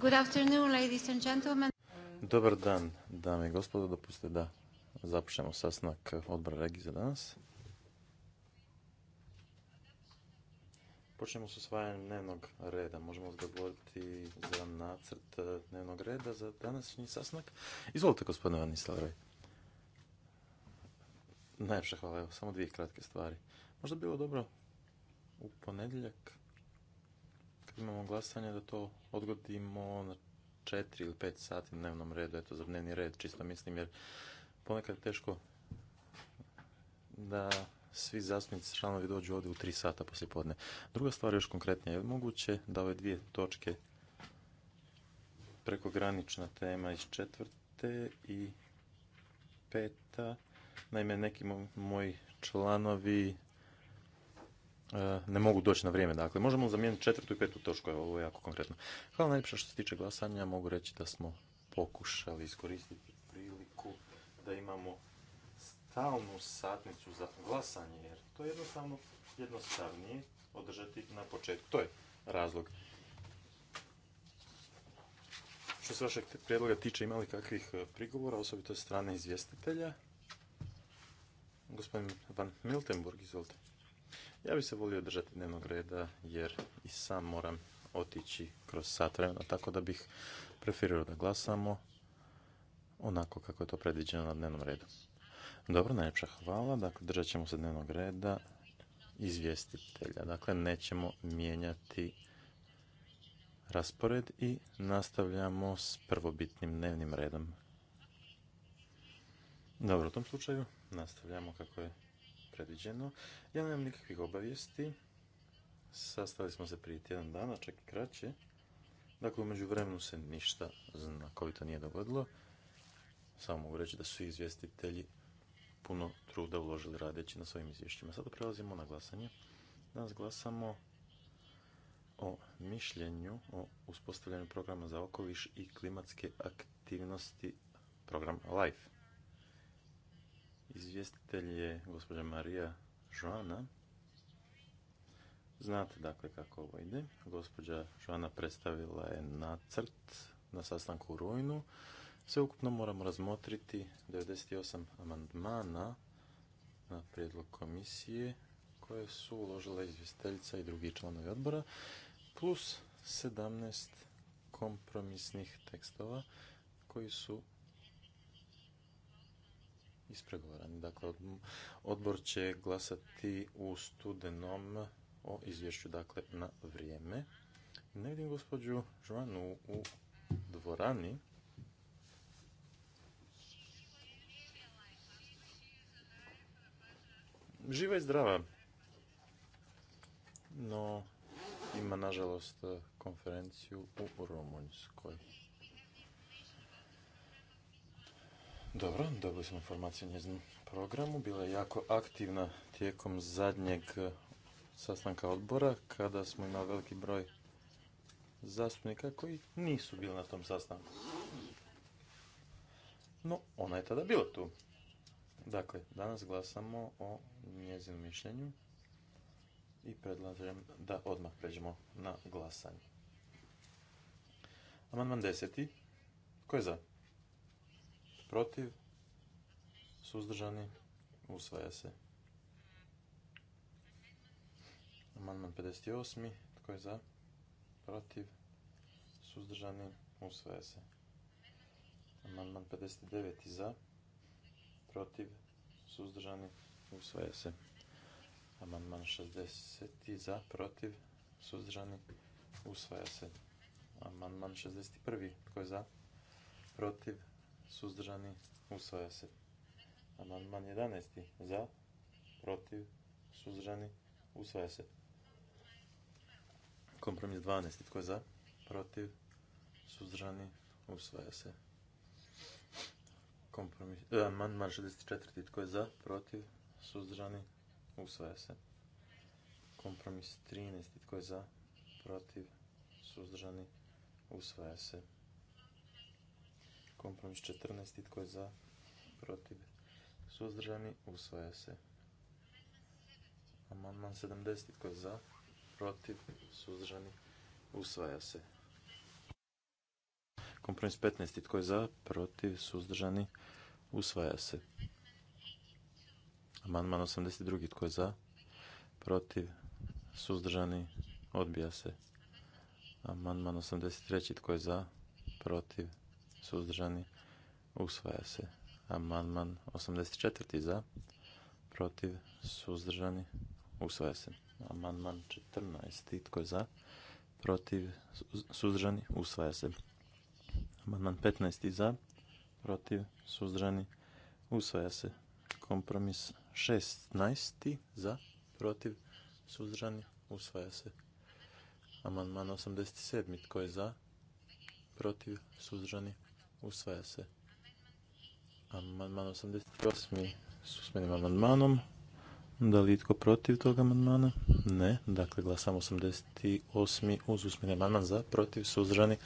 Good Dobar dan, dame i gospodo. Dopustite da započnemo sastanak odbora regije za danas. Počnemo s osvajanjem dnevnog reda. Možemo odgovoriti za nacrt dnevnog reda za današnji sastanak. Izvolite, gospodine Vanislavoj. Najljepša hvala, evo, samo dvije kratke stvari. Možda bi bilo dobro u ponedjeljak imamo glasanje da to odgodimo na četiri ili pet sati na dnevnom redu, eto za dnevni red, čisto mislim jer ponekad je teško da svi zastupnici članovi dođu ovdje u tri sata podne. Druga stvar još konkretnija, je moguće da ove dvije točke prekogranična tema iz četvrte i peta, naime neki moji članovi E, ne mogu doći na vrijeme. Dakle, možemo zamijeniti četvrtu i petu točku, ovo je jako konkretno. Hvala najljepša što se tiče glasanja, mogu reći da smo pokušali iskoristiti priliku da imamo stalnu satnicu za glasanje, jer to je jednostavno jednostavnije održati na početku. To je razlog. Što se vašeg prijedloga tiče, imali kakvih e, prigovora, osobito od strane izvjestitelja? Gospodin Van Miltenburg, izvolite. Ja bih se volio držati dnevnog reda jer i sam moram otići kroz sat vremena, tako da bih preferirao da glasamo onako kako je to predviđeno na dnevnom redu. Dobro, najljepša hvala. Dakle, držat ćemo se dnevnog reda izvjestitelja. Dakle, nećemo mijenjati raspored i nastavljamo s prvobitnim dnevnim redom. Dobro, u tom slučaju nastavljamo kako je predviđeno. Ja nemam nikakvih obavijesti. Sastali smo se prije tjedan dana, čak i kraće. Dakle, umeđu vremenu se ništa znakovito nije dogodilo. Samo mogu reći da su izvjestitelji puno truda uložili radeći na svojim izvješćima. Sada prelazimo na glasanje. Danas glasamo o mišljenju o uspostavljanju programa za okoliš i klimatske aktivnosti program LIFE. Izvjestitelj je gospođa Marija Žoana. Znate dakle kako ovo ide. Gospođa Žoana predstavila je nacrt na sastanku u Rujnu. Sveukupno moramo razmotriti 98 amandmana na prijedlog komisije koje su uložila izvjestiteljica i drugi članovi odbora, plus 17 kompromisnih tekstova koji su ispregovarani Dakle, odbor će glasati u studenom o izvješću, dakle, na vrijeme. Ne vidim gospođu Žvanu u dvorani. Živa i zdrava. No, ima nažalost konferenciju u Rumunjskoj. Dobro, dobili smo informaciju o njeznom programu. Bila je jako aktivna tijekom zadnjeg e, sastanka odbora kada smo imali veliki broj zastupnika koji nisu bili na tom sastanku. No, ona je tada bila tu. Dakle, danas glasamo o njezinom mišljenju i predlažem da odmah pređemo na glasanje. Amandman deseti. Ko je za? protiv, suzdržani, usvaja se. Amandman 58. Tko je za? Protiv, suzdržani, usvaja se. Amandman 59. Za, protiv, suzdržani, usvaja se. Amandman 60. Za, protiv, suzdržani, usvaja se. Amandman 61. Tko je za? Protiv, suzdržani, usvaja se. Amandman 11. za, protiv, suzdržani, usvaja se. Kompromis 12. tko je za, protiv, suzdržani, usvaja se. Kompromis, e, amandman 64. tko je za, protiv, suzdržani, usvaja se. Kompromis 13. tko je za, protiv, suzdržani, usvaja se. Kompromis 14. Tko je za? Protiv? Suzdržani? Usvaja se. Amandman 70. Tko je za? Protiv? Suzdržani? Usvaja se. Kompromis 15. Tko je za? Protiv? Suzdržani? Usvaja se. Amandman 82. Tko je za? Protiv? Suzdržani? Odbija se. Amandman 83. Tko je za? Protiv? suzdržani, usvaja se. Amandman 84. za, protiv, suzdržani, usvaja se. Amandman 14. tko je za, protiv, suzdržani, usvaja se. Amandman 15. za, protiv, suzdržani, usvaja se. Kompromis 16. za, protiv, suzdržani, usvaja se. Amandman 87. tko je za, protiv, suzdržani, Usvaja se. Amandman 88. s usmenim amandmanom. Da li itko protiv tog amandmana? Ne. Dakle, glasam 88. uz usmeni amandman za, protiv, suzdržani.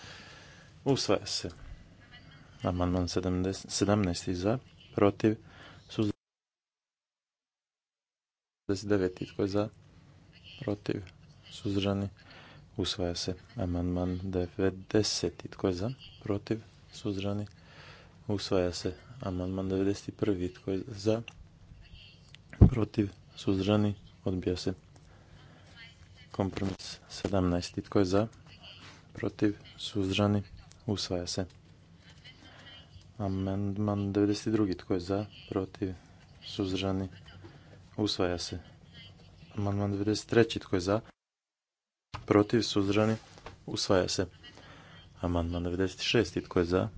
Usvaja se. Amandman 17. za, protiv, suzdržani. 69. Itko je za, protiv, suzdržani. Usvaja se. Amandman 90. Tko je za? Protiv? suzdržani, usvaja se. Amandman 91. tko je za, protiv, suzdržani, odbija se. Kompromis 17. tko je za, protiv, suzdržani, usvaja se. Amandman 92. tko je za, protiv, suzdržani, usvaja se. Amandman 93. tko je za, protiv, suzdržani, usvaja se. Amandman 96. Tko je za?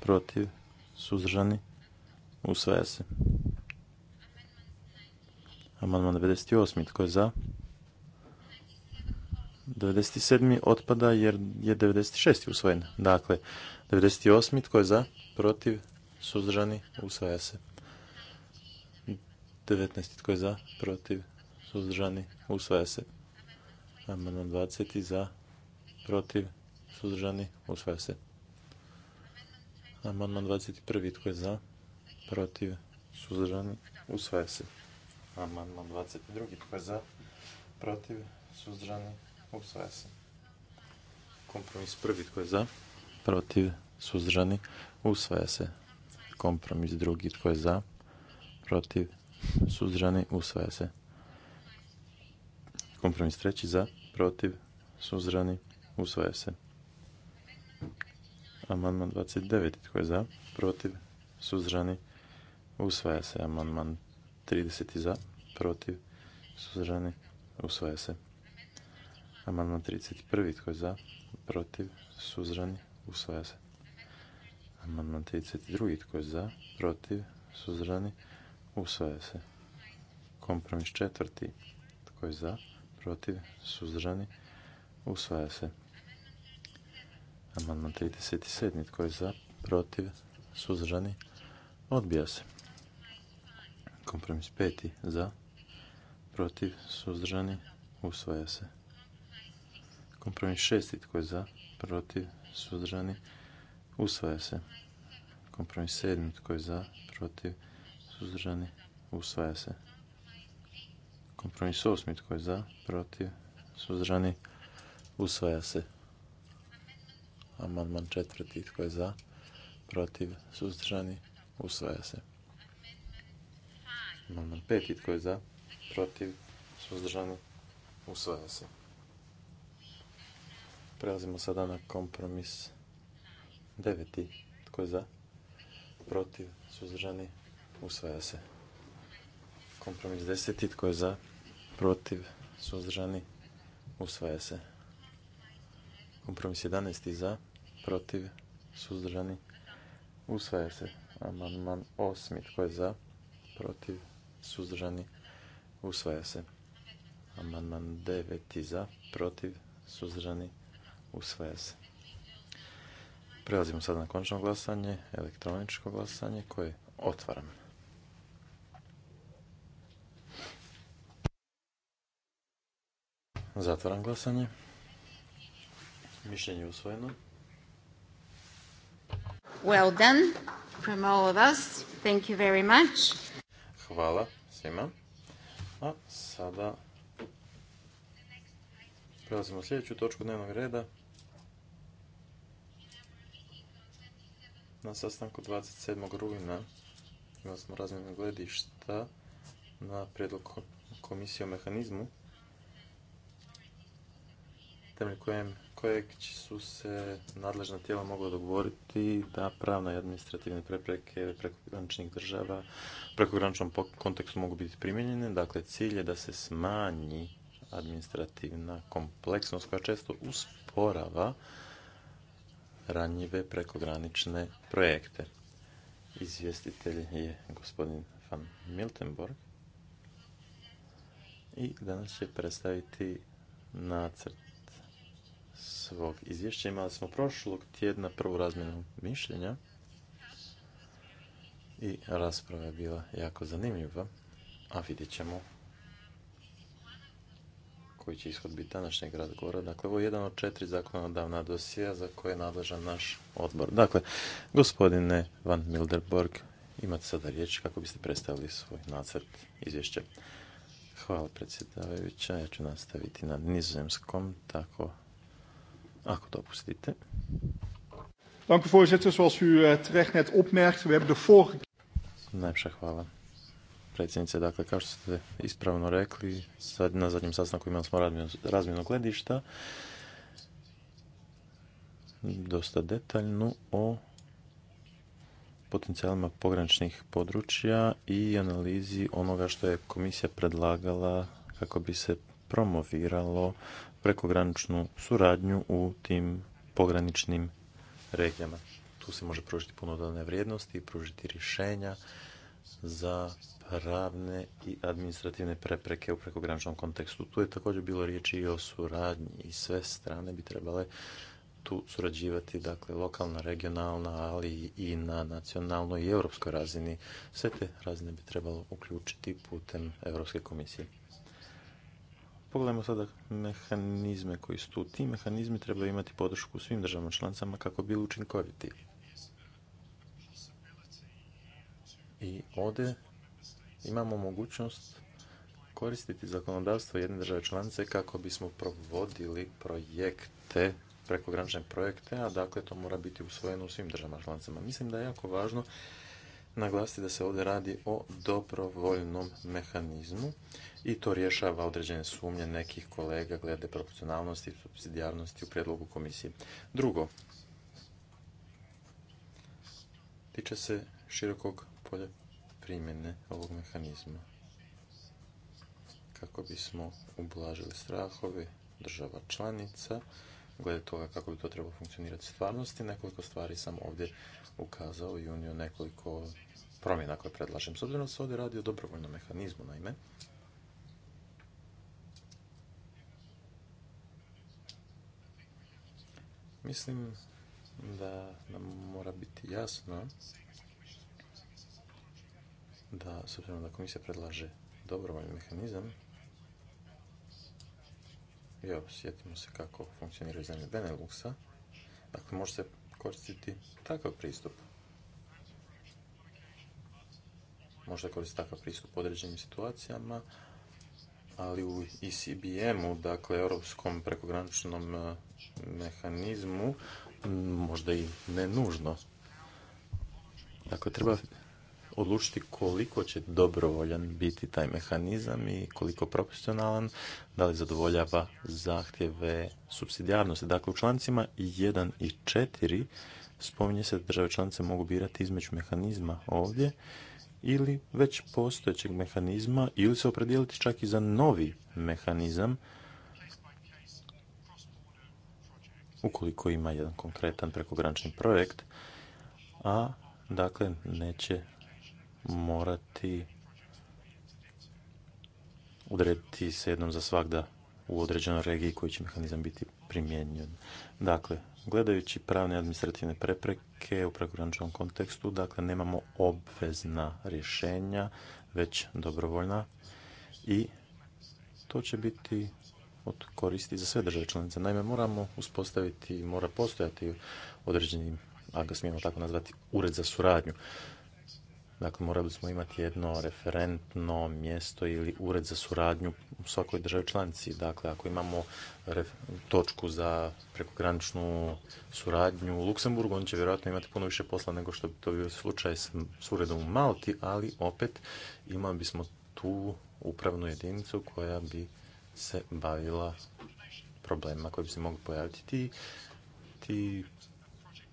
Protiv? suzržani, Usvaja se. Amandman 98. Tko je za? 97. otpada jer je 96. usvojen. Dakle, 98. tko je za? Protiv? suzržani, Usvaja se. 19. tko je za? Protiv? suzržani, Usvaja se. Amandman 20. za? Protiv? suzdržani, usvaja se. Amandman 21. Tko je za? Protiv? Suzdržani? Usvaja se. Amandman 22. Tko je za? Protiv? Suzdržani? Usvaja se. Kompromis prvi. Tko je za? Protiv? Suzdržani? Usvaja se. Kompromis drugi. Tko je za? Protiv? Suzdržani? Usvaja se. Kompromis treći. Za? Protiv? Suzdržani? Usvaja se. Amandman 29. Tko je za? Protiv? Suzdržani? Usvaja se. Amandman 30. Za? Protiv? Suzdržani? Usvaja se. Amandman 31. Tko je za? Protiv? Suzdržani? Usvaja se. Amandman 32. Tko je za? Protiv? Suzdržani? Usvaja se. Kompromis četvrti. Tko je za? Protiv? Suzdržani? Usvaja se. Amandman 37. Tko je za? Protiv? Suzdržani? Odbija se. Kompromis 5. Za? Protiv? Suzdržani? Usvaja se. Kompromis 6. Tko je za? Protiv? Suzdržani? Usvaja se. Kompromis 7. Tko je za? Protiv? Suzdržani? Usvaja se. Kompromis 8. Tko je za? Protiv? Suzdržani? Usvaja se. Amandman četvrti. Tko je za? Protiv? Suzdržani? Usvaja se. Amandman peti. Tko je za? Protiv? Suzdržani? Usvaja se. Prelazimo sada na kompromis deveti. Tko je za? Protiv? Suzdržani? Usvaja se. Kompromis deseti. Tko je za? Protiv? Suzdržani? Usvaja se. Kompromis 11. za, protiv, suzdržani, usvaja se. Amandman osmi, tko je za, protiv, suzdržani, usvaja se. Amandman deveti za, protiv, suzdržani, usvaja se. Prelazimo sada na končno glasanje, elektroničko glasanje koje otvaram. Zatvaram glasanje. Mišljenje usvojeno. Well done from all of us. Thank you very much. Hvala svima. A sada prelazimo sljedeću točku dnevnog reda. Na sastanku 27. rujna imali smo razmjene gledišta na predlog komisije o mehanizmu temelj kojem kojeg su se nadležna tijela mogla dogovoriti da pravna i administrativne prepreke prekograničnih država prekograničnom kontekstu mogu biti primijenjene. Dakle, cilj je da se smanji administrativna kompleksnost koja često usporava ranjive prekogranične projekte. Izvjestitelj je gospodin Van Miltenborg i danas će predstaviti nacrt svog izvješća. Imali smo prošlog tjedna prvu razmjenu mišljenja i rasprava je bila jako zanimljiva, a vidjet ćemo koji će ishod biti današnjeg razgovora. Dakle, ovo je jedan od četiri zakonodavna dosija za koje je nadležan naš odbor. Dakle, gospodine Van Milderborg, imate sada riječ kako biste predstavili svoj nacrt izvješća. Hvala predsjedavajuća, ja ću nastaviti na nizozemskom, tako ako dopustite. Dank u voorzitter. Zoals u eh, terecht net opmerkt, we hebben de vorige... Najpša hvala. Predsjednice, dakle, kao što ste ispravno rekli, sad na zadnjem sastanku imali smo razmjeno gledišta, dosta detaljnu o potencijalima pograničnih područja i analizi onoga što je komisija predlagala kako bi se promoviralo prekograničnu suradnju u tim pograničnim regijama. Tu se može pružiti puno dodane vrijednosti i pružiti rješenja za pravne i administrativne prepreke u prekograničnom kontekstu. Tu je također bilo riječi i o suradnji i sve strane bi trebale tu surađivati, dakle lokalna, regionalna, ali i na nacionalnoj i europskoj razini. Sve te razine bi trebalo uključiti putem Europske komisije. Pogledajmo sada mehanizme koji su tu. Ti mehanizmi trebaju imati podršku u svim državama članicama kako bili učinkoviti. I ovdje imamo mogućnost koristiti zakonodavstvo jedne države članice kako bismo provodili projekte, prekogranične projekte, a dakle to mora biti usvojeno u svim državama članicama. Mislim da je jako važno naglasiti da se ovdje radi o dobrovoljnom mehanizmu i to rješava određene sumnje nekih kolega glede proporcionalnosti i subsidijarnosti u prijedlogu komisije. Drugo, tiče se širokog polja primjene ovog mehanizma kako bismo ublažili strahove država članica glede toga kako bi to trebalo funkcionirati u stvarnosti. Nekoliko stvari sam ovdje ukazao i unio nekoliko promjena koje predlažem. S obzirom da se ovdje radi o dobrovoljnom mehanizmu, naime, mislim da nam mora biti jasno da, s obzirom da komisija predlaže dobrovoljni mehanizam, evo, sjetimo se kako funkcioniraju zemlje Beneluxa, dakle, može se koristiti takav pristup možda koristi takav pristup u određenim situacijama, ali u ECBM-u, dakle, europskom prekograničnom e, mehanizmu, možda i ne nužno. Dakle, treba odlučiti koliko će dobrovoljan biti taj mehanizam i koliko profesionalan, da li zadovoljava zahtjeve subsidijarnosti. Dakle, u člancima 1 i 4 spominje se da države članice mogu birati između mehanizma ovdje ili već postojećeg mehanizma ili se opredijeliti čak i za novi mehanizam ukoliko ima jedan konkretan prekogranični projekt, a dakle neće morati odrediti se jednom za svakda u određenoj regiji koji će mehanizam biti primjenjen. Dakle, Gledajući pravne administrativne prepreke u prekograničnom kontekstu, dakle, nemamo obvezna rješenja, već dobrovoljna i to će biti od koristi za sve države članice. Naime, moramo uspostaviti, mora postojati određeni, ako smijemo tako nazvati, ured za suradnju. Dakle, morali smo imati jedno referentno mjesto ili ured za suradnju u svakoj državi članici. Dakle, ako imamo točku za prekograničnu suradnju u Luksemburgu, on će vjerojatno imati puno više posla nego što bi to bio slučaj s, uredom u Malti, ali opet imali bismo tu upravnu jedinicu koja bi se bavila problemima koji bi se mogli pojaviti. ti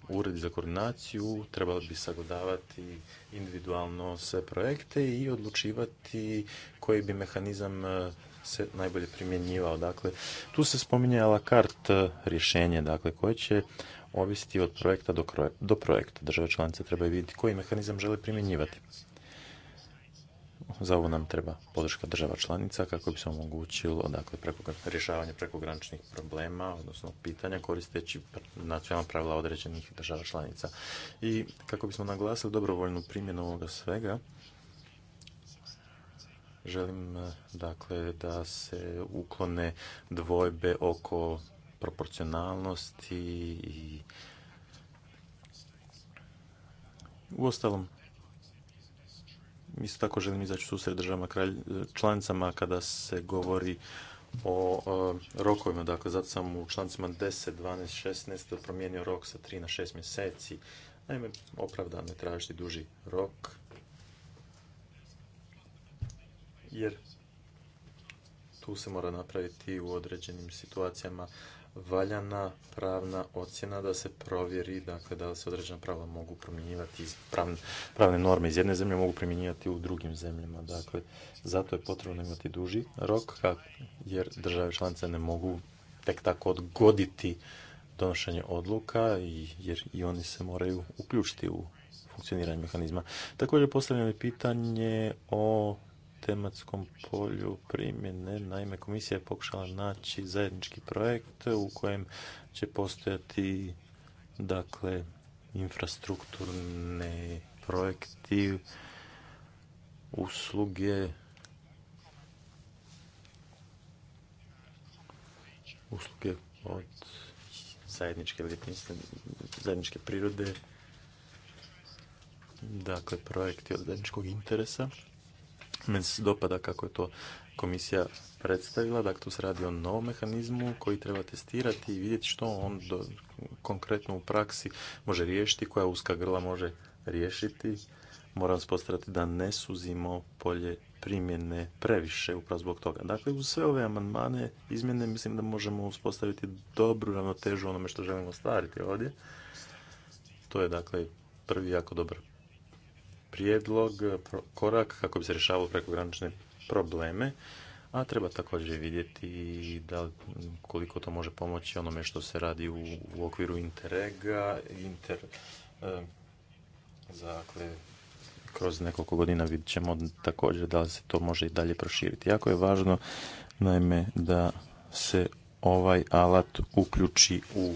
uredi za koordinaciju trebali bi sagledavati individualno sve projekte i odlučivati koji bi mehanizam eh, se najbolje primjenjivao. Dakle, tu se spominjala kart la carte eh, rješenje, dakle, koje će ovisiti od projekta do, do projekta. Države članice trebaju vidjeti koji mehanizam žele primjenjivati za ovo nam treba podrška država članica kako bi se omogućilo dakle, preko, rješavanje prekograničnih problema, odnosno pitanja koristeći nacionalna pravila određenih država članica. I kako bismo naglasili dobrovoljnu primjenu ovoga svega, želim e, dakle, da se uklone dvojbe oko proporcionalnosti i Uostalom, isto tako želim izaći susret državama članicama kada se govori o e, rokovima, dakle zato sam u člancima 10, 12, 16 promijenio rok sa 3 na 6 mjeseci. Naime, opravdano je tražiti duži rok, jer tu se mora napraviti u određenim situacijama valjana pravna ocjena da se provjeri dakle, da se određena prava mogu promjenjivati, pravne, pravne norme iz jedne zemlje mogu primjenjivati u drugim zemljama. Dakle, zato je potrebno imati duži rok jer države članice ne mogu tek tako odgoditi donošenje odluka jer i oni se moraju uključiti u funkcioniranje mehanizma. Također postavljeno je pitanje o tematskom polju primjene. Naime, komisija je pokušala naći zajednički projekt u kojem će postojati dakle infrastrukturne projekti, usluge, usluge od zajedničke zajedničke prirode, dakle projekti od zajedničkog interesa meni se dopada kako je to komisija predstavila, dakle tu se radi o novom mehanizmu koji treba testirati i vidjeti što on do, konkretno u praksi može riješiti, koja uska grla može riješiti. Moram spostrati da ne suzimo polje primjene previše upravo zbog toga. Dakle, uz sve ove amandmane izmjene mislim da možemo uspostaviti dobru ravnotežu onome što želimo ostvariti ovdje. To je dakle prvi jako dobar prijedlog, korak kako bi se rješavalo prekogranične probleme, a treba također vidjeti da, koliko to može pomoći onome što se radi u, u okviru Interrega, inter, za e, dakle, kroz nekoliko godina vidjet ćemo također da li se to može i dalje proširiti. Jako je važno, naime, da se ovaj alat uključi u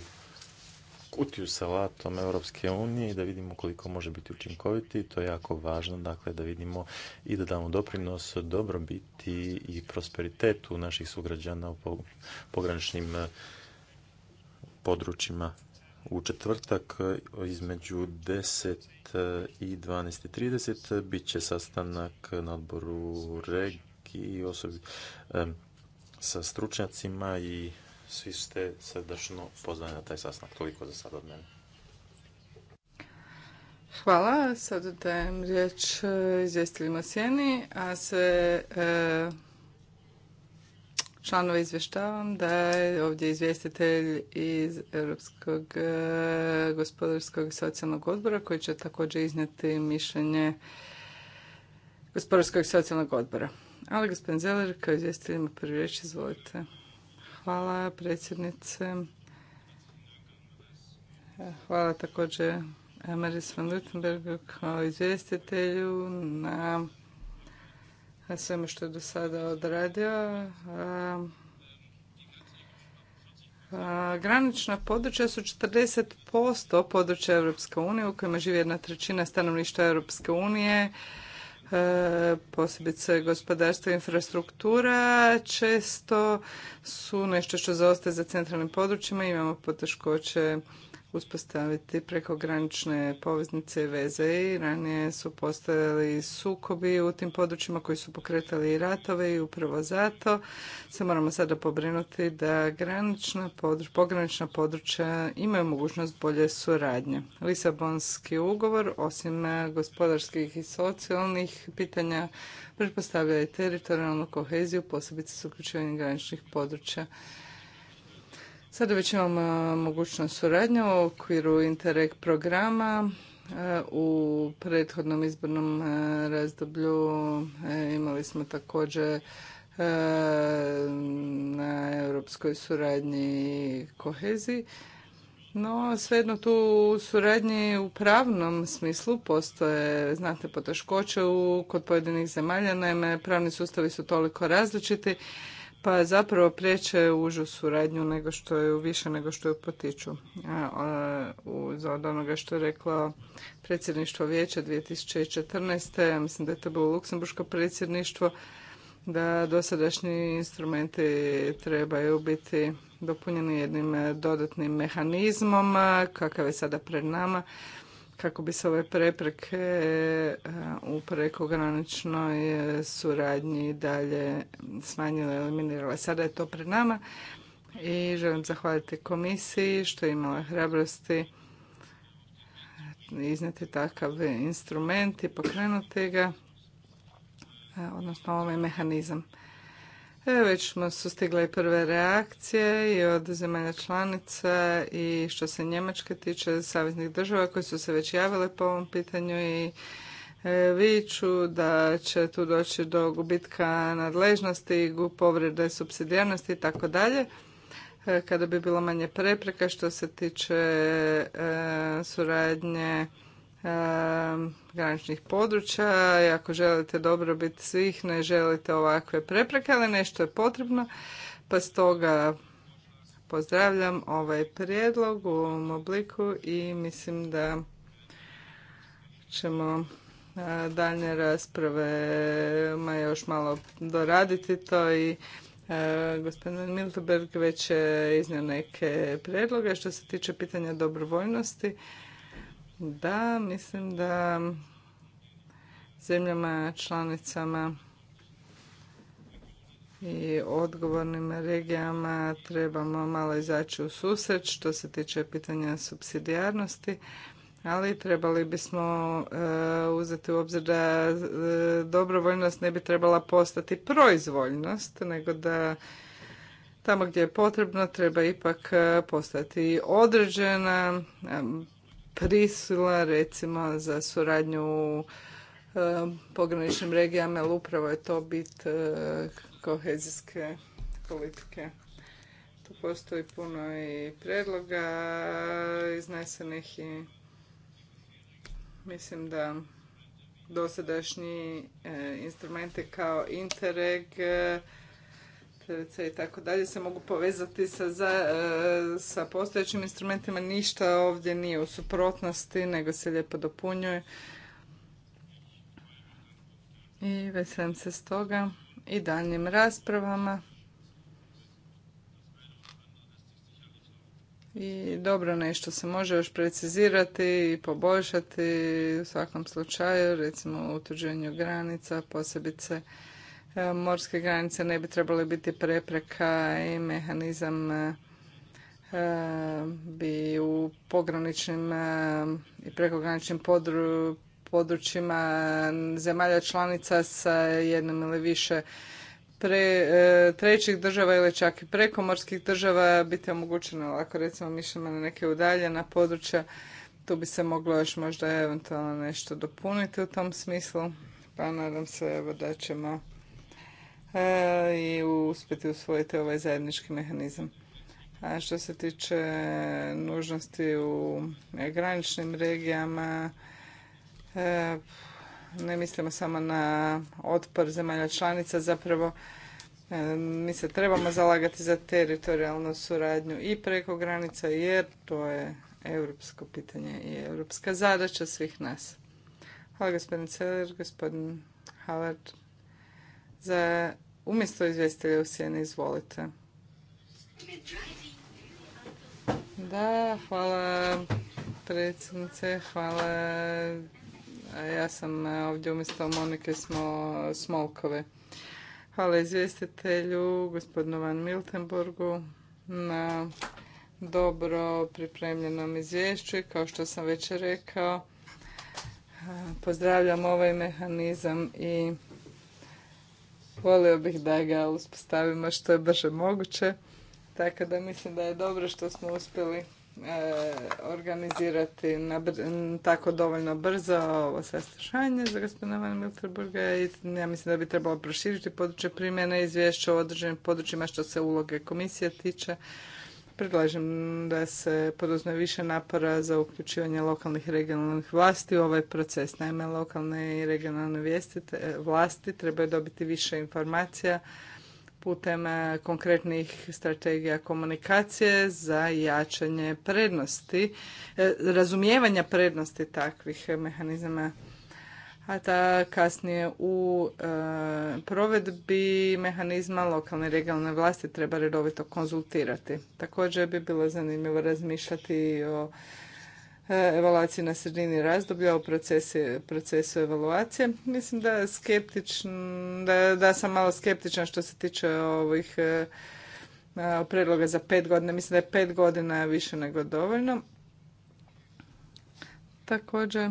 kutiju sa latom Europske unije i da vidimo koliko može biti učinkoviti. To je jako važno, dakle, da vidimo i da damo doprinos dobrobiti i prosperitetu naših sugrađana u pograničnim eh, područjima. U četvrtak eh, između 10 eh, i 12.30 bit će sastanak na odboru i osobi, sa stručnjacima i svi ste srdačno na taj sastanak. Toliko za sad od mene. Hvala. Sad dajem riječ e, izvjestiteljima sjeni, a se e, izvještavam da je ovdje izvjestitelj iz Europskog e, gospodarskog i socijalnog odbora koji će također iznijeti mišljenje gospodarskog i socijalnog odbora. Ali gospodin Zeler, kao izvjestitelj ima prvi riječ, izvolite. Hvala predsjednice. Hvala također Maris van Lutenberg kao izvjestitelju na svemu što je do sada odradio. Granična područja su 40% područja Europske unije u kojima živi jedna trećina stanovništva Europske unije E, posebice gospodarstvo i infrastruktura, često su nešto što zaostaje za centralnim područjima, imamo poteškoće uspostaviti prekogranične poveznice veze i ranije su postojali sukobi u tim područjima koji su pokretali i ratove i upravo zato se moramo sada pobrinuti da granična područja, pogranična područja imaju mogućnost bolje suradnje. Lisabonski ugovor osim e, gospodarskih i socijalnih pitanja pretpostavlja i teritorijalnu koheziju posebice s uključivanjem graničnih područja Sada već imamo mogućnost suradnje u okviru Interreg programa. U prethodnom izbornom razdoblju imali smo također na europskoj suradnji koheziji. No, svejedno tu suradnji u pravnom smislu postoje, znate, poteškoće u, kod pojedinih zemalja. Naime, pravni sustavi su toliko različiti pa zapravo priječe užu suradnju nego što je više nego što je potiču. Za od onoga što je rekla predsjedništvo vijeća 2014. Ja mislim da je to bilo luksemburško predsjedništvo da dosadašnji instrumenti trebaju biti dopunjeni jednim dodatnim mehanizmom kakav je sada pred nama kako bi se ove prepreke e, u prekograničnoj e, suradnji dalje smanjile, eliminirale. Sada je to pred nama i želim zahvaliti komisiji što je imala hrabrosti e, iznijeti takav instrument i pokrenuti ga, odnosno ovaj mehanizam. E, već su stigle i prve reakcije i od zemalja članica i što se Njemačke tiče saveznih država koji su se već javile po ovom pitanju i e, viću da će tu doći do gubitka nadležnosti, povrede subsidijarnosti i tako dalje e, kada bi bilo manje prepreka što se tiče suradnje graničnih područja i ako želite dobrobit svih, ne želite ovakve prepreke, ali nešto je potrebno. Pa stoga pozdravljam ovaj prijedlog u ovom obliku i mislim da ćemo daljnje rasprave ma još malo doraditi to i gospodin Miltenberg već je iznio neke prijedloge što se tiče pitanja dobrovoljnosti. Da, mislim da zemljama članicama i odgovornim regijama trebamo malo izaći u susret što se tiče pitanja subsidijarnosti, ali trebali bismo e, uzeti u obzir da e, dobrovoljnost ne bi trebala postati proizvoljnost, nego da tamo gdje je potrebno treba ipak e, postati određena prisila recimo za suradnju u e, pograničnim regijama, ali upravo je to bit e, kohezijske politike. Tu postoji puno i predloga iznesenih i mislim da dosadašnji e, instrumenti kao Interreg i tako dalje se mogu povezati sa, e, sa postojećim instrumentima. Ništa ovdje nije u suprotnosti, nego se lijepo dopunjuje. I veselim se stoga i daljnjim raspravama. I dobro nešto se može još precizirati i poboljšati u svakom slučaju, recimo u utvrđenju granica, posebice E, morske granice ne bi trebale biti prepreka i mehanizam e, e, bi u pograničnim i prekograničnim područjima zemalja članica sa jednom ili više pre, trećih država ili čak i prekomorskih država biti omogućeno. Ako recimo mišljamo na neke udaljena područja, tu bi se moglo još možda eventualno nešto dopuniti u tom smislu. Pa nadam se evo da ćemo E, i uspjeti usvojiti ovaj zajednički mehanizam. A što se tiče nužnosti u graničnim regijama, e, ne mislimo samo na otpor zemalja članica, zapravo e, mi se trebamo zalagati za teritorijalnu suradnju i preko granica jer to je europsko pitanje i europska zadaća svih nas. Hvala gospodin Celer, gospodin Havard. Za umjesto izvjestitelja u sjeni, izvolite. Da, hvala predsjednice, hvala. Ja sam e, ovdje umjesto Monike smo Smolkove. Hvala izvjestitelju, gospodinu Van Miltenborgu, na dobro pripremljenom izvješću i kao što sam već rekao, pozdravljam ovaj mehanizam i Volio bih da ga uspostavimo što je brže moguće. Tako da mislim da je dobro što smo uspjeli e, organizirati tako dovoljno brzo ovo sastršanje za gospodina Van Milterburga i ja mislim da bi trebalo proširiti područje primjene izvješća o određenim područjima što se uloge komisije tiče Predlažem da se poduzme više napora za uključivanje lokalnih i regionalnih vlasti u ovaj proces. Naime, lokalne i regionalne e, vlasti trebaju dobiti više informacija putem e, konkretnih strategija komunikacije za jačanje prednosti, e, razumijevanja prednosti takvih mehanizama a ta kasnije u e, provedbi mehanizma lokalne i regionalne vlasti treba redovito konzultirati. Također bi bilo zanimljivo razmišljati o e, evaluaciji na sredini razdoblja, o procesi, procesu evaluacije. Mislim da, skeptič da, sam malo skeptičan što se tiče ovih e, predloga za pet godina. Mislim da je pet godina više nego dovoljno. Također,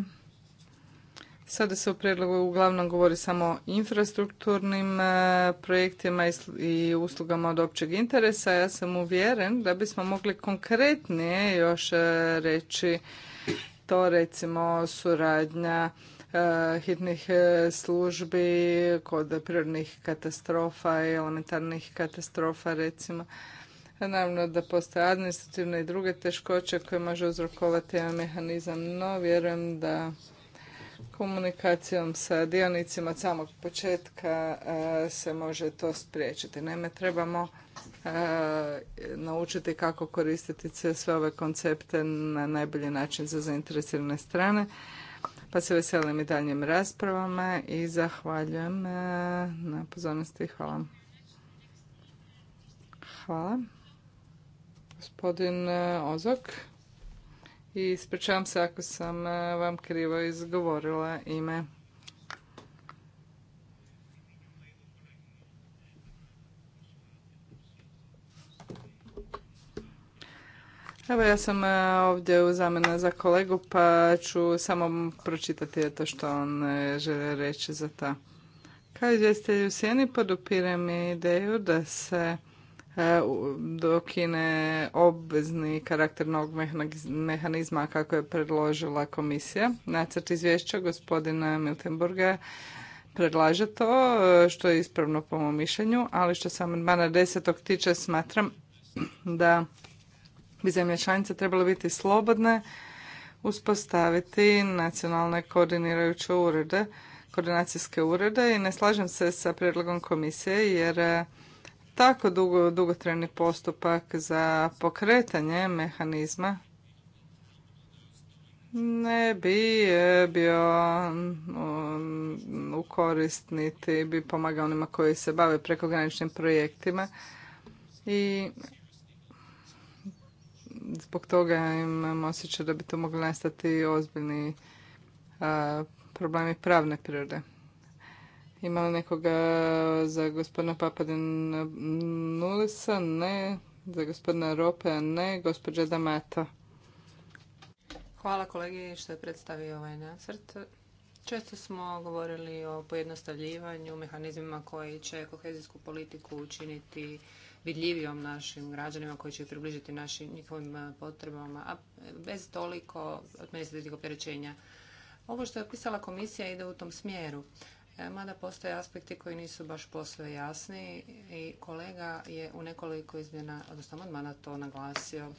Sada se u predlogu uglavnom govori samo o infrastrukturnim e, projektima i uslugama od općeg interesa. Ja sam uvjeren da bismo mogli konkretnije još e, reći to recimo suradnja e, hitnih službi kod prirodnih katastrofa i elementarnih katastrofa recimo. Naravno da postoje administrativne i druge teškoće koje može uzrokovati mehanizam, no vjerujem da komunikacijom sa dionicima od samog početka e, se može to spriječiti. Naime, trebamo e, naučiti kako koristiti sve, ove koncepte na najbolji način za zainteresirane strane. Pa se veselim i daljnjim raspravama i zahvaljujem e, na pozornosti. Hvala. Hvala. Gospodin Ozok i ispričavam se ako sam e, vam krivo izgovorila ime. Evo ja sam e, ovdje u zamjena za kolegu pa ću samo pročitati to što on e, želi reći za ta. Kao izvjestitelj u Sjeni podupirem ideju da se E, dokine obvezni karakter mehanizma kako je predložila komisija. Nacrt izvješća gospodina Miltenburga predlaže to, e, što je ispravno po mom mišljenju, ali što se amandmana desetog tiče smatram da bi zemlje članice trebale biti slobodne uspostaviti nacionalne koordinirajuće urede, koordinacijske urede i ne slažem se sa predlogom komisije jer tako dugo, dugotrajni postupak za pokretanje mehanizma ne bi e, bio mm, u korist niti bi pomagao onima koji se bave prekograničnim projektima i zbog toga imam osjećaj da bi to mogli nastati ozbiljni problemi pravne prirode. Ima nekoga za gospodina Papadin Nulisa? Ne. Za gospodina Rope? Ne. Gospođa Damata? Hvala kolegi što je predstavio ovaj nacrt. Često smo govorili o pojednostavljivanju, mehanizmima koji će kohezijsku politiku učiniti vidljivijom našim građanima koji će približiti našim njihovim eh, potrebama, a bez toliko administrativnih opterećenja. Ovo što je opisala komisija ide u tom smjeru. E, mada postoje aspekti koji nisu baš posve jasni i kolega je u nekoliko izmjena, odnosno amandmana to naglasio.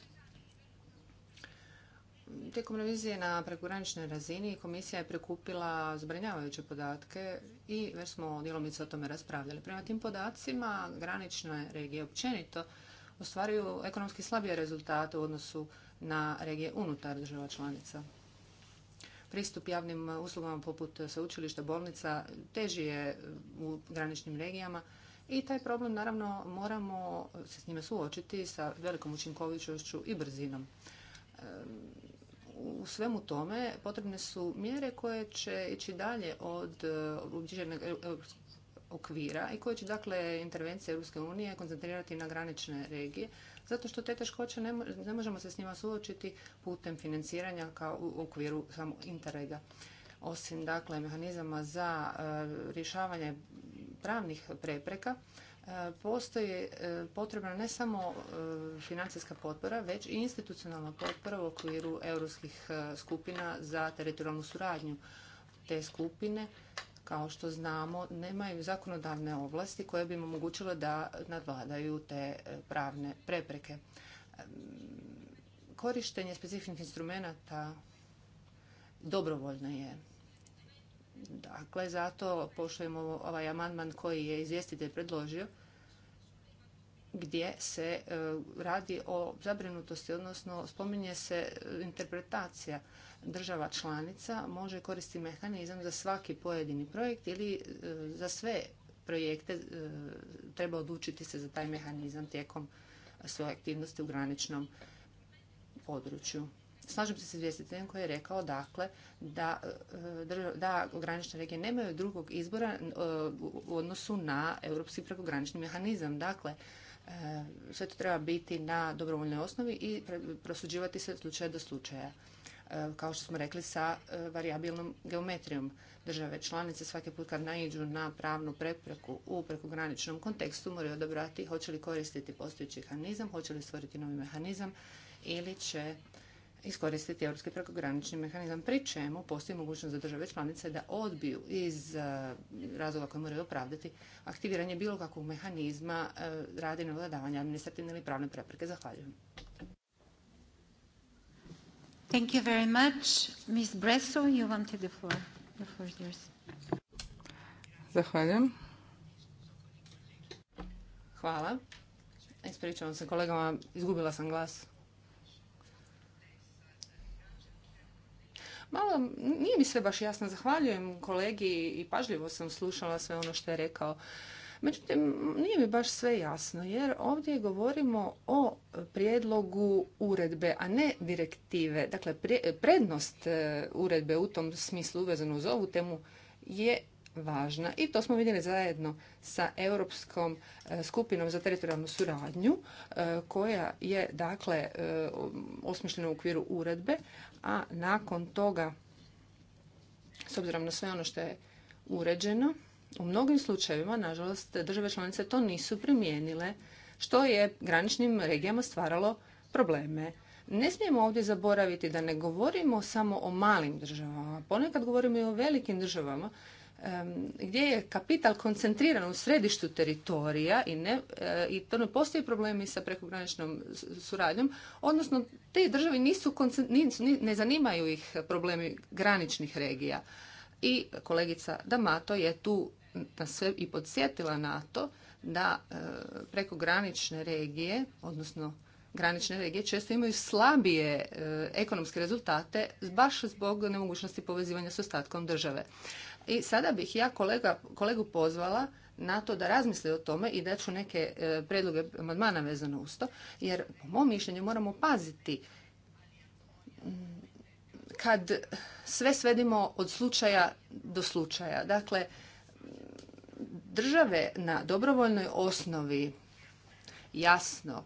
Tijekom revizije na prekograničnoj razini komisija je prikupila zbrinjavajuće podatke i već smo djelomice o tome raspravljali. Prema tim podacima granične regije općenito ostvaruju ekonomski slabije rezultate u odnosu na regije unutar država članica. Pristup javnim uh, uslugama poput uh, sveučilišta, bolnica teži je uh, u graničnim regijama i taj problem naravno moramo se s njime suočiti sa velikom učinkovitošću i brzinom. Um, u svemu tome potrebne su mjere koje će ići dalje od obilježenog e, e, okvira i koje će dakle intervencije Ruske unije koncentrirati na granične regije, zato što te teškoće ne, možemo se s njima suočiti putem financiranja kao u okviru samo interrega. Osim dakle mehanizama za e, rješavanje pravnih prepreka, e, postoji e, potrebna ne samo financijska potpora, već i institucionalna potpora u okviru europskih skupina za teritorijalnu suradnju. Te skupine kao što znamo, nemaju zakonodavne ovlasti koje bi im omogućile da nadvladaju te e, pravne prepreke. Korištenje specifičnih instrumenata dobrovoljno je. Dakle, zato poštujemo ovaj amandman koji je izvjestitelj predložio gdje se e, radi o zabrinutosti, odnosno spominje se e, interpretacija država članica može koristiti mehanizam za svaki pojedini projekt ili e, za sve projekte treba odlučiti se za taj mehanizam tijekom svoje aktivnosti u graničnom području. Slažem se s izvjestiteljem koji je rekao dakle da, da granične regije nemaju drugog izbora u odnosu na europski prekogranični mehanizam. Dakle, E, sve to treba biti na dobrovoljnoj osnovi i prosuđivati se od slučaja do slučaja. E, kao što smo rekli sa e, variabilnom geometrijom države članice svaki put kad naiđu na pravnu prepreku u prekograničnom kontekstu moraju odabrati hoće li koristiti postojeći mehanizam, hoće li stvoriti novi mehanizam ili će iskoristiti europski prekogranični mehanizam, pri čemu postoji mogućnost za države članice da odbiju iz e, razloga koje moraju opravdati aktiviranje bilo kakvog mehanizma e, radi na vladavanje administrativne ili pravne prepreke. Zahvaljujem. Thank you very much. Bresso, you The floor yours. Zahvaljujem. Hvala. Ispričavam se kolegama, izgubila sam glas. Malo, nije mi sve baš jasno. Zahvaljujem kolegi i pažljivo sam slušala sve ono što je rekao. Međutim, nije mi baš sve jasno jer ovdje govorimo o prijedlogu uredbe, a ne direktive. Dakle, prednost e, uredbe u tom smislu uvezanu uz ovu temu je važna i to smo vidjeli zajedno sa Europskom e, skupinom za teritorijalnu suradnju e, koja je dakle osmišljena u okviru uredbe, a nakon toga, s obzirom na sve ono što je uređeno, u mnogim slučajevima, nažalost, države članice to nisu primijenile, što je graničnim regijama stvaralo probleme. Ne smijemo ovdje zaboraviti da ne govorimo samo o malim državama, ponekad govorimo i o velikim državama gdje je kapital koncentriran u središtu teritorija i, ne, e, i to ne postoji problemi sa prekograničnom suradnjom, odnosno te države nisu, ne zanimaju ih problemi graničnih regija. I kolegica Damato je tu na sve i podsjetila na to da e, prekogranične regije, odnosno granične regije često imaju slabije e, ekonomske rezultate baš zbog nemogućnosti povezivanja s ostatkom države. I sada bih ja kolega, kolegu pozvala na to da razmisli o tome i da ću neke e, predloge amandmana vezano uz to, jer po mom mišljenju moramo paziti mm, kad sve svedimo od slučaja do slučaja. Dakle, države na dobrovoljnoj osnovi jasno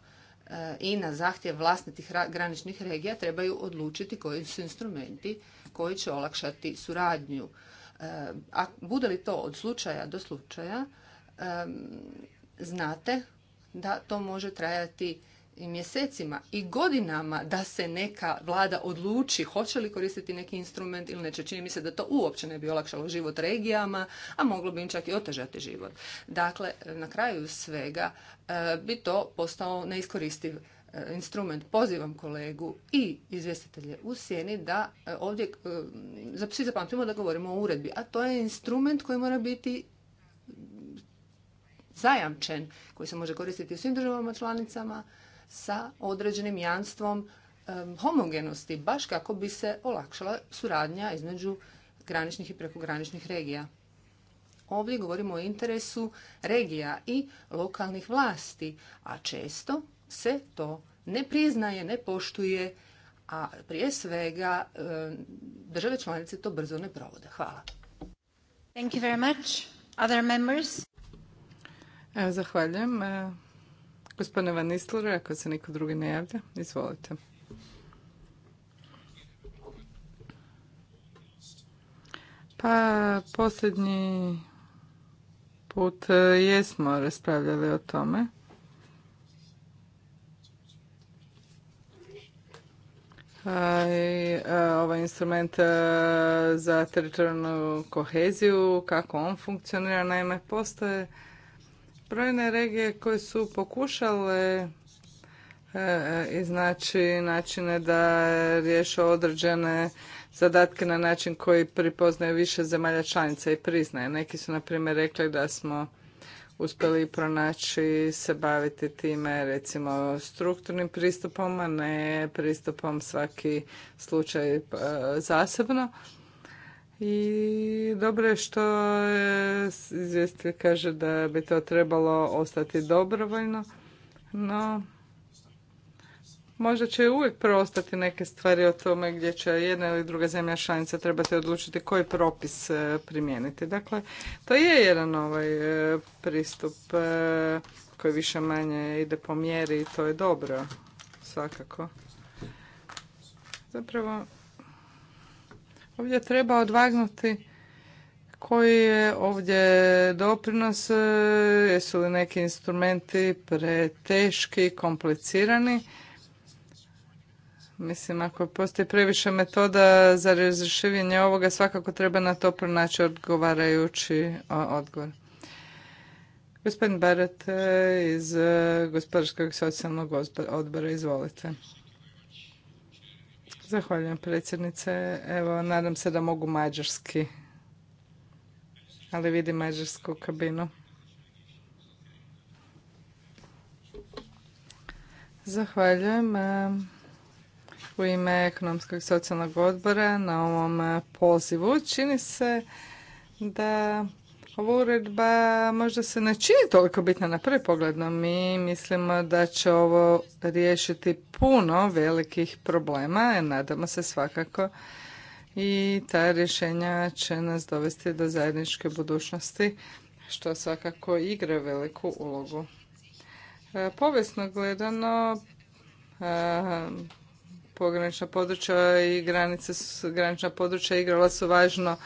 e, i na zahtjev vlastitih graničnih regija trebaju odlučiti koji su instrumenti koji će olakšati suradnju a bude li to od slučaja do slučaja, znate da to može trajati i mjesecima i godinama da se neka vlada odluči hoće li koristiti neki instrument ili neće. Čini mi se da to uopće ne bi olakšalo život regijama, a moglo bi im čak i otežati život. Dakle, na kraju svega eh, bi to postao neiskoristiv E, instrument. Pozivam kolegu i izvjestitelje u sjeni da e, ovdje e, svi zapamtimo da govorimo o uredbi, a to je instrument koji mora biti zajamčen, koji se može koristiti u svim državama članicama sa određenim jamstvom homogenosti, baš kako bi se olakšala suradnja između graničnih i prekograničnih regija. Ovdje govorimo o interesu regija i lokalnih vlasti, a često se to ne priznaje, ne poštuje, a prije svega e, države članice to brzo ne provode. Hvala. Thank you very e, zahvaljujem. E, gospodine Van ako se niko drugi ne javlja, izvolite. Pa posljednji put jesmo raspravljali o tome. ovaj instrument za teritorijalnu koheziju, kako on funkcionira. Naime, postoje brojne regije koje su pokušale iznaći načine da riješe određene zadatke na način koji pripoznaje više zemalja članica i priznaje. Neki su, na primjer, rekli da smo uspjeli pronaći se baviti time recimo strukturnim pristupom, a ne pristupom svaki slučaj e, zasebno. I dobro je što izvjestitelj kaže da bi to trebalo ostati dobrovoljno, no Možda će uvijek preostati neke stvari o tome gdje će jedna ili druga zemlja članica trebati odlučiti koji propis e, primijeniti. Dakle, to je jedan ovaj e, pristup e, koji više manje ide po mjeri i to je dobro, svakako. Zapravo, ovdje treba odvagnuti koji je ovdje doprinos, jesu li neki instrumenti preteški, komplicirani Mislim, ako postoji previše metoda za razrješivanje ovoga, svakako treba na to pronaći odgovarajući odgovor. Gospodin Barat e, iz e, Gospodarskog i socijalnog odbora, izvolite. Zahvaljujem predsjednice. Evo, nadam se da mogu mađarski, ali vidim mađarsku kabinu. Zahvaljujem. E, u ime Ekonomskog i socijalnog odbora na ovom pozivu. Čini se da ova uredba možda se ne čini toliko bitna na prvi pogled, no mi mislimo da će ovo riješiti puno velikih problema, nadamo se svakako i ta rješenja će nas dovesti do zajedničke budućnosti, što svakako igra veliku ulogu. E, povijesno gledano, e, pogranična područja i granice, granična područja igrala su važno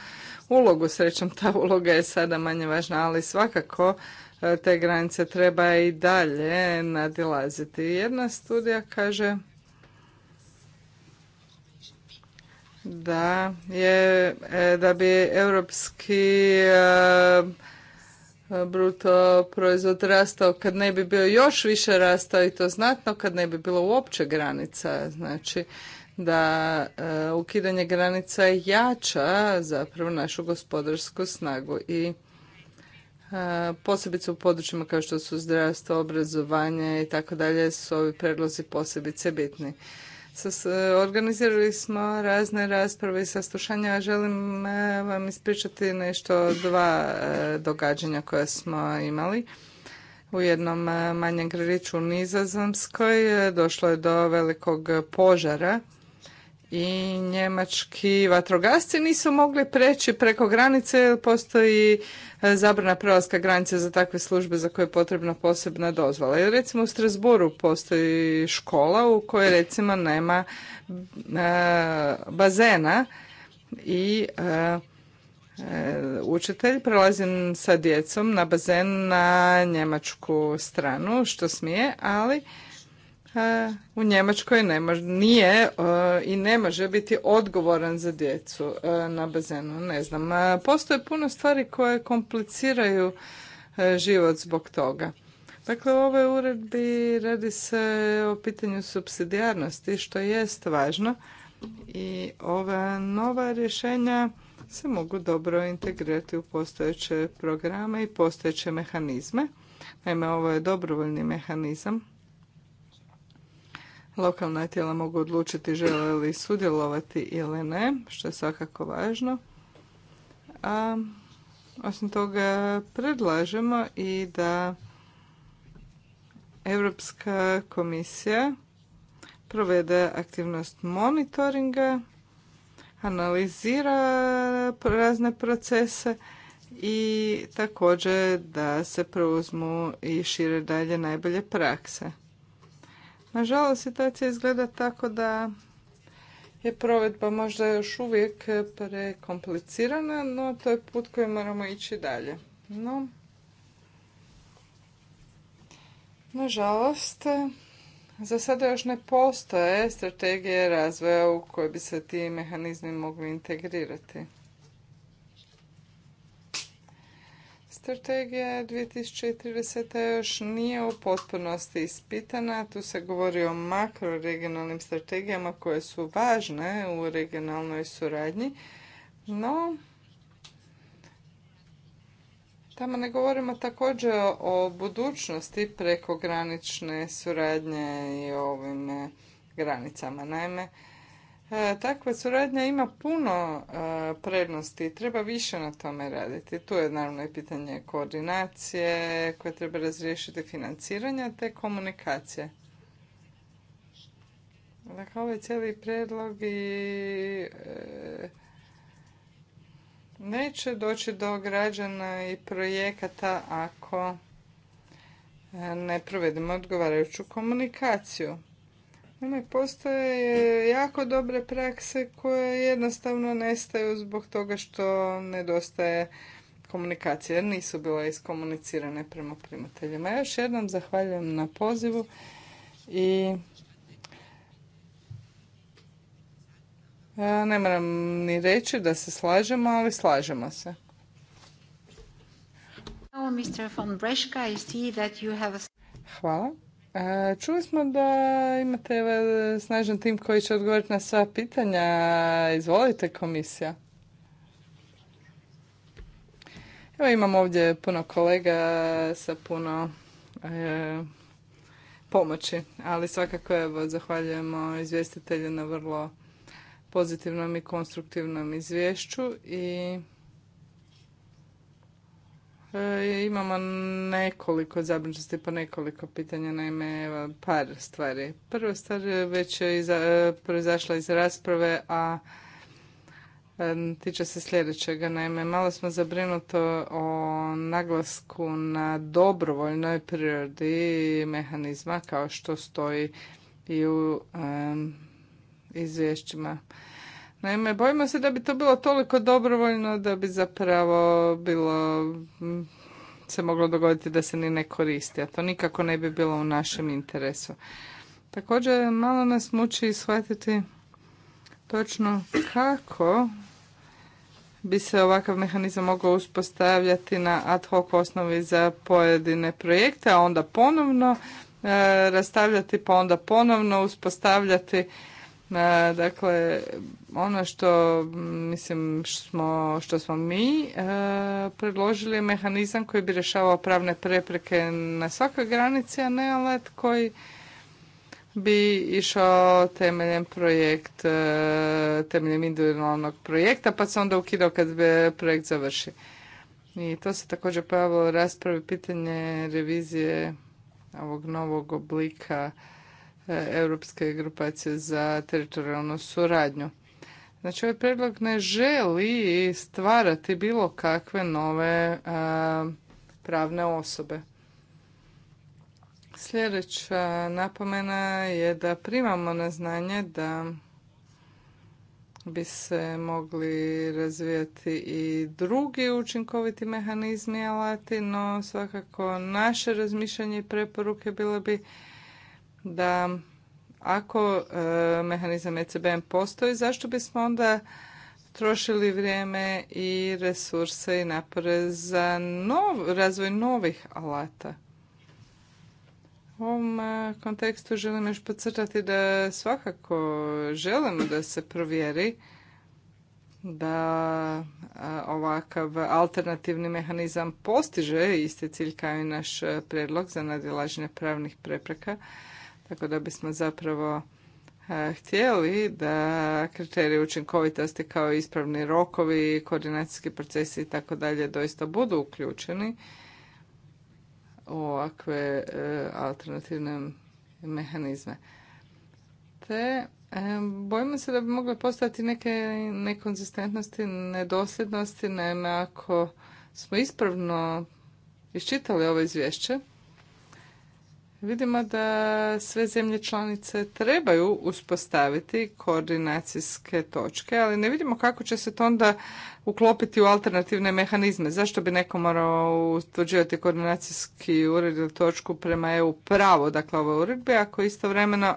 ulogu. Srećom, ta uloga je sada manje važna, ali svakako e, te granice treba i dalje nadilaziti. Jedna studija kaže da je e, da bi europski e, bruto proizvod rastao kad ne bi bio još više rastao i to znatno kad ne bi bilo uopće granica. Znači da e, ukidanje granica jača zapravo našu gospodarsku snagu i e, posebice u područjima kao što su zdravstvo, obrazovanje i tako dalje su ovi predlozi posebice bitni. Organizirali smo razne rasprave i saslušanja, želim e, vam ispričati nešto o dva e, događanja koja smo imali. U jednom e, manjem gradiću u Nizozemskoj došlo je do velikog požara i njemački vatrogasci nisu mogli preći preko granice jer postoji e, zabrana prelaska granice za takve službe za koje je potrebna posebna dozvola. Jer recimo u Strasburu postoji škola u kojoj recimo nema e, bazena i e, učitelj prelazi sa djecom na bazen na njemačku stranu što smije, ali u Njemačkoj ne nije e, i ne može biti odgovoran za djecu e, na bazenu. Ne znam, postoje puno stvari koje kompliciraju e, život zbog toga. Dakle, u ovoj uredbi radi se o pitanju subsidijarnosti, što jest važno i ova nova rješenja se mogu dobro integrirati u postojeće programe i postojeće mehanizme. Naime, ovo je dobrovoljni mehanizam Lokalna tijela mogu odlučiti žele li sudjelovati ili ne, što je svakako važno. A osim toga predlažemo i da Europska komisija provede aktivnost monitoringa, analizira razne procese i također da se preuzmu i šire dalje najbolje prakse. Nažalost, situacija izgleda tako da je provedba možda još uvijek prekomplicirana, no to je put koji moramo ići dalje. No, nažalost, za sada još ne postoje strategije razvoja u koje bi se ti mehanizmi mogli integrirati. strategija 2030. još nije u potpunosti ispitana. Tu se govori o makroregionalnim strategijama koje su važne u regionalnoj suradnji, no tamo ne govorimo također o budućnosti prekogranične suradnje i ovim granicama. Naime, E, takva suradnja ima puno e, prednosti i treba više na tome raditi. Tu je naravno i pitanje koordinacije koje treba razriješiti financiranja te komunikacije. Dakle, ovaj cijeli predlog i e, neće doći do građana i projekata ako ne provedemo odgovarajuću komunikaciju. Ne, postoje jako dobre prakse koje jednostavno nestaju zbog toga što nedostaje komunikacije, jer nisu bile iskomunicirane prema primateljima. Ja još jednom zahvaljujem na pozivu i e, ne moram ni reći da se slažemo, ali slažemo se. Hvala. Čuli smo da imate snažan tim koji će odgovoriti na sva pitanja. Izvolite komisija. Evo imam ovdje puno kolega sa puno e, pomoći, ali svakako zahvaljujemo izvjestitelju na vrlo pozitivnom i konstruktivnom izvješću i E, imamo nekoliko zabrinutosti po pa nekoliko pitanja, naime par stvari. Prva stvar već je e, proizašla iz rasprave, a e, tiče se sljedećega. Naime, malo smo zabrinuto o naglasku na dobrovoljnoj prirodi mehanizma kao što stoji i u izvješćima Naime, bojimo se da bi to bilo toliko dobrovoljno da bi zapravo bilo se moglo dogoditi da se ni ne koristi, a to nikako ne bi bilo u našem interesu. Također, malo nas muči shvatiti točno kako bi se ovakav mehanizam mogao uspostavljati na ad hoc osnovi za pojedine projekte, a onda ponovno e, rastavljati, pa onda ponovno uspostavljati Dakle, ono što mislim smo, što smo mi e, predložili je mehanizam koji bi rješavao pravne prepreke na svakoj granici, a ne alat koji bi išao temeljem projekt, e, temeljem individualnog projekta, pa se onda ukidao kad bi projekt završi. I to se također pojavilo u raspravi pitanje revizije ovog novog oblika E, Europske grupacije za teritorijalnu suradnju. Znači ovaj predlog ne želi stvarati bilo kakve nove e, pravne osobe. Sljedeća napomena je da primamo na znanje da bi se mogli razvijati i drugi učinkoviti mehanizmi i alati, no svakako naše razmišljanje i preporuke bile bi da ako e, mehanizam ECBM postoji, zašto bismo onda trošili vrijeme i resurse i napore za nov, razvoj novih alata? U ovom e, kontekstu želim još podcrtati da svakako želimo da se provjeri da e, ovakav alternativni mehanizam postiže isti cilj kao i naš predlog za nadilaženje pravnih prepreka tako da bismo zapravo e, htjeli da kriteriji učinkovitosti kao ispravni rokovi, koordinacijski procesi i tako dalje doista budu uključeni u ovakve e, alternativne mehanizme. Te e, bojimo se da bi mogle postati neke nekonzistentnosti, nedosljednosti, naime ako smo ispravno iščitali ovo izvješće, Vidimo da sve zemlje članice trebaju uspostaviti koordinacijske točke, ali ne vidimo kako će se to onda uklopiti u alternativne mehanizme. Zašto bi neko morao utvrđivati koordinacijski ured ili točku prema EU pravo, dakle ove uredbe, ako istovremeno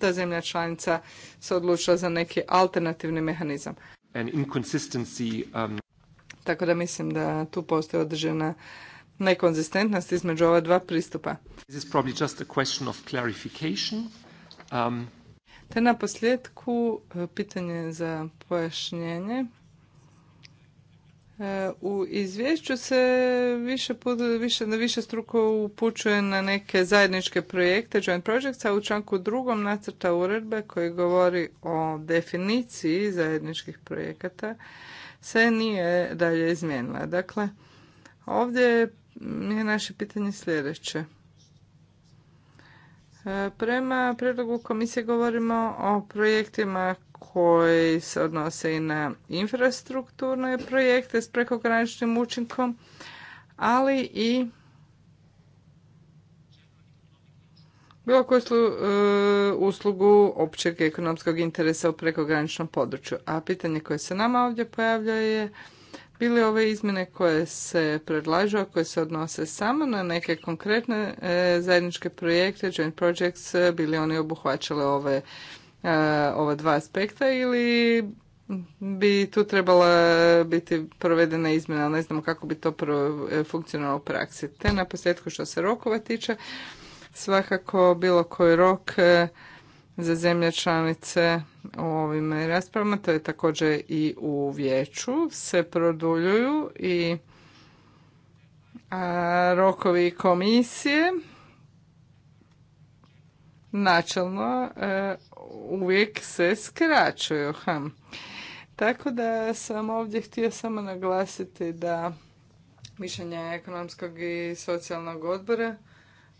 ta zemlja članica se odlučila za neki alternativni mehanizam. Um, Tako da mislim da tu postoji određena nekonzistentnost između ova dva pristupa. This um, Te na posljedku e, pitanje za pojašnjenje. E, u izvješću se više, put, više, više struko upućuje na neke zajedničke projekte joint projects, a u članku drugom nacrta uredbe koji govori o definiciji zajedničkih projekata se nije dalje izmijenila. Dakle, ovdje je je naše pitanje sljedeće. E, prema predlogu komisije govorimo o projektima koji se odnose i na infrastrukturne projekte s prekograničnim učinkom, ali i bilo koju e, uslugu općeg ekonomskog interesa u prekograničnom području. A pitanje koje se nama ovdje pojavlja je bili ove izmjene koje se predlažu, a koje se odnose samo na neke konkretne e, zajedničke projekte, joint projects, e, bili oni obuhvaćale ove, e, ova dva aspekta ili bi tu trebala biti provedena izmjena, ali ne znamo kako bi to funkcionalo u praksi. Te na posljedku što se rokova tiče, svakako bilo koji rok za zemlje članice u ovim raspravama, to je također i u vijeću, se produljuju i rokovi komisije načelno e, uvijek se skraćuju. Tako da sam ovdje htio samo naglasiti da mišljenje ekonomskog i socijalnog odbora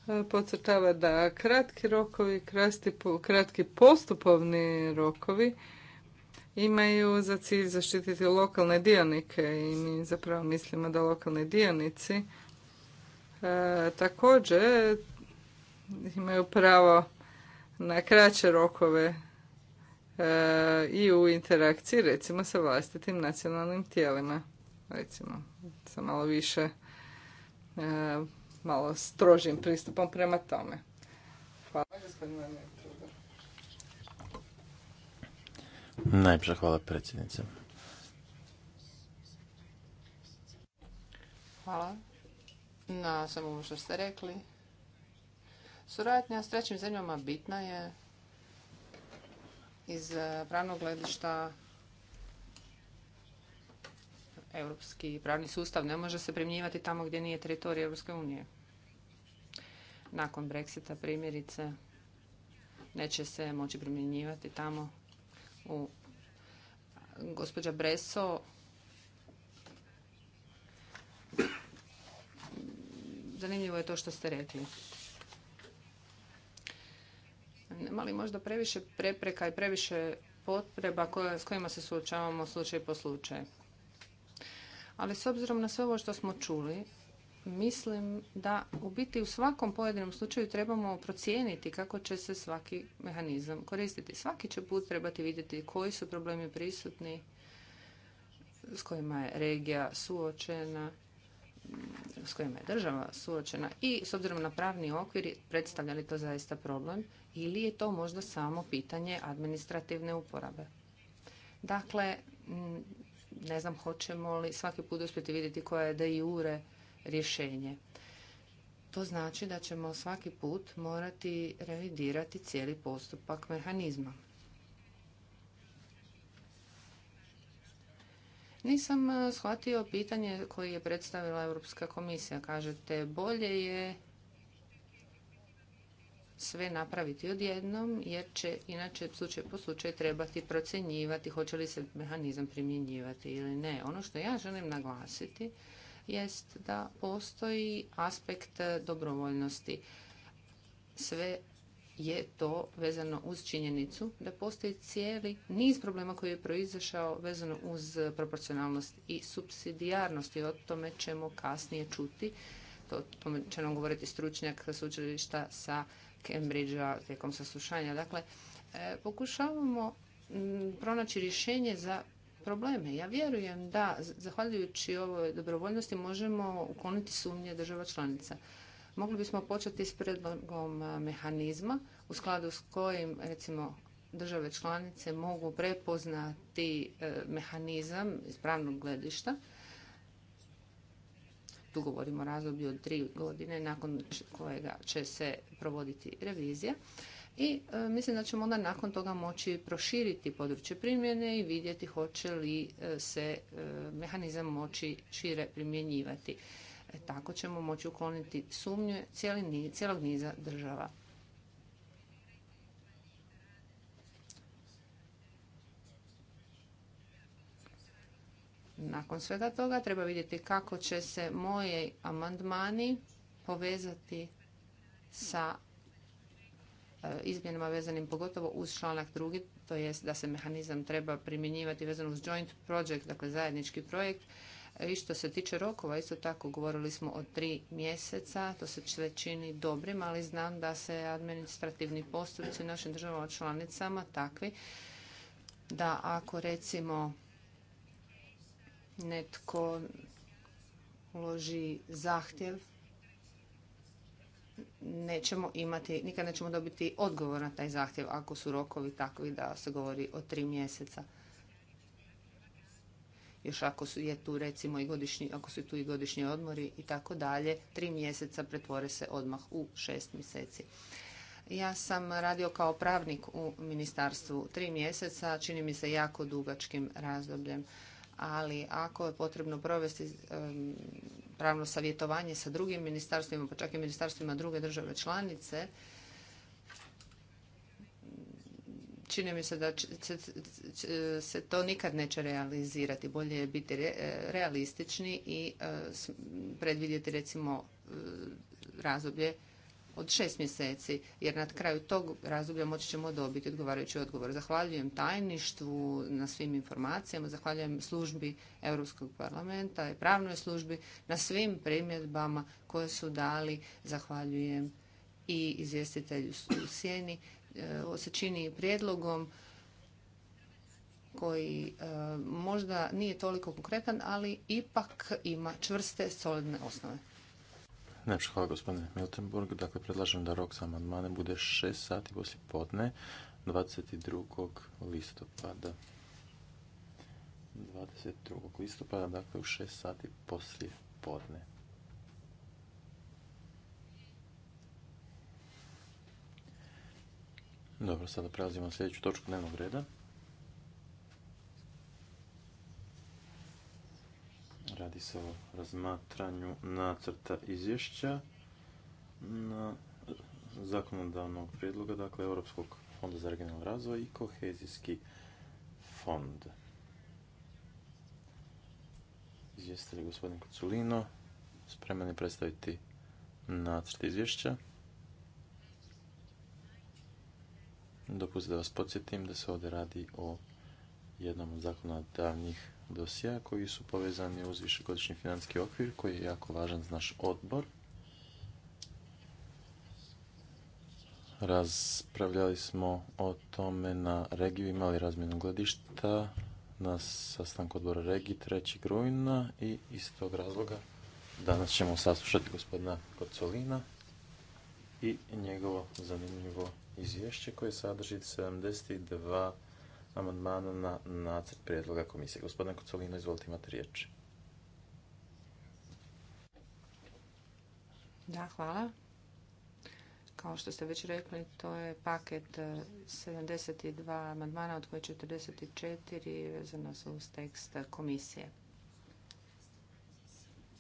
podcrtava da kratki rokovi, kratki postupovni rokovi imaju za cilj zaštititi lokalne dionike i mi zapravo mislimo da lokalni dionici e, također imaju pravo na kraće rokove e, i u interakciji recimo sa vlastitim nacionalnim tijelima recimo sa malo više e, malo strožim pristupom prema tome. Hvala gospodine Najpša hvala predsjednice. Hvala na samo što ste rekli. Suradnja s trećim zemljama bitna je iz pravnog gledišta Europski pravni sustav ne može se primjenjivati tamo gdje nije teritorij Europske unije. Nakon Brexita primjerice neće se moći primjenjivati tamo u gospođa Breso zanimljivo je to što ste rekli. Nema li možda previše prepreka i previše potreba s kojima se suočavamo slučaj po slučaju? ali s obzirom na sve ovo što smo čuli, mislim da u biti u svakom pojedinom slučaju trebamo procijeniti kako će se svaki mehanizam koristiti. Svaki će put trebati vidjeti koji su problemi prisutni, s kojima je regija suočena, s kojima je država suočena i s obzirom na pravni okvir predstavlja li to zaista problem ili je to možda samo pitanje administrativne uporabe. Dakle, ne znam hoćemo li svaki put uspjeti vidjeti koja je da i ure rješenje. To znači da ćemo svaki put morati revidirati cijeli postupak mehanizma. Nisam eh, shvatio pitanje koje je predstavila Europska komisija. Kažete, bolje je sve napraviti odjednom jer će inače slučaj po slučaju trebati procjenjivati hoće li se mehanizam primjenjivati ili ne. Ono što ja želim naglasiti jest da postoji aspekt dobrovoljnosti. Sve je to vezano uz činjenicu da postoji cijeli niz problema koji je proizašao vezano uz proporcionalnost i subsidijarnost i o tome ćemo kasnije čuti. to tome će nam govoriti stručnjak sveučilišta sa Cambridgea tijekom saslušanja. Dakle, e, pokušavamo pronaći rješenje za probleme. Ja vjerujem da, zahvaljujući ovoj dobrovoljnosti, možemo ukloniti sumnje država članica. Mogli bismo početi s predlogom e, mehanizma u skladu s kojim, recimo, države članice mogu prepoznati e, mehanizam iz pravnog gledišta tu govorimo o razdoblju od tri godine nakon kojega će se provoditi revizija. I e, mislim da ćemo onda nakon toga moći proširiti područje primjene i vidjeti hoće li e, se e, mehanizam moći šire primjenjivati. tako ćemo moći ukloniti sumnje cijelog niza država Nakon svega toga treba vidjeti kako će se moje amandmani povezati sa e, izmjenama vezanim pogotovo uz članak drugi, to jest da se mehanizam treba primjenjivati vezano uz joint project, dakle zajednički projekt. E, I što se tiče rokova, isto tako govorili smo o tri mjeseca, to se sve čini dobrim, ali znam da se administrativni postupci u našim državama članicama takvi da ako recimo netko uloži zahtjev, nećemo imati, nikad nećemo dobiti odgovor na taj zahtjev ako su rokovi takvi da se govori o tri mjeseca. Još ako su je tu recimo i godišnji, ako su tu i godišnji odmori i tako dalje, tri mjeseca pretvore se odmah u šest mjeseci. Ja sam radio kao pravnik u ministarstvu tri mjeseca, čini mi se jako dugačkim razdobljem ali ako je potrebno provesti pravno savjetovanje sa drugim ministarstvima, pa čak i ministarstvima druge države članice, čini mi se da se to nikad neće realizirati. Bolje je biti e, realistični i e, predvidjeti recimo e, razdoblje od šest mjeseci, jer na kraju tog razdoblja moći ćemo dobiti odgovarajući odgovor. Zahvaljujem tajništvu na svim informacijama, zahvaljujem službi Europskog parlamenta i pravnoj službi na svim primjedbama koje su dali, zahvaljujem i izvjestitelju u sjeni. Ovo e, se čini prijedlogom koji e, možda nije toliko konkretan, ali ipak ima čvrste, solidne osnove. Najprej hvala gospodine Miltenburg. Dakle, predlažem da rok za amandmane bude 6 sati poslije podne 22. listopada. 22. listopada, dakle u 6 sati poslije podne. Dobro, sada prelazimo na sljedeću točku dnevnog reda. Radi se o razmatranju nacrta izvješća na zakonodavnog prijedloga, dakle, Europskog fonda za regionalni razvoj i kohezijski fond. Izvjestitelj gospodin Kuculino. spreman je predstaviti nacrt izvješća. Dopustite da vas podsjetim da se ovdje radi o jednom od zakonodavnih dosija koji su povezani uz višegodišnji financijski okvir koji je jako važan za naš odbor. Raspravljali smo o tome na regiju, imali razmjenu gledišta na sastanku odbora regiji 3. rujna i iz tog razloga danas ćemo saslušati gospodina Kocolina i njegovo zanimljivo izvješće koje sadrži 72 amandmana na nacrt prijedloga komisije. Gospodine Kocolino, izvolite imate riječ. Da, hvala. Kao što ste već rekli, to je paket 72 eh, amandmana, od koje 44 vezano su uz tekst komisije.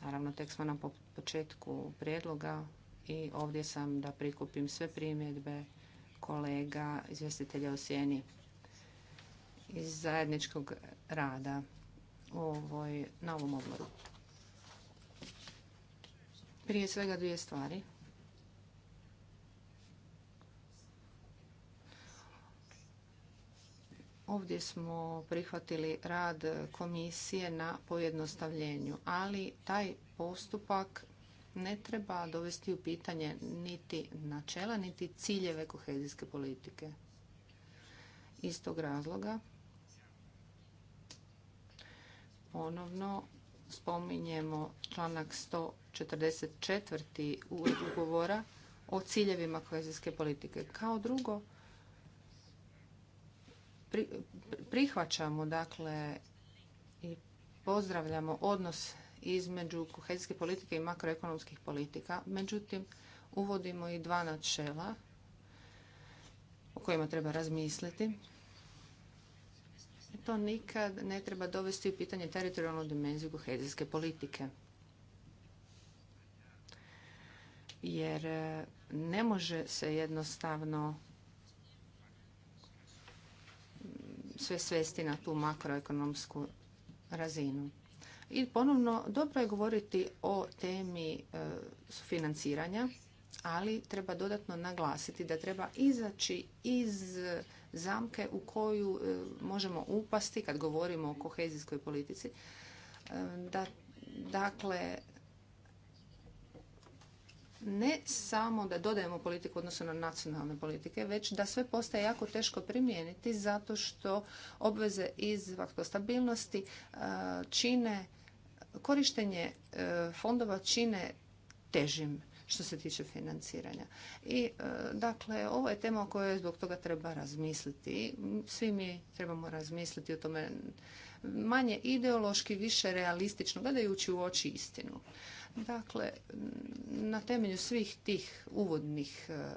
Naravno, tekst smo na početku prijedloga i ovdje sam da prikupim sve primjedbe kolega izvjestitelja o sjeni iz zajedničkog rada na ovom odboru. Prije svega dvije stvari. Ovdje smo prihvatili rad komisije na pojednostavljenju, ali taj postupak ne treba dovesti u pitanje niti načela, niti ciljeve kohezijske politike. Iz tog razloga ponovno spominjemo članak 144. ugovora o ciljevima kohezijske politike. Kao drugo, prihvaćamo dakle i pozdravljamo odnos između kohezijske politike i makroekonomskih politika. Međutim, uvodimo i dva načela o kojima treba razmisliti. E to nikad ne treba dovesti u pitanje teritorijalnu dimenziju kohezijske politike. Jer e, ne može se jednostavno sve svesti na tu makroekonomsku razinu. I ponovno, dobro je govoriti o temi e, financiranja, ali treba dodatno naglasiti da treba izaći iz zamke u koju e, možemo upasti kad govorimo o kohezijskoj politici. E, da, dakle, ne samo da dodajemo politiku odnosno na nacionalne politike, već da sve postaje jako teško primijeniti zato što obveze iz vakto stabilnosti e, čine, korištenje fondova čine težim što se tiče financiranja. I e, dakle, ovo je tema o kojoj zbog toga treba razmisliti. Svi mi trebamo razmisliti o tome manje ideološki, više realistično, gledajući u oči istinu. Dakle, na temelju svih tih uvodnih e,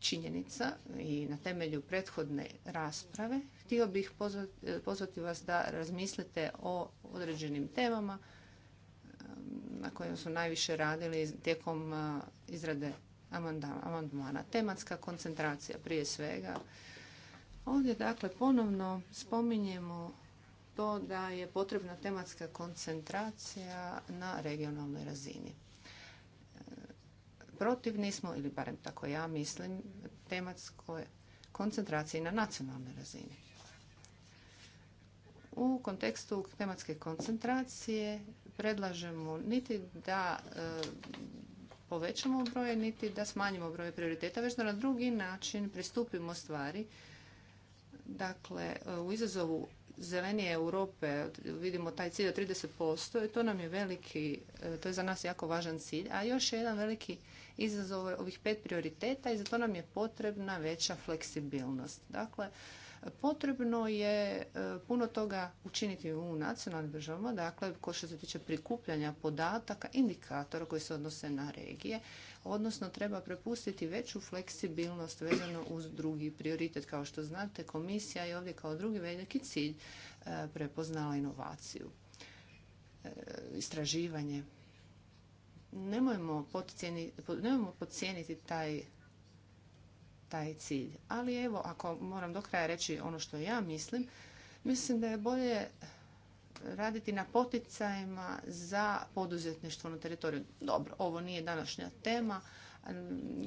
činjenica i na temelju prethodne rasprave htio bih e, pozvati vas da razmislite o određenim temama na kojem su najviše radili tijekom e, izrade amandmana. Tematska koncentracija prije svega. Ovdje dakle ponovno spominjemo to da je potrebna tematska koncentracija na regionalnoj razini. E, protivni smo, ili barem tako ja mislim, tematskoj koncentraciji na nacionalnoj razini. U kontekstu tematske koncentracije predlažemo niti da e, povećamo broj niti da smanjimo broj prioriteta, već da na drugi način pristupimo stvari. Dakle, e, u izazovu zelenije Europe vidimo taj cilj od 30% i to nam je veliki, e, to je za nas jako važan cilj. A još jedan veliki izazov ovih pet prioriteta i za to nam je potrebna veća fleksibilnost. Dakle, Potrebno je e, puno toga učiniti u nacionalnim državama, dakle, što se tiče prikupljanja podataka, indikatora koji se odnose na regije, odnosno treba prepustiti veću fleksibilnost vezano uz drugi prioritet. Kao što znate, komisija je ovdje kao drugi veliki cilj e, prepoznala inovaciju, e, istraživanje. Nemojmo podcijeniti, nemojmo podcijeniti taj taj cilj. Ali evo, ako moram do kraja reći ono što ja mislim, mislim da je bolje raditi na poticajima za poduzetništvo na teritoriju. Dobro, ovo nije današnja tema.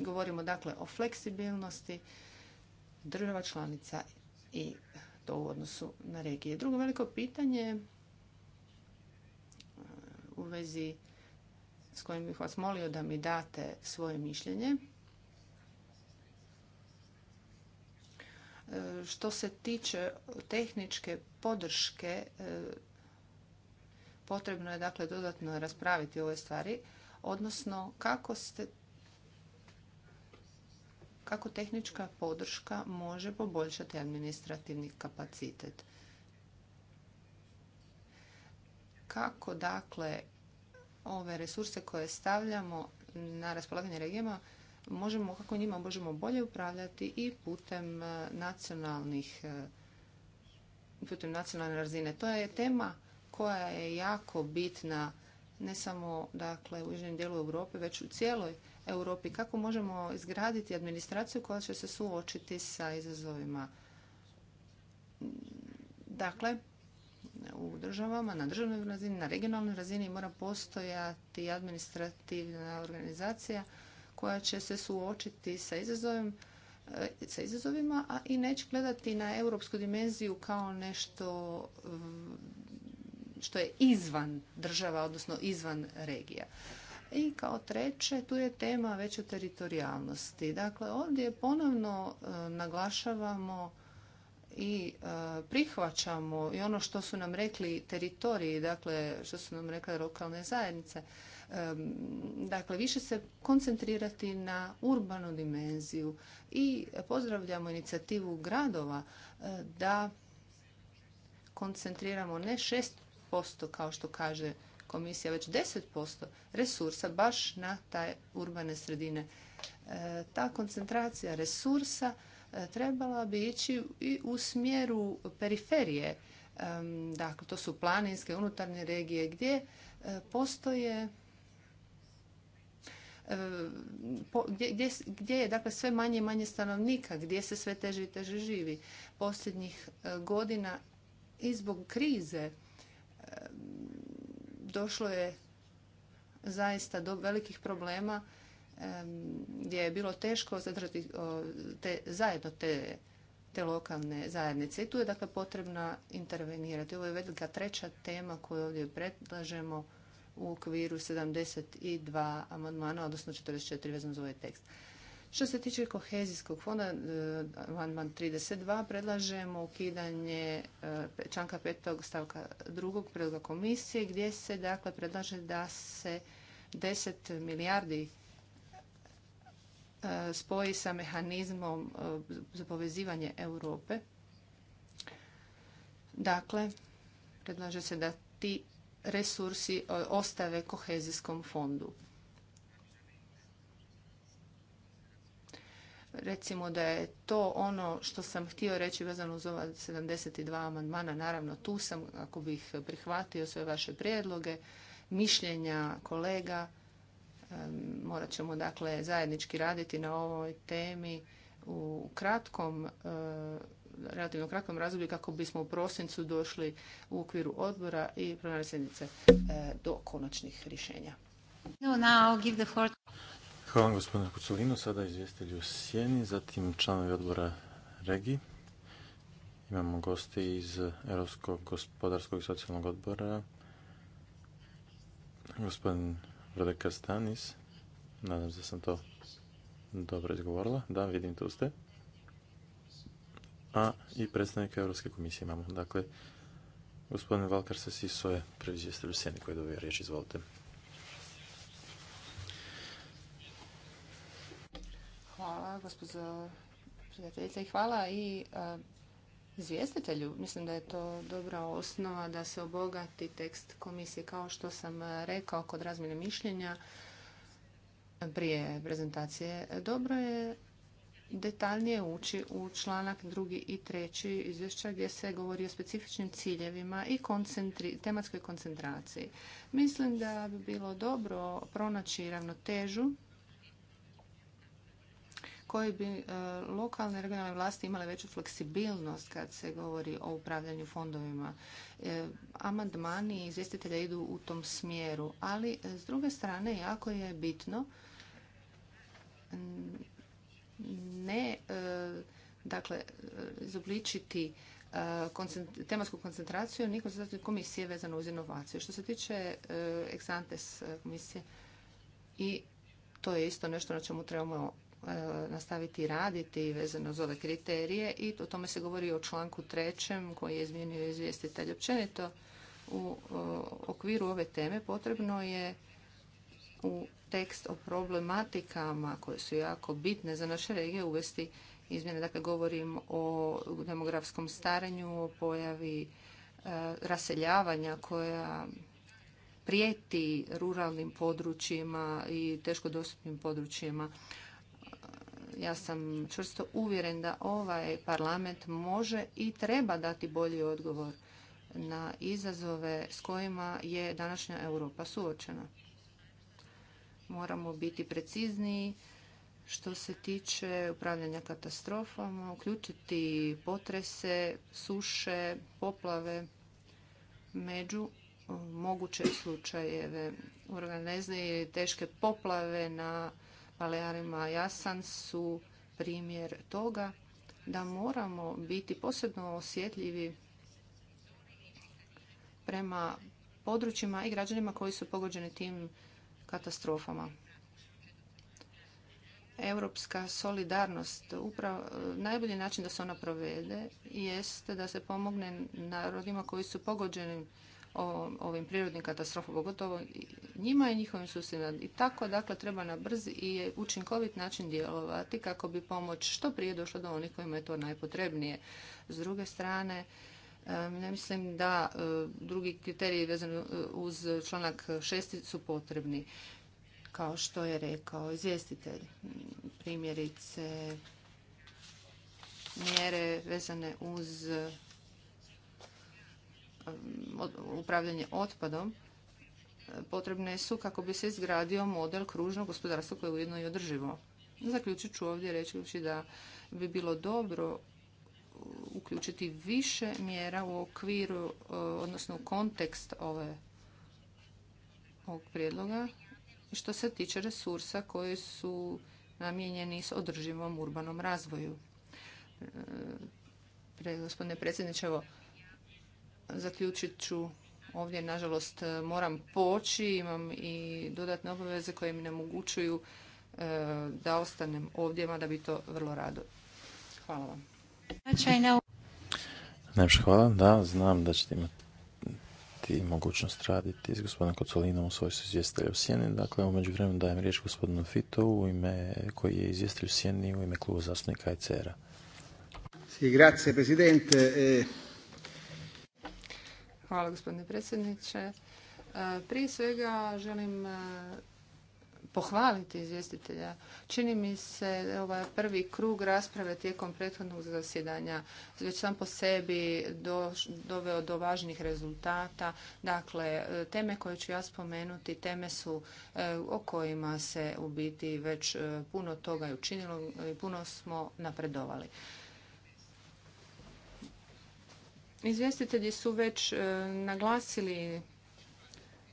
Govorimo dakle o fleksibilnosti država članica i to u odnosu na regije. Drugo veliko pitanje e, u vezi s kojim bih vas molio da mi date svoje mišljenje Što se tiče tehničke podrške, e, potrebno je dakle dodatno raspraviti ove stvari, odnosno kako ste kako tehnička podrška može poboljšati administrativni kapacitet. Kako dakle ove resurse koje stavljamo na raspolaganje regijama možemo, kako njima možemo bolje upravljati i putem e, nacionalnih e, putem nacionalne razine. To je tema koja je jako bitna ne samo dakle, u južnom dijelu Europe, već u cijeloj Europi. Kako možemo izgraditi administraciju koja će se suočiti sa izazovima Dakle, u državama, na državnoj razini, na regionalnoj razini mora postojati administrativna organizacija koja će se suočiti sa izazovima, e, sa izazovima, a i neće gledati na europsku dimenziju kao nešto mm, što je izvan država, odnosno izvan regija. I kao treće, tu je tema već teritorijalnosti. Dakle, ovdje ponovno e, naglašavamo i e, prihvaćamo i ono što su nam rekli teritoriji, dakle što su nam rekle lokalne zajednice. E, dakle, više se koncentrirati na urbanu dimenziju i pozdravljamo inicijativu gradova e, da koncentriramo ne 6% kao što kaže komisija, već 10% resursa baš na taj urbane sredine. Ta koncentracija resursa trebala bi ići i u smjeru periferije. Dakle, to su planinske, unutarnje regije gdje e, postoje e, gdje, gdje je dakle sve manje i manje stanovnika, gdje se sve teže i teže živi. Posljednjih e, godina i zbog krize došlo je zaista do velikih problema gdje je bilo teško zadržati te, zajedno te, lokalne zajednice. I tu je dakle potrebno intervenirati. Ovo je velika treća tema koju ovdje predlažemo u okviru 72 amandmana, odnosno 44 vezano za ovaj tekst. Što se tiče kohezijskog fonda, e, amandman 32, predlažemo ukidanje e, članka 5. stavka 2. predloga komisije gdje se dakle predlaže da se 10 milijardi E, spoji sa mehanizmom e, za povezivanje Europe. Dakle, predlaže se da ti resursi e, ostave kohezijskom fondu. Recimo da je to ono što sam htio reći vezano uz ova 72 amandmana. Naravno, tu sam, ako bih prihvatio sve vaše prijedloge, mišljenja kolega, Morat ćemo dakle zajednički raditi na ovoj temi u kratkom e, relativno kratkom razdoblju kako bismo u prosincu došli u okviru odbora i plenarne sjednice e, do konačnih rješenja. Hvala gospodine Sada izvjestitelj u Sjeni, zatim članovi odbora Regi. Imamo gosti iz Europskog gospodarskog i socijalnog odbora. Gospodin Rodeka Stanis. Nadam se da sam to dobro izgovorila. Da, vidim tu ste. A i predstavnika Europske komisije imamo. Dakle, gospodin Valkar se Siso je previzijestelj u sjeni koji je dobio riječ. Izvolite. Hvala, gospodine prijateljice. Hvala i e, izvjestitelju. Mislim da je to dobra osnova da se obogati tekst komisije. Kao što sam rekao kod razmjene mišljenja prije prezentacije, dobro je detaljnije ući u članak drugi i treći izvješća gdje se govori o specifičnim ciljevima i tematskoj koncentraciji. Mislim da bi bilo dobro pronaći ravnotežu koji bi e, lokalne i regionalne vlasti imale veću fleksibilnost kad se govori o upravljanju fondovima. E, amandmani izvjestitelja idu u tom smjeru, ali e, s druge strane jako je bitno ne dakle izobličiti tematsku koncentraciju ni koncentraciju komisije vezano uz inovaciju. Što se tiče Exantes komisije i to je isto nešto na čemu trebamo E, nastaviti raditi vezano za ove kriterije i o tome se govori o članku trećem koji je izmijenio izvjestitelj. Općenito u okviru ove teme potrebno je u tekst o problematikama koje su jako bitne za naše regije uvesti izmjene. Dakle, govorim o demografskom staranju, o pojavi e, raseljavanja koja prijeti ruralnim područjima i teško dostupnim područjima ja sam čvrsto uvjeren da ovaj parlament može i treba dati bolji odgovor na izazove s kojima je današnja Europa suočena. Moramo biti precizniji što se tiče upravljanja katastrofama, uključiti potrese, suše, poplave među e, moguće slučajeve. U teške poplave na Palearima jasan su primjer toga da moramo biti posebno osjetljivi prema područjima i građanima koji su pogođeni tim katastrofama. Europska solidarnost, upravo najbolji način da se ona provede jeste da se pomogne narodima koji su pogođeni o ovim prirodnim katastrofama, pogotovo njima i njihovim susjedima. I tako, dakle, treba na brz i učinkovit način djelovati kako bi pomoć što prije došla do onih kojima je to najpotrebnije. S druge strane, ne mislim da e, drugi kriteriji vezani e, uz članak 6. su potrebni, kao što je rekao izvjestitelj. Primjerice, mjere vezane uz upravljanje otpadom e, potrebne su kako bi se izgradio model kružnog gospodarstva koje je ujedno i održivo. Zaključit ću ovdje reći da bi bilo dobro uključiti više mjera u okviru, e, odnosno u kontekst ove, ovog prijedloga što se tiče resursa koji su namijenjeni s održivom urbanom razvoju. E, gospodine predsjedniče, evo, zaključit ću ovdje, nažalost, e, moram poći, imam i dodatne obaveze koje mi ne da ostanem ovdje, mada bi to vrlo rado. Hvala vam. hvala, da, znam da ćete imati mogućnost raditi s gospodinom Kocolinom u svojstvu izvjestitelja u Sjeni. Dakle, u međuvremenu dajem riječ gospodinu Fitovu u ime, koji je izvjestitelj u Sjeni u ime kluba zastupnika icr a grazie e Hvala gospodine predsjedniče. E, prije svega želim e, pohvaliti izvjestitelja. Čini mi se ovaj prvi krug rasprave tijekom prethodnog zasjedanja već sam po sebi doveo do važnih rezultata. Dakle, e, teme koje ću ja spomenuti, teme su o kojima se u biti već puno toga učinilo i puno smo napredovali. Izvjestitelji su već e, naglasili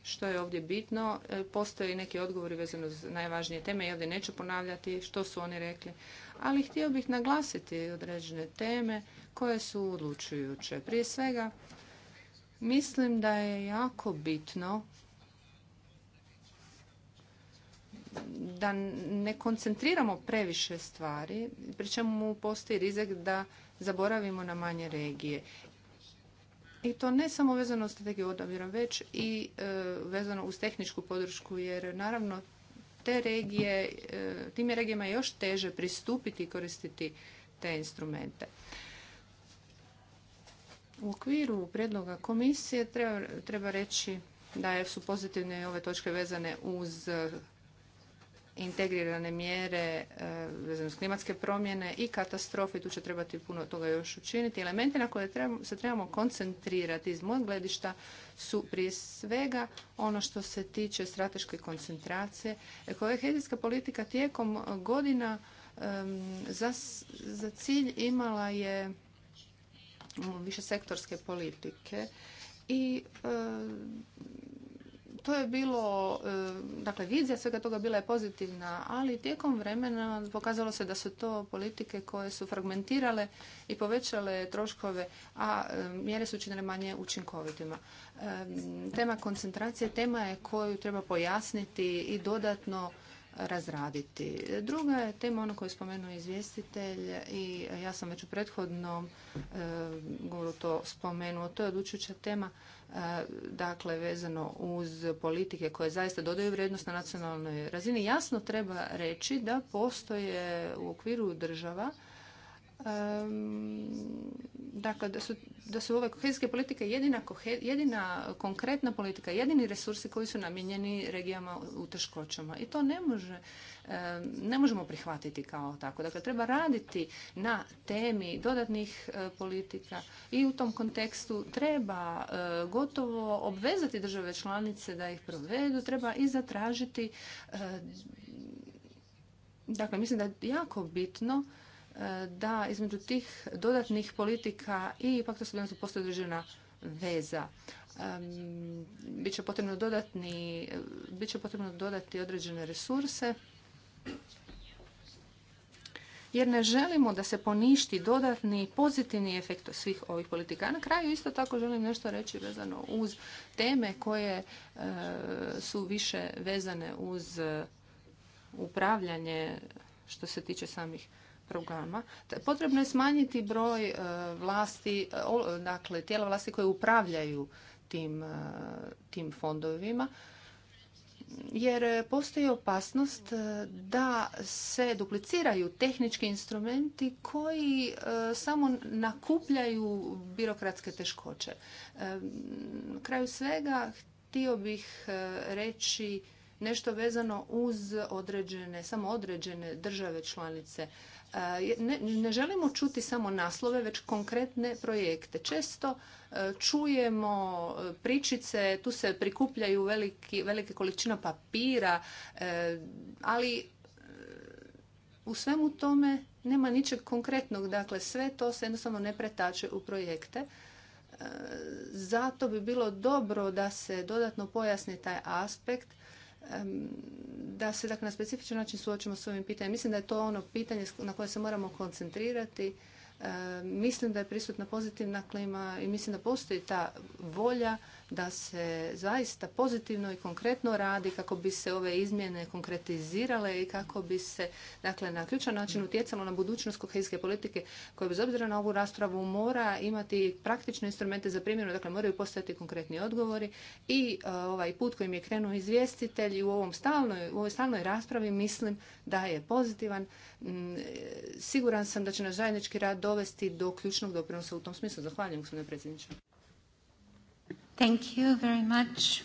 što je ovdje bitno. E, postoje neki odgovori vezano uz najvažnije teme. i ovdje neću ponavljati što su oni rekli. Ali htio bih naglasiti određene teme koje su odlučujuće. Prije svega, mislim da je jako bitno da ne koncentriramo previše stvari, pri čemu postoji rizik da zaboravimo na manje regije. I to ne samo vezano uz strategiju odabira, već i e, vezano uz tehničku podršku, jer naravno te regije, e, tim je regijama još teže pristupiti i koristiti te instrumente. U okviru predloga komisije treba, treba reći da su pozitivne ove točke vezane uz integrirane mjere e, vezano s klimatske promjene i katastrofe. Tu će trebati puno toga još učiniti. Elementi na koje se trebamo koncentrirati iz mojeg gledišta su prije svega ono što se tiče strateške koncentracije. Ekohezijska politika tijekom godina za, cilj imala je više sektorske politike i e, to je bilo, e, dakle vizija svega toga bila je pozitivna, ali tijekom vremena pokazalo se da su to politike koje su fragmentirale i povećale troškove, a e, mjere su učinile manje učinkovitima. E, tema koncentracije tema je koju treba pojasniti i dodatno razraditi. Druga je tema ono koju je spomenuo izvjestitelj i ja sam već u prethodnom eh, govoru to spomenuo. To je odlučujuća tema eh, dakle vezano uz politike koje zaista dodaju vrijednost na nacionalnoj razini. Jasno treba reći da postoje u okviru država dakle, da su, da ove kohezijske politike jedina, jedina konkretna politika, jedini resursi koji su namijenjeni regijama u teškoćama. I to ne, može, ne možemo prihvatiti kao tako. Dakle, treba raditi na temi dodatnih e, politika i u tom kontekstu treba e, gotovo obvezati države članice da ih provedu, treba i zatražiti e, Dakle, mislim da je jako bitno da između tih dodatnih politika i pakta stabilnosti postoje određena veza. Biće potrebno dodatni, bit će potrebno dodati određene resurse jer ne želimo da se poništi dodatni pozitivni efekt svih ovih politika. na kraju isto tako želim nešto reći vezano uz teme koje e, su više vezane uz e, upravljanje što se tiče samih programa, potrebno je smanjiti broj e, vlasti, e, dakle tijela vlasti koje upravljaju tim, e, tim fondovima jer postoji opasnost da se dupliciraju tehnički instrumenti koji samo nakupljaju birokratske teškoće. Na kraju svega htio bih reći nešto vezano uz određene, samo određene države članice ne, želimo čuti samo naslove, već konkretne projekte. Često e, čujemo e, pričice, tu se prikupljaju velike količina papira, e, ali u svemu tome nema ničeg konkretnog. Dakle, sve to se jednostavno ne pretače u projekte. Zato bi bilo dobro da se dodatno pojasni taj aspekt da se dakle, na specifičan način suočimo s ovim pitanjem. Mislim da je to ono pitanje na koje se moramo koncentrirati. Mislim da je prisutna pozitivna klima i mislim da postoji ta volja da se zaista pozitivno i konkretno radi kako bi se ove izmjene konkretizirale i kako bi se dakle, na ključan način utjecalo na budućnost kohezijske politike koja bez obzira na ovu raspravu mora imati praktične instrumente za primjenu, dakle moraju postojati konkretni odgovori i e, ovaj put kojim je krenuo izvjestitelj u, ovom stalnoj, u ovoj stalnoj raspravi mislim da je pozitivan. Mm, e, siguran sam da će na zajednički rad dovesti do ključnog doprinosa u tom smislu. Zahvaljujem gospodine predsjedniče. Thank you very much.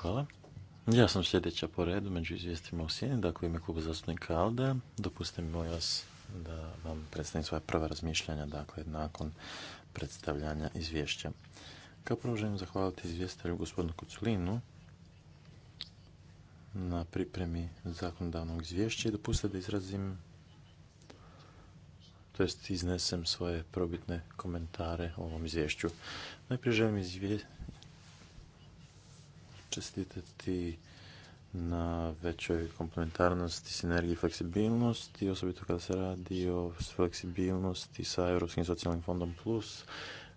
hvala. Ja sam sljedeća po redu među izvijestima u sjeni, dakle u ime kluba zastupnika ALDE Dopustite mi moj vas da vam predstavim svoje prva razmišljanja, dakle nakon predstavljanja izvješća. Kao prvo želim zahvaliti izvjestitelju gospodinu Kuculinu na pripremi zakonodavnog izvješća i dopustite da izrazim to jest iznesem svoje probitne komentare o ovom izvješću. Najprije želim čestitati na većoj komplementarnosti, sinergiji i fleksibilnosti, osobito kada se radi o fleksibilnosti sa Europskim socijalnim fondom plus,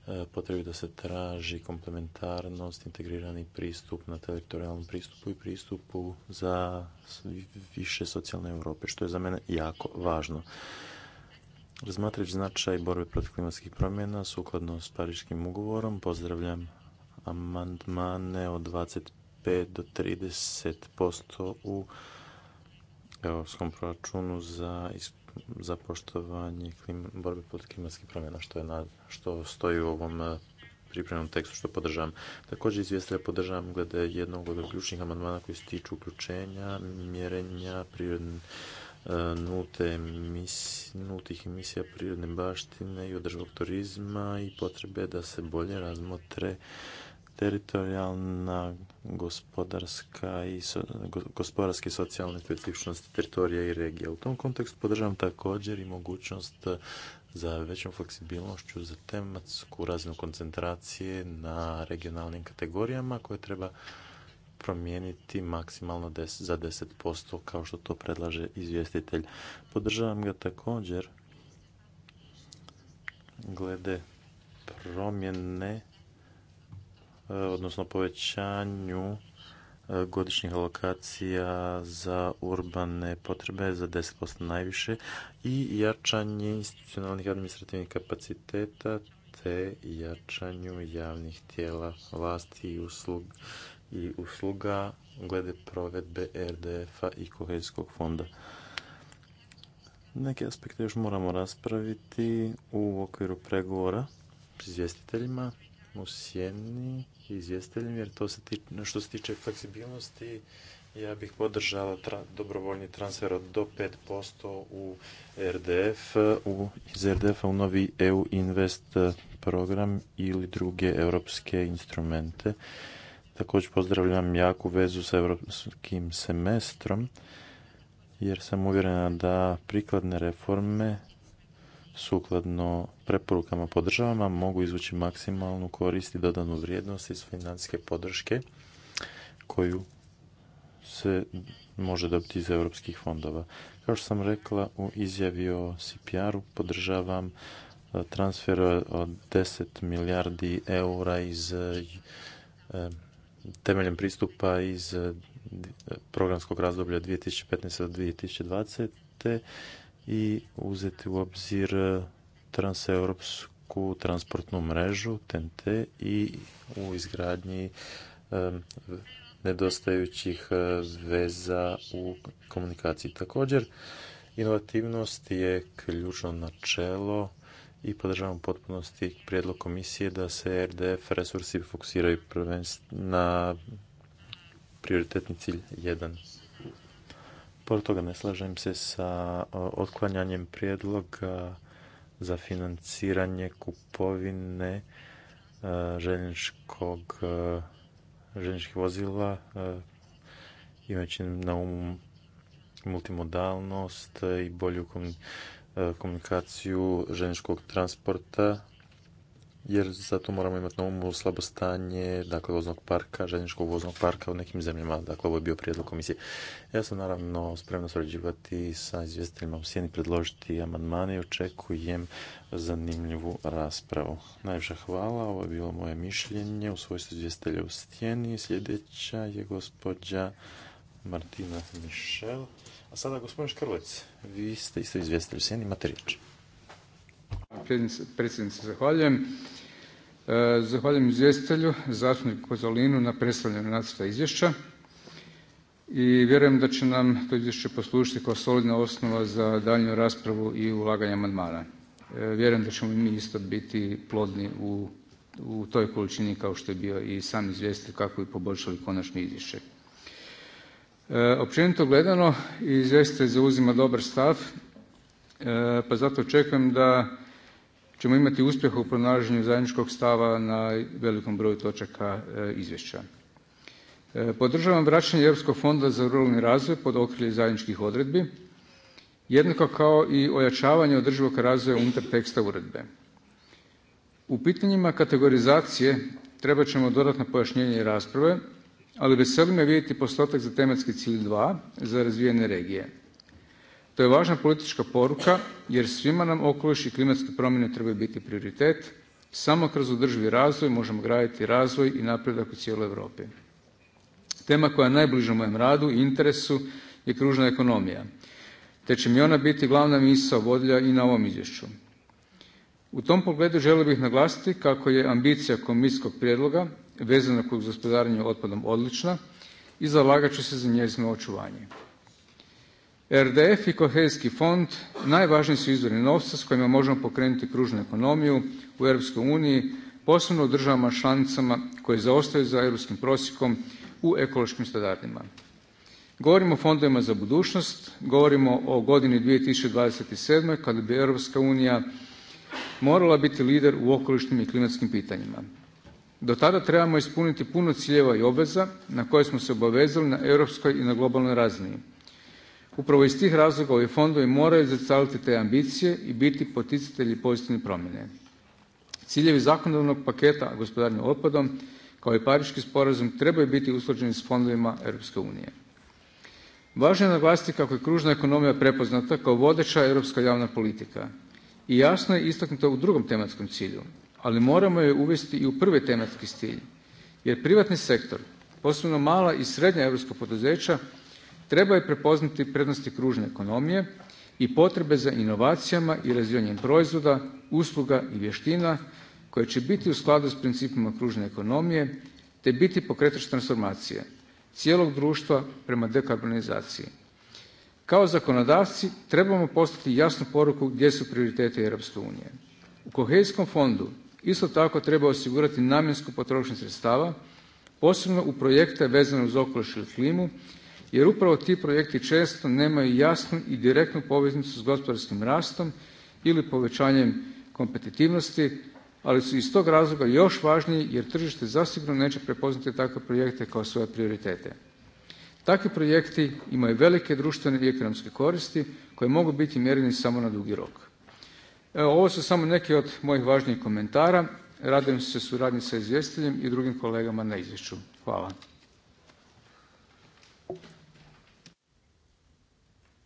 e, potrebi da se traži komplementarnost, integrirani pristup na teritorijalnom pristupu i pristupu za više socijalne Europe, što je za mene jako važno. Razmatrajući značaj borbe protiv klimatskih promjena sukladno s Pariškim ugovorom, pozdravljam amandmane od 25 do 30% u europskom proračunu za za poštovanje borbe protiv klimatskih promjena, što, je na, što stoji u ovom e, pripremnom tekstu, što podržavam. Također izvjestitelja podržavam glede jednog od ključnih amandmana koji se tiču uključenja, mjerenja, prirodnih E, nulte nultih emisija prirodne baštine i održavog turizma i potrebe da se bolje razmotre teritorijalna, gospodarska i so, gospodarske socijalne specifičnosti teritorija i regija. U tom kontekstu podržavam također i mogućnost za većom fleksibilnošću za tematsku razinu koncentracije na regionalnim kategorijama koje treba promijeniti maksimalno za 10% kao što to predlaže izvjestitelj. Podržavam ga također glede promjene e, odnosno povećanju e, godišnjih alokacija za urbane potrebe za 10% najviše i jačanje institucionalnih administrativnih kapaciteta te jačanju javnih tijela vlasti i usluga i usluga glede provedbe RDF-a i kohezijskog fonda. Neke aspekte još moramo raspraviti u okviru pregovora s izvjestiteljima u sjeni i izvjestiteljima, jer to se tiče, što se tiče fleksibilnosti, ja bih podržala dobrovoljni transfer od do 5% u RDF, u, iz RDF-a u novi EU Invest program ili druge europske instrumente Također pozdravljam jaku vezu sa europskim semestrom jer sam uvjerena da prikladne reforme sukladno preporukama po mogu izvući maksimalnu korist i dodanu vrijednost iz financijske podrške koju se može dobiti iz europskih fondova. Kao što sam rekla u izjavi o CPR-u podržavam e, transfer od 10 milijardi eura iz e, temeljem pristupa iz eh, programskog razdoblja 2015. do 2020. i uzeti u obzir eh, transeuropsku transportnu mrežu TNT i u izgradnji nedostajućih eh, veza u komunikaciji. Također, inovativnost je ključno načelo i podržavam potpunosti prijedlog komisije da se RDF resursi fokusiraju na prioritetni cilj 1. Pored toga ne slažem se sa otklanjanjem prijedloga za financiranje kupovine e, željezničkog e, željezničkih vozila e, imajući na umu multimodalnost i bolju komunikaciju E, komunikaciju željezničkog transporta jer zato moramo imati na umu slabo stanje dakle, voznog parka, željezničkog voznog parka u nekim zemljama. Dakle, ovo je bio prijedlog komisije. Ja sam naravno spremno surađivati sa izvjestiteljima u sjeni, predložiti amandmane i očekujem zanimljivu raspravu. Najviše hvala, ovo je bilo moje mišljenje u svojstvu izvjestitelja u sjeni. Sljedeća je gospođa Martina Mišel. A sada gospodin Škrlec, vi ste isto izvjestili sen, imate riječ. Predsjednice, zahvaljujem. E, zahvaljujem izvjestitelju, zastupniku Kozolinu na predstavljanju nacrta izvješća i vjerujem da će nam to izvješće poslužiti kao solidna osnova za daljnju raspravu i ulaganje amandmana. E, vjerujem da ćemo i mi isto biti plodni u, toj količini kao što je bio i sam izvjestitelj kako bi poboljšali konačni izvješće. E, općenito gledano izvjestitelj zauzima dobar stav e, pa zato očekujem da ćemo imati uspjeh u pronalaženju zajedničkog stava na velikom broju točaka e, izvješća. Podržavam vraćanje Europskog fonda za ruralni razvoj pod okrilje zajedničkih odredbi jednako kao i ojačavanje održivog razvoja unutar teksta uredbe. U pitanjima kategorizacije trebat ćemo dodatno pojašnjenje i rasprave ali veseli me vidjeti postotak za tematski cilj 2 za razvijene regije. To je važna politička poruka jer svima nam okoliš i klimatske promjene trebaju biti prioritet. Samo kroz održivi razvoj možemo graditi razvoj i napredak u cijeloj Europi. Tema koja je najbliža mojem radu i interesu je kružna ekonomija, te će mi ona biti glavna misa obodlja i na ovom izvješću. U tom pogledu želio bih naglasiti kako je ambicija komisijskog prijedloga vezana kod gospodarenje otpadom odlična i zalagat ću se za njezino očuvanje. RDF i kohezijski fond najvažniji su izvori novca s kojima možemo pokrenuti kružnu ekonomiju u EU, uniji posebno u državama članicama koje zaostaju za europskim prosjekom u ekološkim standardima. Govorimo o fondovima za budućnost, govorimo o godini 2027. kada bi Europska unija morala biti lider u okolišnim i klimatskim pitanjima. Do tada trebamo ispuniti puno ciljeva i obveza na koje smo se obavezali na europskoj i na globalnoj razini. Upravo iz tih razloga ovi fondovi moraju zacaliti te ambicije i biti poticatelji pozitivne promjene. Ciljevi zakonodavnog paketa gospodarenja otpadom kao i Pariški sporazum trebaju biti usklađeni s fondovima Europske unije. Važno je naglasiti kako je kružna ekonomija prepoznata kao vodeća europska javna politika i jasno je istaknuta u drugom tematskom cilju ali moramo je uvesti i u prvi tematski stilj jer privatni sektor, posebno mala i srednja europska poduzeća trebaju prepoznati prednosti kružne ekonomije i potrebe za inovacijama i razvijanjem proizvoda, usluga i vještina koje će biti u skladu s principima kružne ekonomije te biti pokretač transformacije cijelog društva prema dekarbonizaciji. Kao zakonodavci trebamo poslati jasnu poruku gdje su prioriteti Europske unije. U kohezijskom fondu Isto tako treba osigurati namjensku potrošnju sredstava posebno u projekte vezane uz okoliš ili klimu jer upravo ti projekti često nemaju jasnu i direktnu poveznicu s gospodarskim rastom ili povećanjem kompetitivnosti, ali su iz tog razloga još važniji jer tržište zasigurno neće prepoznati takve projekte kao svoje prioritete. Takvi projekti imaju velike društvene i ekonomske koristi koje mogu biti mjereni samo na dugi rok. Evo ovo su samo neki od mojih važnijih komentara. Radujem se suradnji sa izvjestiteljem i drugim kolegama na izvješću. Hvala.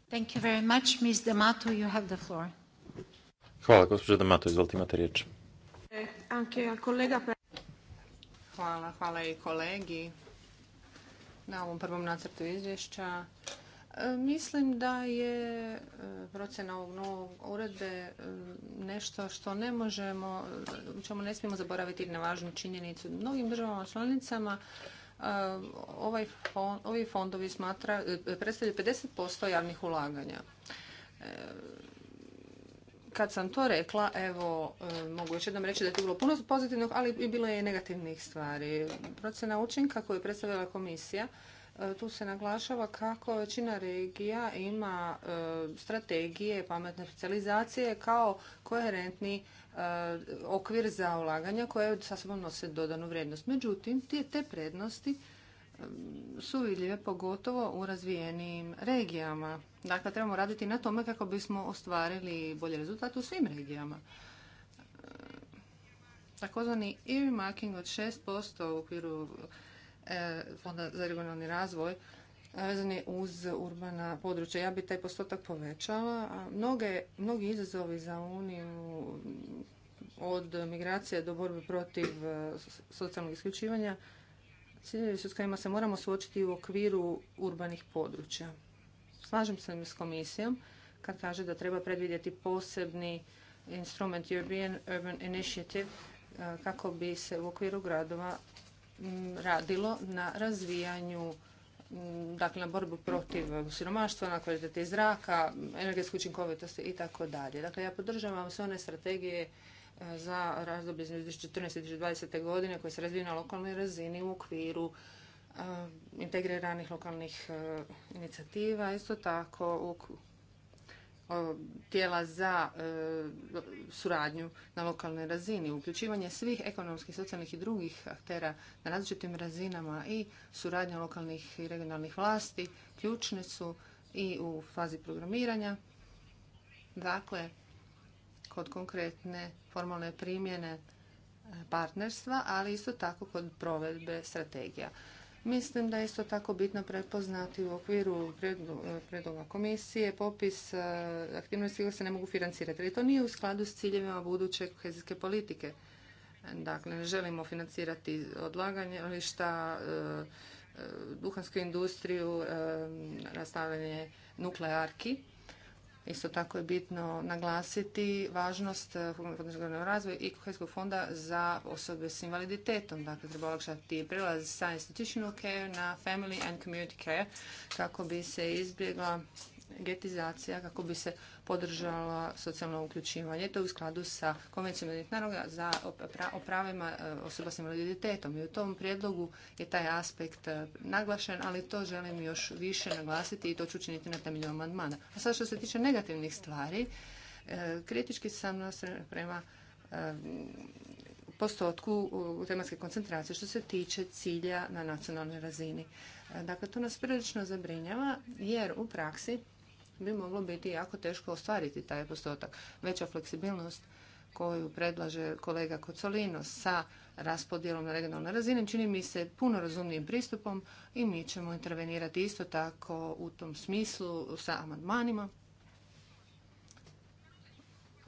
Thank you very much. Ms. D'Amato, you have the floor. Hvala, gospođo D'Amato, izvolite imate riječ. Hvala, hvala i kolegi na ovom prvom nacrtu izvješća. E, mislim da je e, procjena ovog novog uredbe e, nešto što ne možemo, u čemu ne smijemo zaboraviti na važnu činjenicu. mnogim državama članicama ovaj ovi fondovi smatra, predstavljaju 50% javnih ulaganja. Kad sam to rekla, evo, mogu još jednom reći da je to bilo puno pozitivnog, ali i bilo je i negativnih stvari. Procjena učinka koju je predstavila komisija E, tu se naglašava kako većina regija ima e, strategije pametne specializacije kao koherentni e, okvir za ulaganja koje sa sobom nose dodanu vrijednost. Međutim, te prednosti su vidljive pogotovo u razvijenim regijama. Dakle, trebamo raditi na tome kako bismo ostvarili bolje rezultate u svim regijama. Takozvani earmarking od 6% u okviru E, Fonda za regionalni razvoj e, vezani uz urbana područja. Ja bi taj postotak povećala. A mnoge, mnogi izazovi za Uniju od migracije do borbe protiv e, socijalnog isključivanja ciljevi su s kojima se moramo suočiti u okviru urbanih područja. Slažem se s komisijom kad kaže da treba predvidjeti posebni instrument European Urban Initiative kako bi se u okviru gradova radilo na razvijanju dakle na borbu protiv siromaštva, na kvaliteti zraka, energetske učinkovitosti i tako dalje. Dakle, ja podržavam sve one strategije e, za razdoblje 2014. i 2020. godine koje se razvijaju na lokalnoj razini u okviru e, integriranih lokalnih e, inicijativa, isto tako u tijela za e, suradnju na lokalnoj razini, uključivanje svih ekonomskih, socijalnih i drugih aktera na različitim razinama i suradnja lokalnih i regionalnih vlasti ključne su i u fazi programiranja. Dakle, kod konkretne formalne primjene e, partnerstva, ali isto tako kod provedbe strategija. Mislim da je isto tako bitno prepoznati u okviru predloga komisije popis e, aktivnosti koje se ne mogu financirati. Jer to nije u skladu s ciljevima buduće kohezijske politike. Dakle, ne želimo financirati odlaganje odlagališta, e, e, duhansku industriju, rastavljanje nuklearki. Isto tako je bitno naglasiti važnost razvoja razvoja i Kohezijskog fonda za osobe s invaliditetom. Dakle, treba olakšati prilaz sa institutional care na family and community care kako bi se izbjegla getizacija kako bi se podržala socijalno uključivanje. To je u skladu sa konvencijom naroga za o pravima e, osoba s invaliditetom. I u tom prijedlogu je taj aspekt e, naglašen, ali to želim još više naglasiti i to ću učiniti na temelju amandmana. A sad što se tiče negativnih stvari, e, kritički sam prema postotku tematske koncentracije što se tiče cilja na nacionalnoj razini. Dakle, to nas prilično zabrinjava jer u praksi bi moglo biti jako teško ostvariti taj postotak. Veća fleksibilnost koju predlaže kolega Kocolino sa raspodjelom na regionalnoj razini čini mi se puno razumnijim pristupom i mi ćemo intervenirati isto tako u tom smislu sa amandmanima.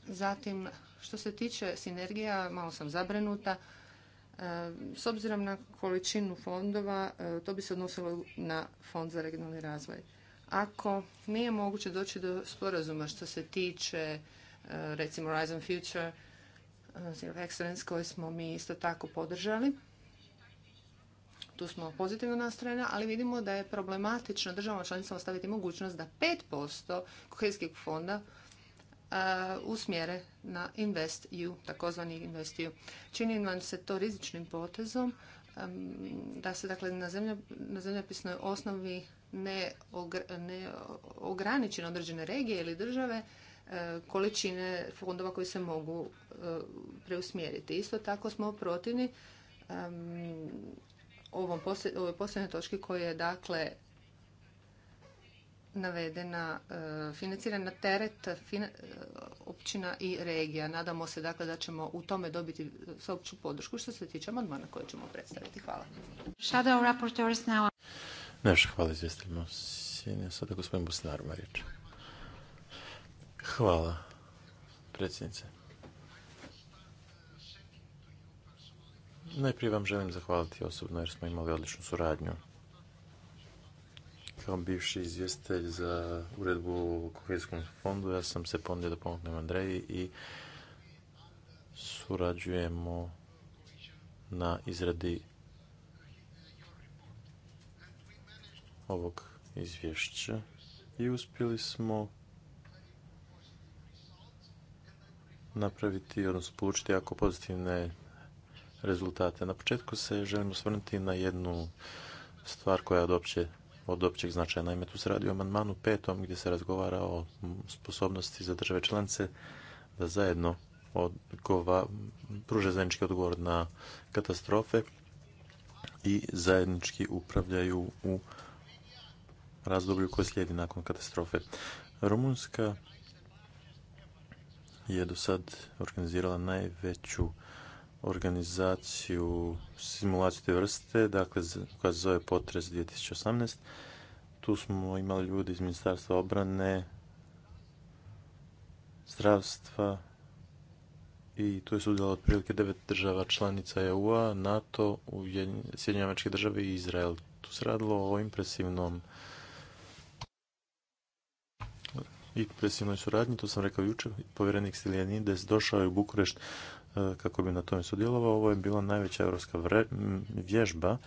Zatim, što se tiče sinergija, malo sam zabrenuta. E, s obzirom na količinu fondova, e, to bi se odnosilo na fond za regionalni razvoj ako nije moguće doći do sporazuma što se tiče e, recimo Horizon Future e, Zero Excellence koji smo mi isto tako podržali. Tu smo pozitivno nastrojeni, ali vidimo da je problematično državama članicama staviti mogućnost da 5% kohezijskog fonda e, usmjere na Invest takozvani Invest Čini nam se to rizičnim potezom da se dakle na zemljopisnoj osnovi ne ne ograničeno određene regije ili države e, količine fondova koji se mogu e, preusmjeriti. Isto tako smo protivni ovoj posljednjoj točki koja je dakle navedena e, financirana na teret općina i regija. Nadamo se dakle da ćemo u tome dobiti sveopću podršku što se tiče amandmana koje ćemo predstaviti. Hvala. Nešto hvala izvjestiteljima Sada gospodin Bosnar Marić. Hvala, predsjednice. Najprije vam želim zahvaliti osobno jer smo imali odličnu suradnju. Kao bivši izvjestitelj za uredbu u kohezijskom fondu, ja sam se ponudio da pomognem Andreji i surađujemo na izradi ovog izvješća i uspjeli smo napraviti, odnosno polučiti jako pozitivne rezultate. Na početku se želimo osvrnuti na jednu stvar koja je od, općeg značaja. Naime, tu se radi o amandmanu petom gdje se razgovara o sposobnosti za države članice da zajedno pruže zajednički odgovor na katastrofe i zajednički upravljaju u razdoblju koje slijedi nakon katastrofe. Rumunska je do sad organizirala najveću organizaciju simulaciju te vrste, dakle koja se zove potres 2018. Tu smo imali ljudi iz Ministarstva obrane, zdravstva i tu je sudjelo otprilike devet država članica EU-a, NATO, Sjedinjene države i Izrael. Tu se radilo o impresivnom i presivnoj suradnji, to sam rekao jučer, povjerenik Stiljanides došao je u Bukurešt e, kako bi na tome sudjelovao. Ovo je bila najveća europska vježba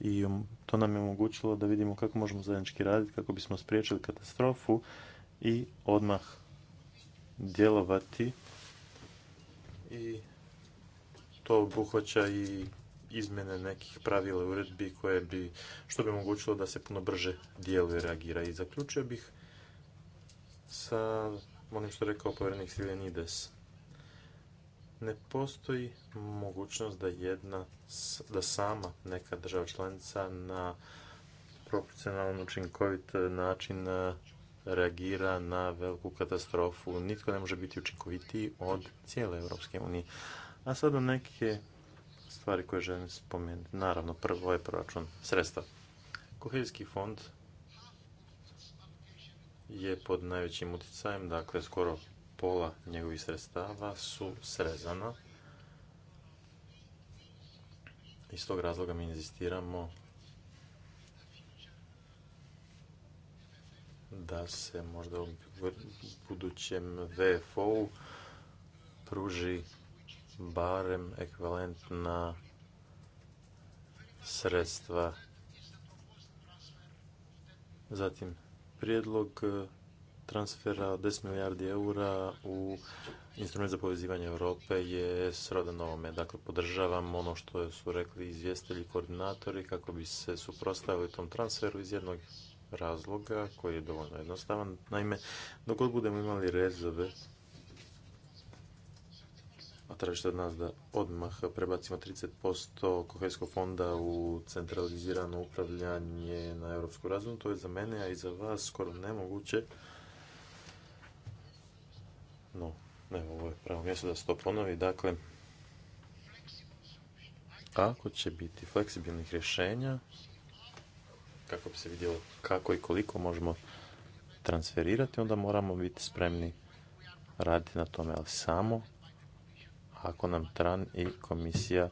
i um, to nam je omogućilo da vidimo kako možemo zajednički raditi, kako bismo spriječili katastrofu i odmah djelovati i to obuhvaća i izmjene nekih pravila uredbi koje bi, što bi omogućilo da se puno brže djeluje, reagira. I zaključio bih sa onim što je rekao povjerenik Silenides. Ne postoji mogućnost da jedna, da sama neka država članica na proporcionalno učinkovit način reagira na veliku katastrofu. Nitko ne može biti učinkovitiji od cijele Europske unije. A sada neke stvari koje želim spomenuti. Naravno, prvo je proračun sredstva. Kohezijski fond je pod najvećim utjecajem, dakle skoro pola njegovih sredstava su srezana. Iz tog razloga mi inzistiramo da se možda u budućem vfo pruži barem ekvivalentna sredstva. Zatim prijedlog e, transfera 10 milijardi eura u instrument za povezivanje Europe je srodan ovome. Dakle, podržavam ono što su rekli izvjestelji koordinatori kako bi se suprostavili tom transferu iz jednog razloga koji je dovoljno jednostavan. Naime, dok god budemo imali rezove a tražite od nas da odmah prebacimo 30% kohezijskog fonda u centralizirano upravljanje na europsku razinu. To je za mene, a i za vas skoro nemoguće. No, ne, ovo je pravo mjesto da se to ponovi. Dakle, ako će biti fleksibilnih rješenja, kako bi se vidjelo kako i koliko možemo transferirati, onda moramo biti spremni raditi na tome, ali samo ako nam Tran i komisija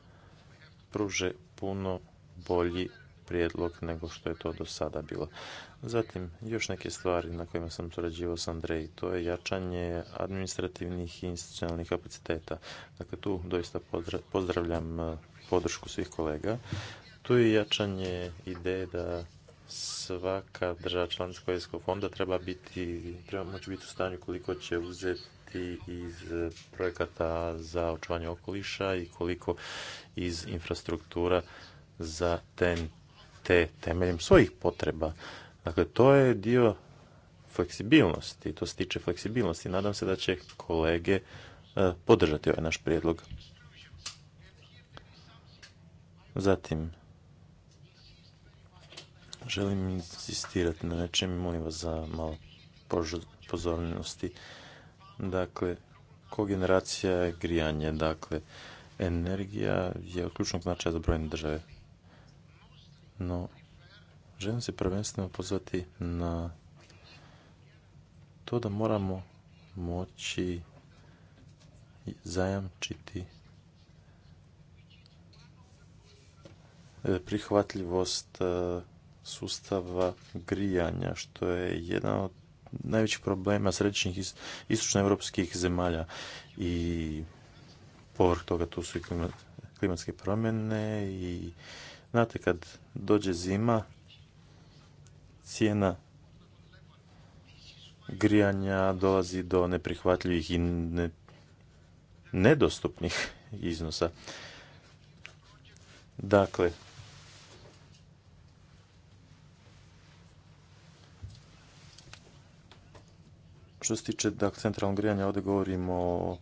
pruže puno bolji prijedlog nego što je to do sada bilo. Zatim, još neke stvari na kojima sam surađivao s Andrej, to je jačanje administrativnih i institucionalnih kapaciteta. Dakle, tu doista pozdravljam e, podršku svih kolega. Tu je jačanje ideje da svaka država članica Kojeskog fonda treba biti, treba moći biti u stanju koliko će uzeti iz e, projekata za očuvanje okoliša i koliko iz infrastruktura za ten, te temeljem svojih potreba. Dakle, to je dio fleksibilnosti, to se tiče fleksibilnosti. Nadam se da će kolege e, podržati ovaj naš prijedlog. Zatim, želim insistirati na nečem i molim vas za malo pozornosti. Dakle, kogeneracija je grijanje, dakle, energija je od ključnog značaja za brojne države. No, želim se prvenstveno pozvati na to da moramo moći zajamčiti e, prihvatljivost e, sustava grijanja, što je jedan od najvećih problema središnjih iz, istočnoevropskih zemalja i povrh toga tu su i klimatske promjene i znate kad dođe zima cijena grijanja dolazi do neprihvatljivih i nedostupnih iznosa. Dakle, Što se tiče da centralnog grijanja, ovdje govorimo o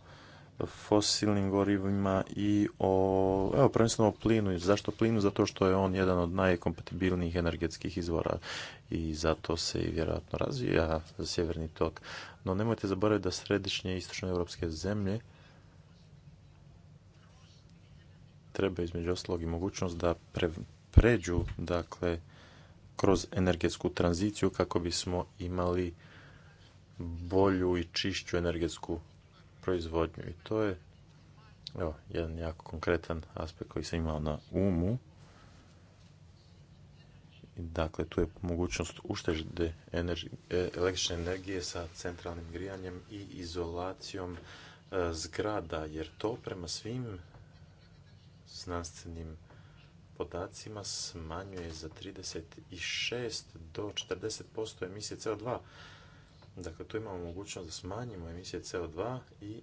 fosilnim gorivima i o, evo, prvenstveno o plinu. Zašto plinu? Zato što je on jedan od najkompatibilnijih energetskih izvora i zato se i vjerojatno razvija sjeverni tok. No nemojte zaboraviti da središnje i istočne europske zemlje treba između ostalog i mogućnost da pređu dakle, kroz energetsku tranziciju kako bismo imali bolju i čišću energetsku proizvodnju. I to je evo, jedan jako konkretan aspekt koji sam imao na umu. Dakle, tu je mogućnost uštede e, električne energije sa centralnim grijanjem i izolacijom e, zgrada, jer to prema svim znanstvenim podacima smanjuje za 36 do 40% emisije CO2. Dakle, tu imamo mogućnost da smanjimo emisije CO2 i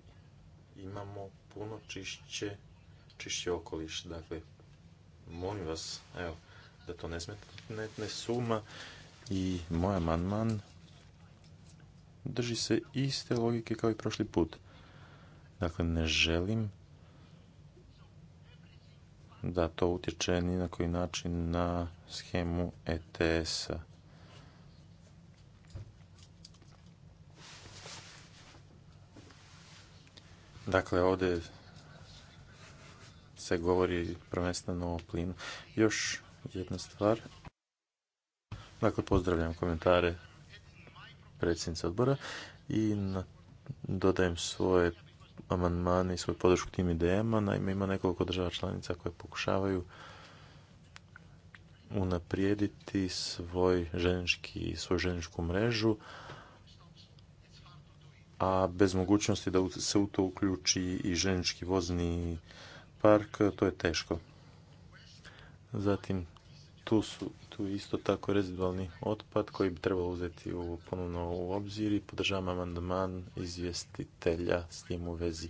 imamo puno čišće, čišće okoliš. Dakle, molim vas, evo, da to ne smetne suma i moj amandman drži se iste logike kao i prošli put. Dakle, ne želim da to utječe ni na koji način na schemu ETS-a. Dakle, ovdje se govori prvenstveno o plinu. Još jedna stvar. Dakle, pozdravljam komentare predsjednice odbora i dodajem svoje amandmane i svoju podršku tim idejama. Naime, ima nekoliko država članica koje pokušavaju unaprijediti svoj i svoju željeničku mrežu, a bez mogućnosti da se u to uključi i ženički vozni park, to je teško. Zatim, tu su tu isto tako rezidualni otpad koji bi trebalo uzeti u, ponovno u obzir i podržavam amandman izvjestitelja s tim u vezi.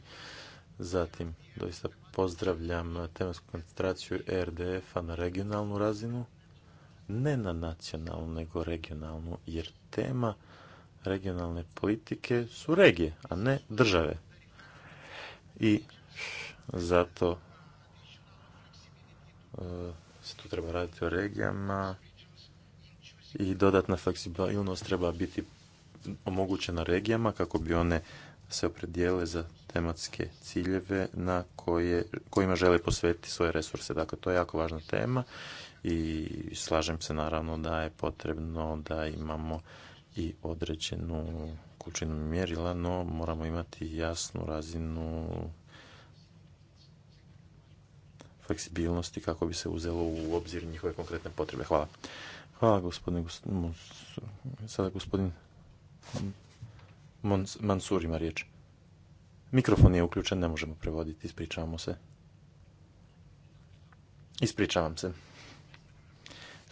Zatim, doista pozdravljam tematsku koncentraciju RDF-a na regionalnu razinu, ne na nacionalnu, nego regionalnu, jer tema regionalne politike su regije, a ne države. I zato e, se tu treba raditi o regijama i dodatna fleksibilnost treba biti omogućena regijama kako bi one se opredijele za tematske ciljeve na koje, kojima žele posvetiti svoje resurse. Dakle, to je jako važna tema i slažem se naravno da je potrebno da imamo i određenu kućinu mjerila, no moramo imati jasnu razinu fleksibilnosti kako bi se uzelo u obzir njihove konkretne potrebe. Hvala. Hvala gospodine. Sada gospodin Mansur ima riječ. Mikrofon je uključen, ne možemo prevoditi, ispričavamo se. Ispričavam se.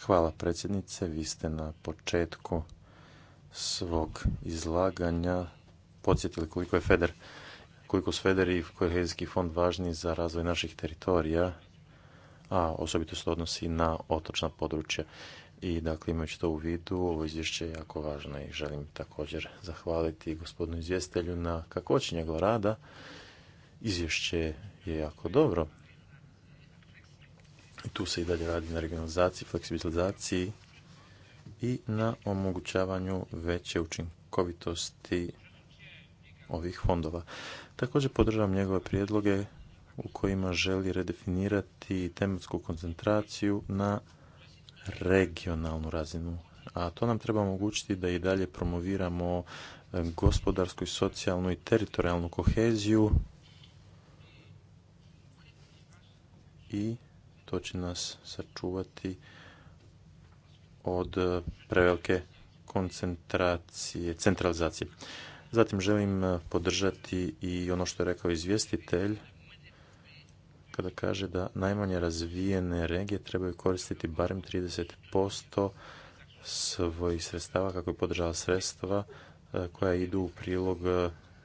Hvala predsjednice, vi ste na početku svog izlaganja podsjetili koliko je Feder, koliko su Feder i Kohezijski fond važni za razvoj naših teritorija, a osobito se odnosi na otočna područja. I dakle, imajući to u vidu, ovo izvješće je jako važno i želim također zahvaliti gospodinu izvjestelju na kakoći njegov rada. Izvješće je jako dobro. tu se i dalje radi na regionalizaciji, fleksibilizaciji i na omogućavanju veće učinkovitosti ovih fondova. Također podržavam njegove prijedloge u kojima želi redefinirati tematsku koncentraciju na regionalnu razinu. A to nam treba omogućiti da i dalje promoviramo e, gospodarsku, socijalnu i teritorijalnu koheziju i to će nas sačuvati od e, prevelike koncentracije, centralizacije. Zatim želim e, podržati i ono što je rekao izvjestitelj kada kaže da najmanje razvijene regije trebaju koristiti barem 30% svojih sredstava kako je podržala sredstva e, koja idu u prilog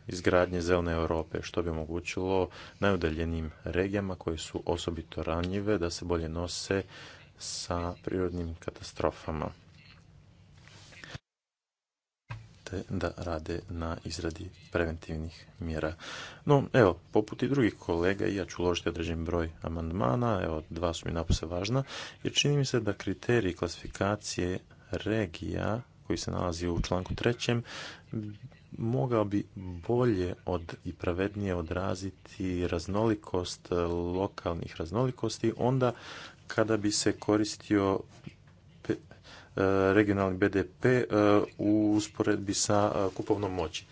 izgradnje zelene Europe, što bi omogućilo najudaljenim regijama koje su osobito ranjive da se bolje nose sa prirodnim katastrofama te da rade na izradi preventivnih mjera. No, evo, poput i drugih kolega, ja ću uložiti određen broj amandmana, evo, dva su mi napose važna, jer čini mi se da kriteriji klasifikacije regija koji se nalazi u članku trećem mogao bi bolje od, i pravednije odraziti raznolikost lokalnih raznolikosti, onda kada bi se koristio e, regionalni BDP e, u usporedbi sa e, kupovnom moći.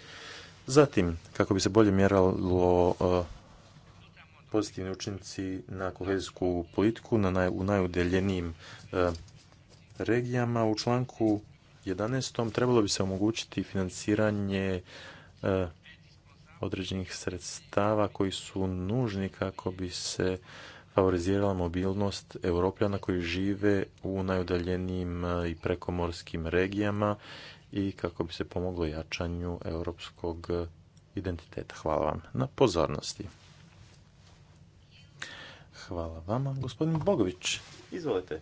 Zatim, kako bi se bolje mjeralo pozitivni učinci na kohezijsku politiku na u najudeljenijim regijama, u članku 11. trebalo bi se omogućiti financiranje određenih sredstava koji su nužni kako bi se favorizirala mobilnost europljana koji žive u najudaljenijim e, i prekomorskim regijama i kako bi se pomoglo jačanju europskog e, identiteta. Hvala vam na pozornosti. Hvala vama. Gospodin Bogović, izvolite.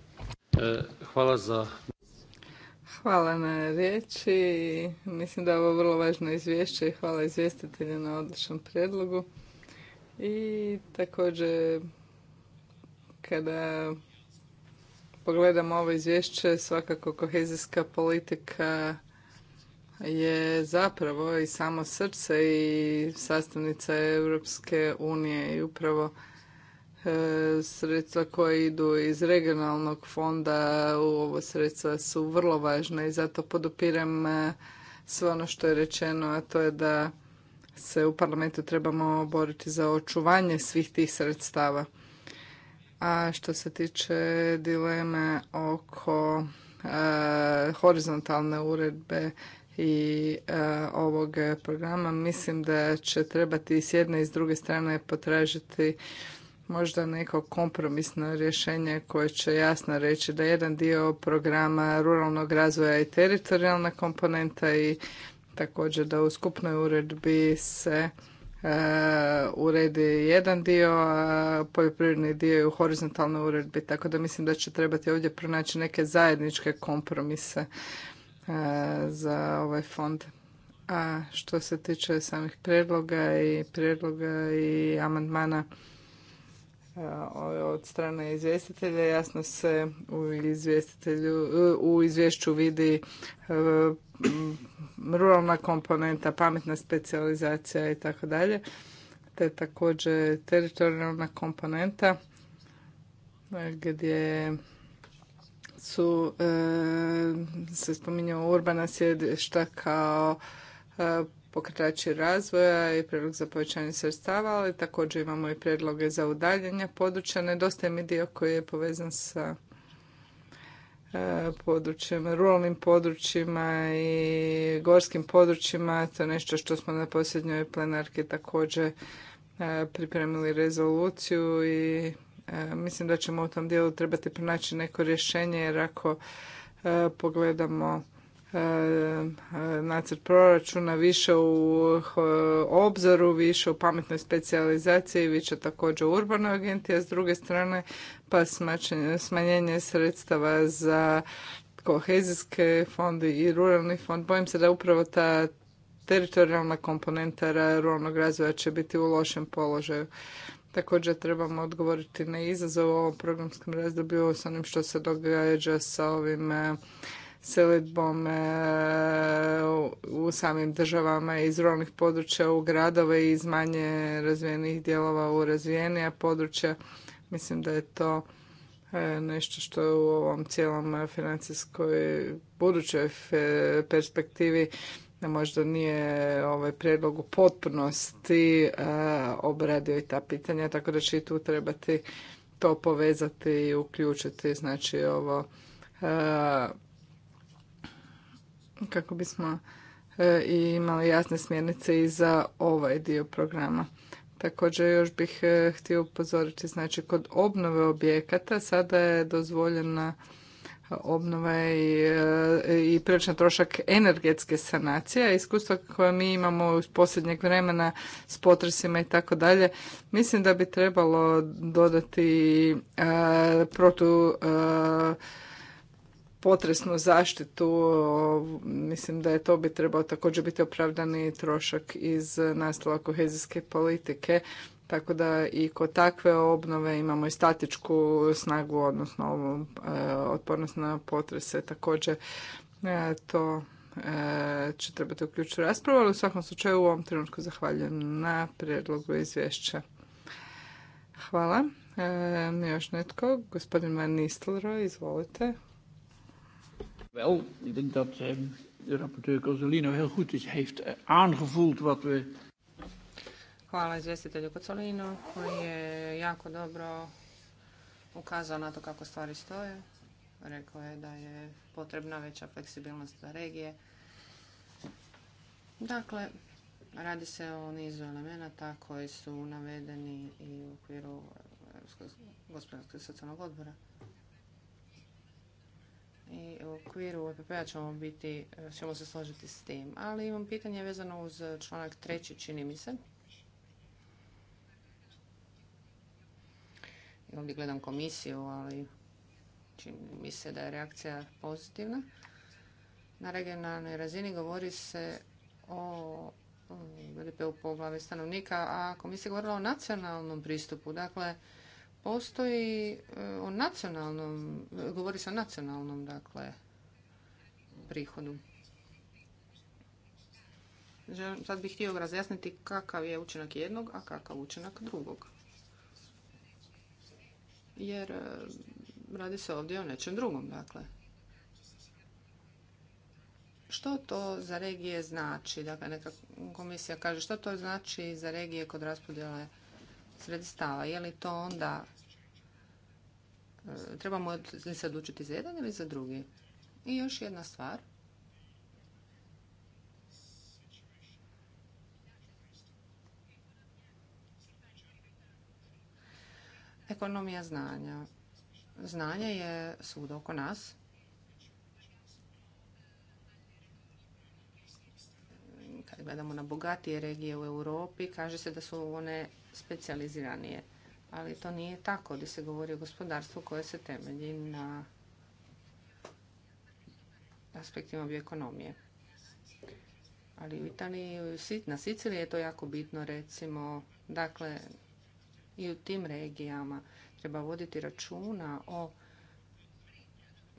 E, hvala za... Hvala na riječi. Mislim da je ovo vrlo važno izvješće i hvala izvjestitelju na odličnom predlogu. I također kada pogledamo ovo izvješće, svakako kohezijska politika je zapravo i samo srce i sastavnica Europske unije i upravo e, sredstva koja idu iz regionalnog fonda u ovo sredstva su vrlo važna i zato podupirem e, sve ono što je rečeno, a to je da se u parlamentu trebamo boriti za očuvanje svih tih sredstava. A što se tiče dileme oko e, horizontalne uredbe i e, ovog programa, mislim da će trebati s jedne i s druge strane potražiti možda neko kompromisno rješenje koje će jasno reći da jedan dio programa ruralnog razvoja i teritorijalna komponenta i također da u skupnoj uredbi se E, uredi jedan dio, a poljoprivredni dio je u horizontalnoj uredbi, tako da mislim da će trebati ovdje pronaći neke zajedničke kompromise e, za ovaj fond. A što se tiče samih predloga i predloga i amandmana E, od strane izvjestitelja. Jasno se u, izvjestitelju, e, u izvješću vidi e, ruralna komponenta, pametna specijalizacija i tako dalje, te također teritorijalna komponenta gdje su se spominjao urbana sjedišta kao pokretači razvoja i prijedlog za povećanje sredstava, ali također imamo i predloge za udaljenje područja. Nedostaje mi dio koji je povezan sa e, područjima, ruralnim područjima i gorskim područjima. To je nešto što smo na posljednjoj plenarki također e, pripremili rezoluciju i e, mislim da ćemo u tom dijelu trebati pronaći neko rješenje jer ako pogledamo E, nacrt proračuna više u e, obzoru, više u pametnoj specijalizaciji, više također u urbanoj agenti, a s druge strane pa smanjenje sredstava za kohezijske fondi i ruralni fond. Bojim se da upravo ta teritorijalna komponenta ruralnog razvoja će biti u lošem položaju. Također trebamo odgovoriti na izazov u ovom programskom razdoblju s onim što se događa sa ovim e, selitbom e, u samim državama iz rovnih područja u gradove i iz manje razvijenih dijelova u razvijenija područja. Mislim da je to e, nešto što je u ovom cijelom financijskoj budućoj perspektivi možda nije ovaj prijedlog u potpunosti e, obradio i ta pitanja, tako da će i tu trebati to povezati i uključiti, znači ovo kako bismo e, i imali jasne smjernice i za ovaj dio programa. Također još bih e, htio upozoriti, znači kod obnove objekata sada je dozvoljena obnova i, e, i priličan trošak energetske sanacije. Iskustva koje mi imamo iz posljednjeg vremena s potresima i tako dalje, mislim da bi trebalo dodati protu potresnu zaštitu, mislim da je to bi trebao također biti opravdani trošak iz naslova kohezijske politike, tako da i kod takve obnove imamo i statičku snagu, odnosno e, otpornost na potrese, također e, to e, će trebati uključiti u raspravu, ali u svakom slučaju u ovom trenutku zahvaljujem na prijedlogu izvješća. Hvala. još netko? Gospodin Van Nistelro, izvolite. Wel, ik denk dat ehm, de rapporteur Cozzolino heel goed is, heeft eh, aangevoeld wat we... Hvala izvjestitelju Kocolino koji je jako dobro ukazao na to kako stvari stoje. Rekao je da je potrebna veća fleksibilnost za regije. Dakle, radi se o nizu elemenata koji su navedeni i u okviru Europskog gospodarskog socijalnog odbora i u okviru opp a ćemo, biti, e, ćemo se složiti s tim. Ali imam pitanje vezano uz članak treći, čini mi se. I ovdje gledam komisiju, ali čini mi se da je reakcija pozitivna. Na regionalnoj razini govori se o mm, BDP-u po glavi stanovnika, a komisija je govorila o nacionalnom pristupu. Dakle, postoji e, o nacionalnom, govori se o nacionalnom dakle prihodu. Sad bih htio razjasniti kakav je učinak jednog, a kakav učinak drugog. Jer e, radi se ovdje o nečem drugom, dakle. Što to za regije znači? Dakle, neka komisija kaže što to znači za regije kod raspodjele sredstava. Je li to onda, e, trebamo li se odlučiti za jedan ili za drugi? I još jedna stvar. Ekonomija znanja. Znanje je svuda oko nas. gledamo na bogatije regije u Europi, kaže se da su one specijaliziranije. Ali to nije tako, gdje se govori o gospodarstvu koje se temelji na aspektima bioekonomije. Ali u Italiji, na Siciliji je to jako bitno, recimo, dakle, i u tim regijama treba voditi računa o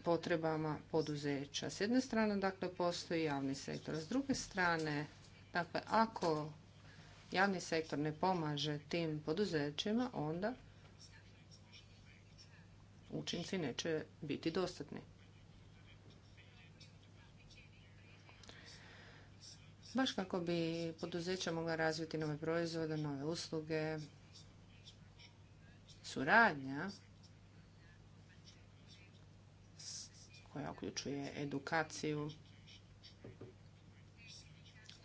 potrebama poduzeća. S jedne strane, dakle, postoji javni sektor. S druge strane, Dakle, ako javni sektor ne pomaže tim poduzećima, onda učinci neće biti dostatni. Baš kako bi poduzeća mogla razviti nove proizvode, nove usluge, suradnja koja uključuje edukaciju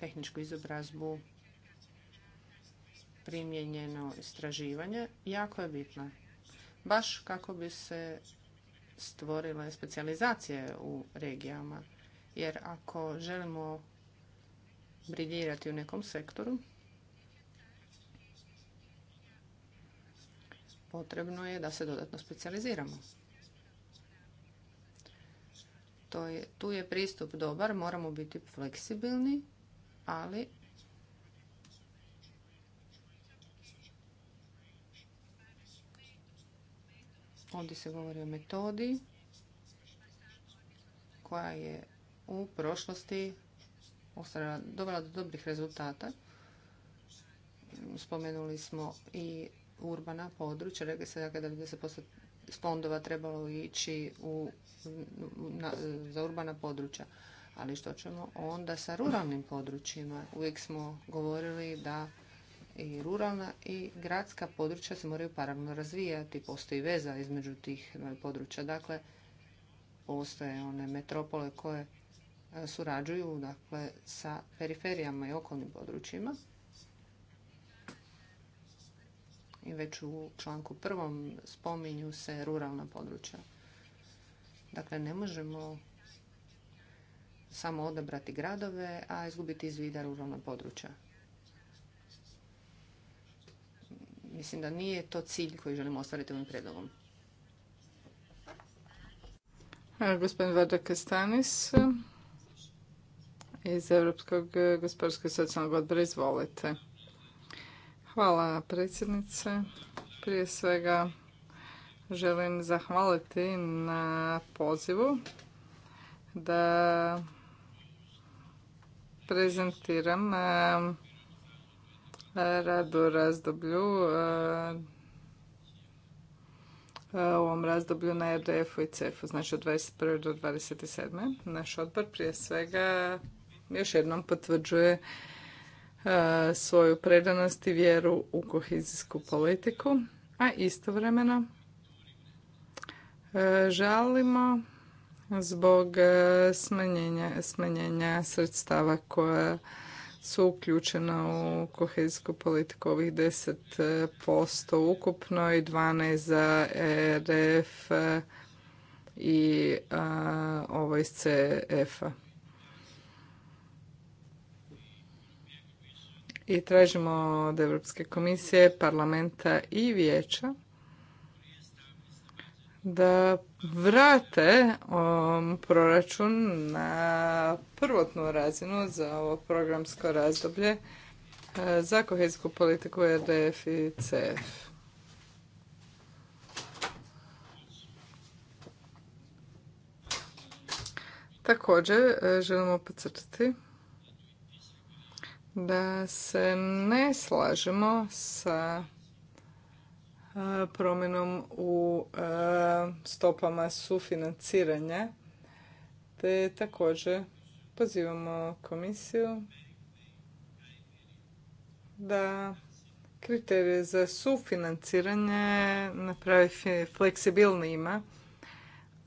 tehničku izobrazbu, primjenjeno istraživanje, jako je bitna. Baš kako bi se stvorile specijalizacije u regijama. Jer ako želimo briljirati u nekom sektoru, potrebno je da se dodatno specijaliziramo. To je, tu je pristup dobar, moramo biti fleksibilni ali ovdje se govori o metodi koja je u prošlosti dovela do dobrih rezultata. Spomenuli smo i urbana područja. Rekli se dakle da bi se poslije fondova trebalo ići za urbana područja. Ali što ćemo onda sa ruralnim područjima? Uvijek smo govorili da i ruralna i gradska područja se moraju paralelno razvijati. Postoji veza između tih e, područja. Dakle, postoje one metropole koje e, surađuju dakle, sa periferijama i okolnim područjima. I već u članku prvom spominju se ruralna područja. Dakle, ne možemo samo odabrati gradove, a izgubiti iz vida ruralna područja. Mislim da nije to cilj koji želimo ostvariti ovim predlogom. Gospodin Varda Kastanis iz Europskog gospodarskog i socijalnog odbora, izvolite. Hvala predsjednice. Prije svega želim zahvaliti na pozivu da prezentiram e, rad u razdoblju e, e, u ovom razdoblju na RDF-u i CEF-u, znači od 21. do 27. Naš odbor prije svega još jednom potvrđuje svoju predanost i vjeru u kohezijsku politiku, a istovremeno želimo zbog e, smanjenja, smanjenja sredstava koja su uključena u kohezijsku politiku ovih 10% e, ukupno i 12 za e RF i a, ovo CF-a. I tražimo od Europske komisije, parlamenta i vijeća da vrate um, proračun na prvotnu razinu za ovo programsko razdoblje uh, za kohezijsku politiku RDF i CF. Također uh, želimo podcrtati da se ne slažemo sa E, promjenom u e, stopama sufinanciranja, te također pozivamo komisiju da kriterije za sufinanciranje napravi fleksibilnijima,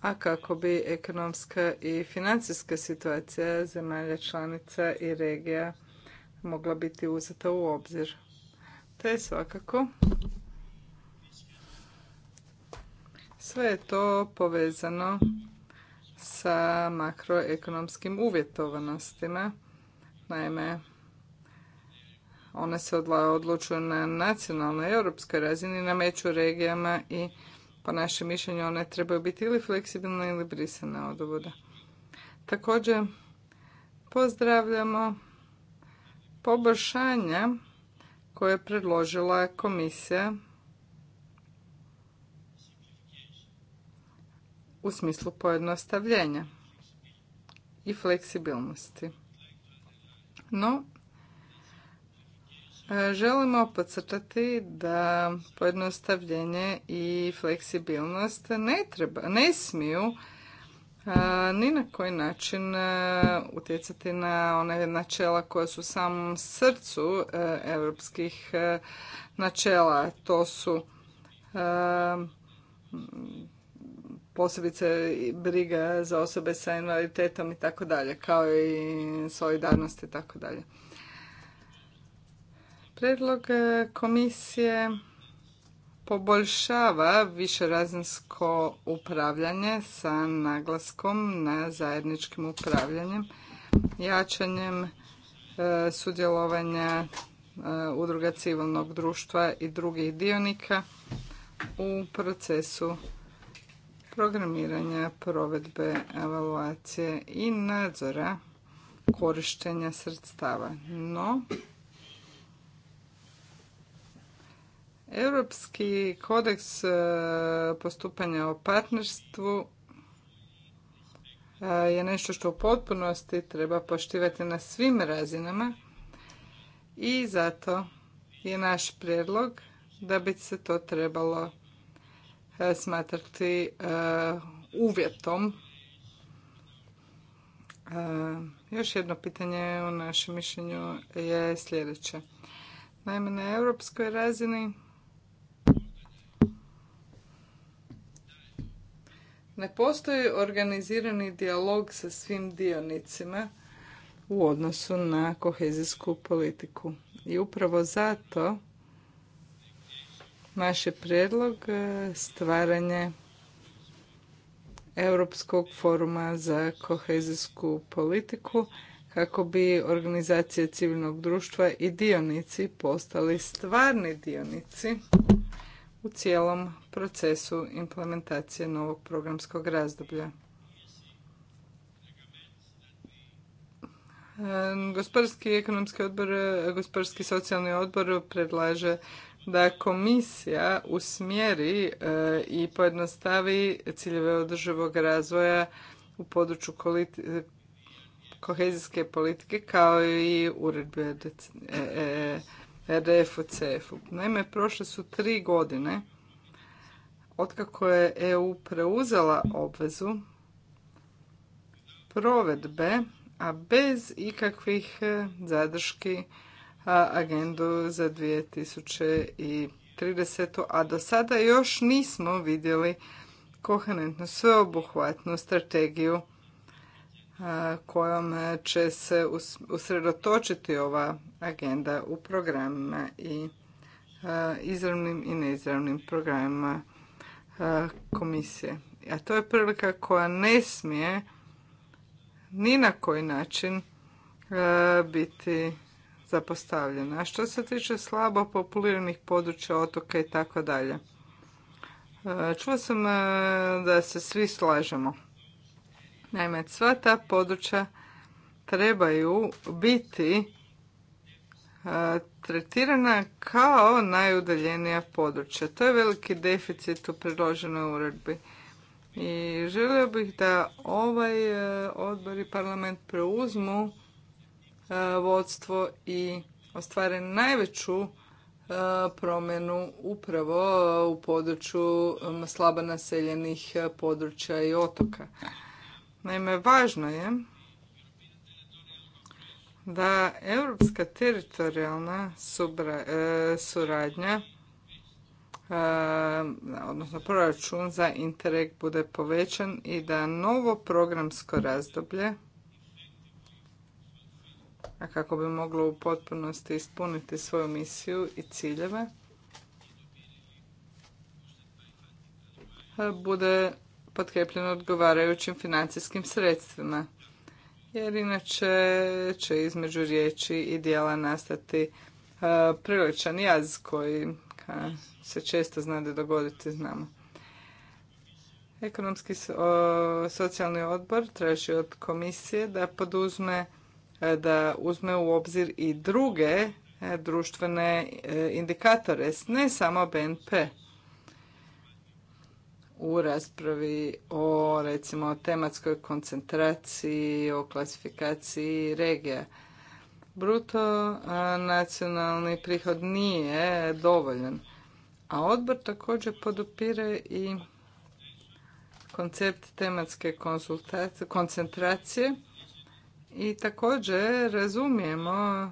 a kako bi ekonomska i financijska situacija zemalja članica i regija mogla biti uzeta u obzir. je svakako Sve je to povezano sa makroekonomskim uvjetovanostima. Naime, one se odlučuju na nacionalnoj europskoj razini, meću regijama i po našem mišljenju one trebaju biti ili fleksibilne ili brisane od uvoda. Također pozdravljamo poboljšanja koje je predložila komisija u smislu pojednostavljenja i fleksibilnosti. No, e, Želimo podcrtati da pojednostavljenje i fleksibilnost ne treba, ne smiju e, ni na koji način e, utjecati na one načela koja su u samom srcu europskih načela. To su posebice briga za osobe sa invaliditetom i tako dalje, kao i solidarnost i tako dalje. Predlog e, komisije poboljšava višerazinsko upravljanje sa naglaskom na zajedničkim upravljanjem, jačanjem e, sudjelovanja e, udruga civilnog društva i drugih dionika u procesu programiranja, provedbe, evaluacije i nadzora korištenja sredstava. No, Europski kodeks e, postupanja o partnerstvu e, je nešto što u potpunosti treba poštivati na svim razinama i zato je naš prijedlog da bi se to trebalo E, smatrati e, uvjetom. E, još jedno pitanje u našem mišljenju je sljedeće. Naime, na europskoj razini ne postoji organizirani dijalog sa svim dionicima u odnosu na kohezijsku politiku. I upravo zato naš je prijedlog e, stvaranje Europskog foruma za kohezijsku politiku kako bi organizacije civilnog društva i dionici postali stvarni dionici u cijelom procesu implementacije novog programskog razdoblja. E, gospodarski i ekonomski odbor, gospodarski socijalni odbor predlaže da komisija usmjeri e, i pojednostavi ciljeve održivog razvoja u području e, kohezijske politike kao i uredbe RDF-u, e CF-u. Naime, prošle su tri godine otkako je EU preuzela obvezu provedbe, a bez ikakvih zadrški agendu za 2030. A do sada još nismo vidjeli koherentnu sveobuhvatnu strategiju kojom će se usredotočiti ova agenda u programima i izravnim i neizravnim programima komisije. A to je prilika koja ne smije ni na koji način biti zapostavljena. A što se tiče slabo populiranih područja, otoka i tako dalje. E, Čuo sam e, da se svi slažemo. Naime, sva ta područja trebaju biti e, tretirana kao najudaljenija područja. To je veliki deficit u predloženoj uredbi. I želio bih da ovaj odbor i parlament preuzmu E, vodstvo i ostvare najveću e, promjenu upravo e, u području slabo naseljenih područja i otoka. Naime, važno je da europska teritorijalna suradnja odnosno proračun za Interreg bude povećan i da novo programsko razdoblje a kako bi moglo u potpunosti ispuniti svoju misiju i ciljeve, bude potkrepljeno odgovarajućim financijskim sredstvima. Jer inače će između riječi i dijela nastati priličan jaz koji se često zna da dogoditi, znamo. Ekonomski socijalni odbor traži od komisije da poduzme E, da uzme u obzir i druge e, društvene e, indikatore, ne samo BNP. U raspravi o recimo tematskoj koncentraciji, o klasifikaciji regija. Bruto nacionalni prihod nije dovoljan. A odbor također podupire i koncept tematske koncentracije i također razumijemo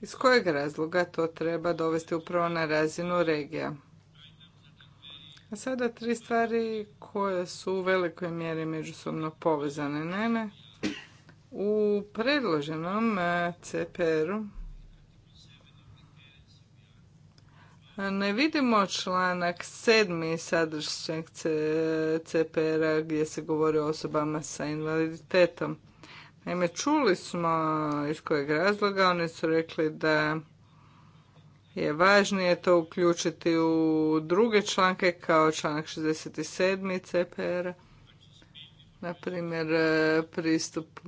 iz kojeg razloga to treba dovesti upravo na razinu regija. A sada tri stvari koje su u velikoj mjeri međusobno povezane. Naime, u predloženom eh, CPR-u Ne vidimo članak sedmi sadržaj CPR-a gdje se govori o osobama sa invaliditetom. Naime, čuli smo iz kojeg razloga, oni su rekli da je važnije to uključiti u druge članke kao članak 67. CPR-a. Naprimjer, pristup,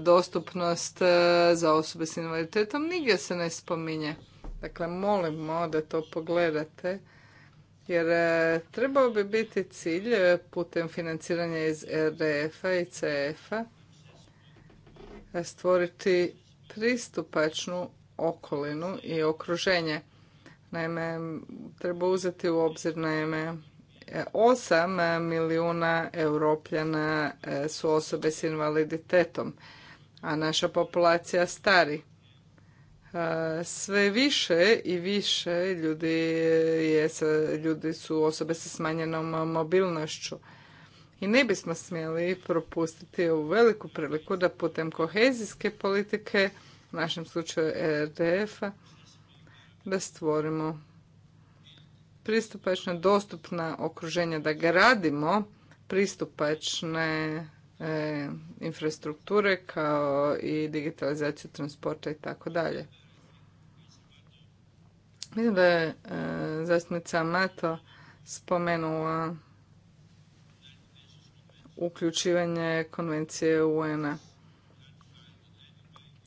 dostupnost za osobe s invaliditetom nigdje se ne spominje. Dakle, molimo da to pogledate jer e, trebao bi biti cilj e, putem financiranja iz RDF-a i CF-a e, stvoriti pristupačnu okolinu i okruženje. Naime, treba uzeti u obzir naime 8 milijuna europljana su osobe s invaliditetom, a naša populacija stari sve više i više ljudi, je, ljudi su osobe sa smanjenom mobilnošću. I ne bismo smjeli propustiti ovu veliku priliku da putem kohezijske politike, u našem slučaju ERDF-a, da stvorimo pristupačna, dostupna okruženja, da gradimo pristupačne e, infrastrukture kao i digitalizaciju transporta i tako dalje. Mislim da je e, zastupnica Mato spomenula uključivanje konvencije UN-a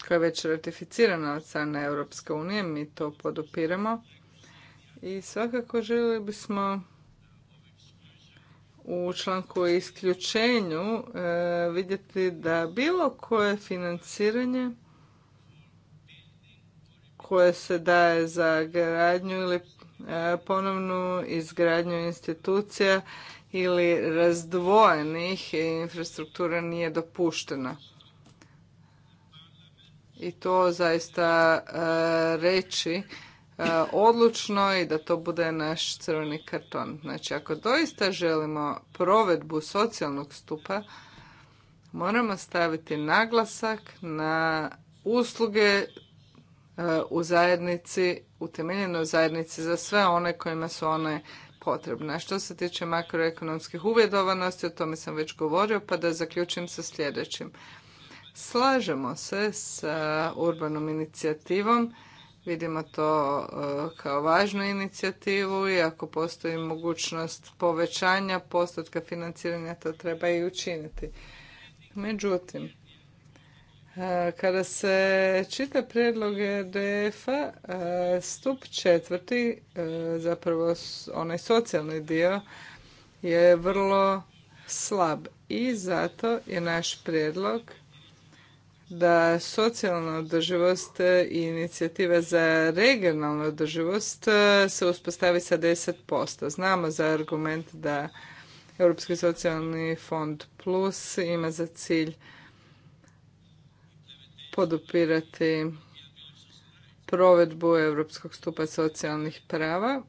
koja je već ratificirana od strane Europske unije, mi to podupiramo i svakako željeli bismo u članku isključenju e, vidjeti da bilo koje financiranje koje se daje za gradnju ili e, ponovnu izgradnju institucija ili razdvojenih infrastruktura nije dopuštena. I to zaista e, reći E, odlučno i da to bude naš crveni karton. Znači, ako doista želimo provedbu socijalnog stupa, moramo staviti naglasak na usluge e, u zajednici, utemeljeno u zajednici za sve one kojima su one potrebne. A što se tiče makroekonomskih uvjedovanosti, o tome sam već govorio, pa da zaključim sa sljedećim. Slažemo se sa urbanom inicijativom Vidimo to e, kao važnu inicijativu i ako postoji mogućnost povećanja postotka financiranja, to treba i učiniti. Međutim, e, kada se čita predloge DF-a, e, stup četvrti, zapravo onaj socijalni dio, je vrlo slab i zato je naš prijedlog da socijalna održivost i inicijativa za regionalnu održivost e, se uspostavi sa 10%. Znamo za argument da Europski socijalni fond plus ima za cilj podupirati provedbu Europskog stupa socijalnih prava,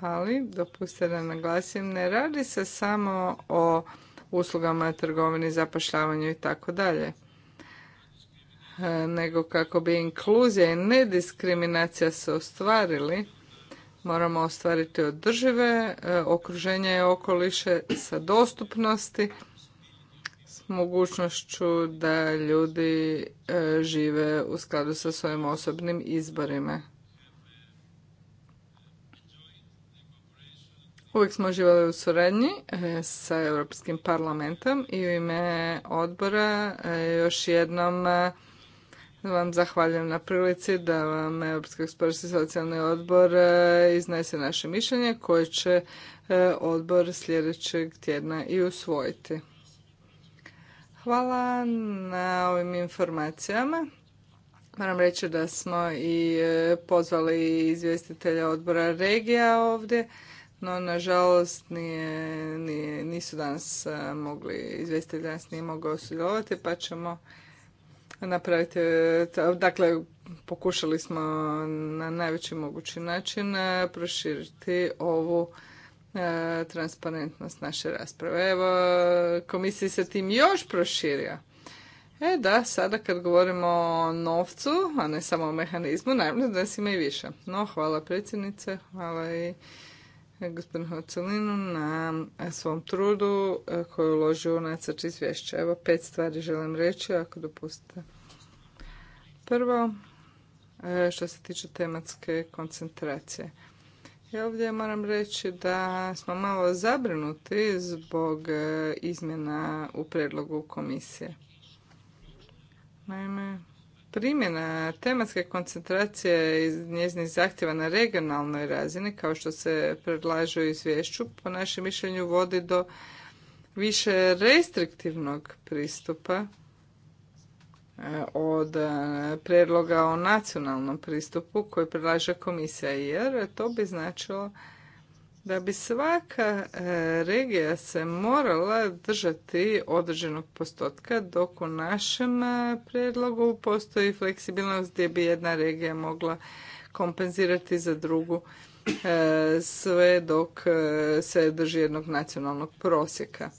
ali dopustite da naglasim, ne radi se samo o uslugama, trgovini, zapošljavanju i tako dalje. E, nego kako bi inkluzija i nediskriminacija se ostvarili, moramo ostvariti održive e, okruženje i okoliše sa dostupnosti, s mogućnošću da ljudi e, žive u skladu sa svojim osobnim izborima. Uvijek smo živali u suradnji sa Europskim parlamentom i u ime odbora još jednom vam zahvaljujem na prilici da vam Europski gospodarski socijalni odbor e, iznese naše mišljenje koje će e, odbor sljedećeg tjedna i usvojiti. Hvala na ovim informacijama. Moram reći da smo i e, pozvali izvjestitelja odbora regija ovdje, no nažalost nije, nije, nisu danas mogli, izvjestitelj danas nije mogao sudjelovati pa ćemo napraviti, e, dakle pokušali smo na najveći mogući način e, proširiti ovu e, transparentnost naše rasprave. Evo, komisiji se tim još proširio. E da, sada kad govorimo o novcu, a ne samo o mehanizmu, naravno da nas ima i više. No, hvala predsjednice, hvala i gospodinu Hocelinu na e, svom trudu e, koji je uložio u nacrt izvješća. Evo pet stvari želim reći, ako dopustite. Prvo, e, što se tiče tematske koncentracije. Ja ovdje moram reći da smo malo zabrinuti zbog izmjena u predlogu komisije. Naime, Primjena tematske koncentracije iz njezinih zahtjeva na regionalnoj razini, kao što se predlaže u izvješću, po našem mišljenju vodi do više restriktivnog pristupa e, od e, predloga o nacionalnom pristupu koji predlaže komisija, jer to bi značilo da bi svaka e, regija se morala držati određenog postotka dok u našem e, prijedlogu postoji fleksibilnost gdje bi jedna regija mogla kompenzirati za drugu e, sve dok se drži jednog nacionalnog prosjeka.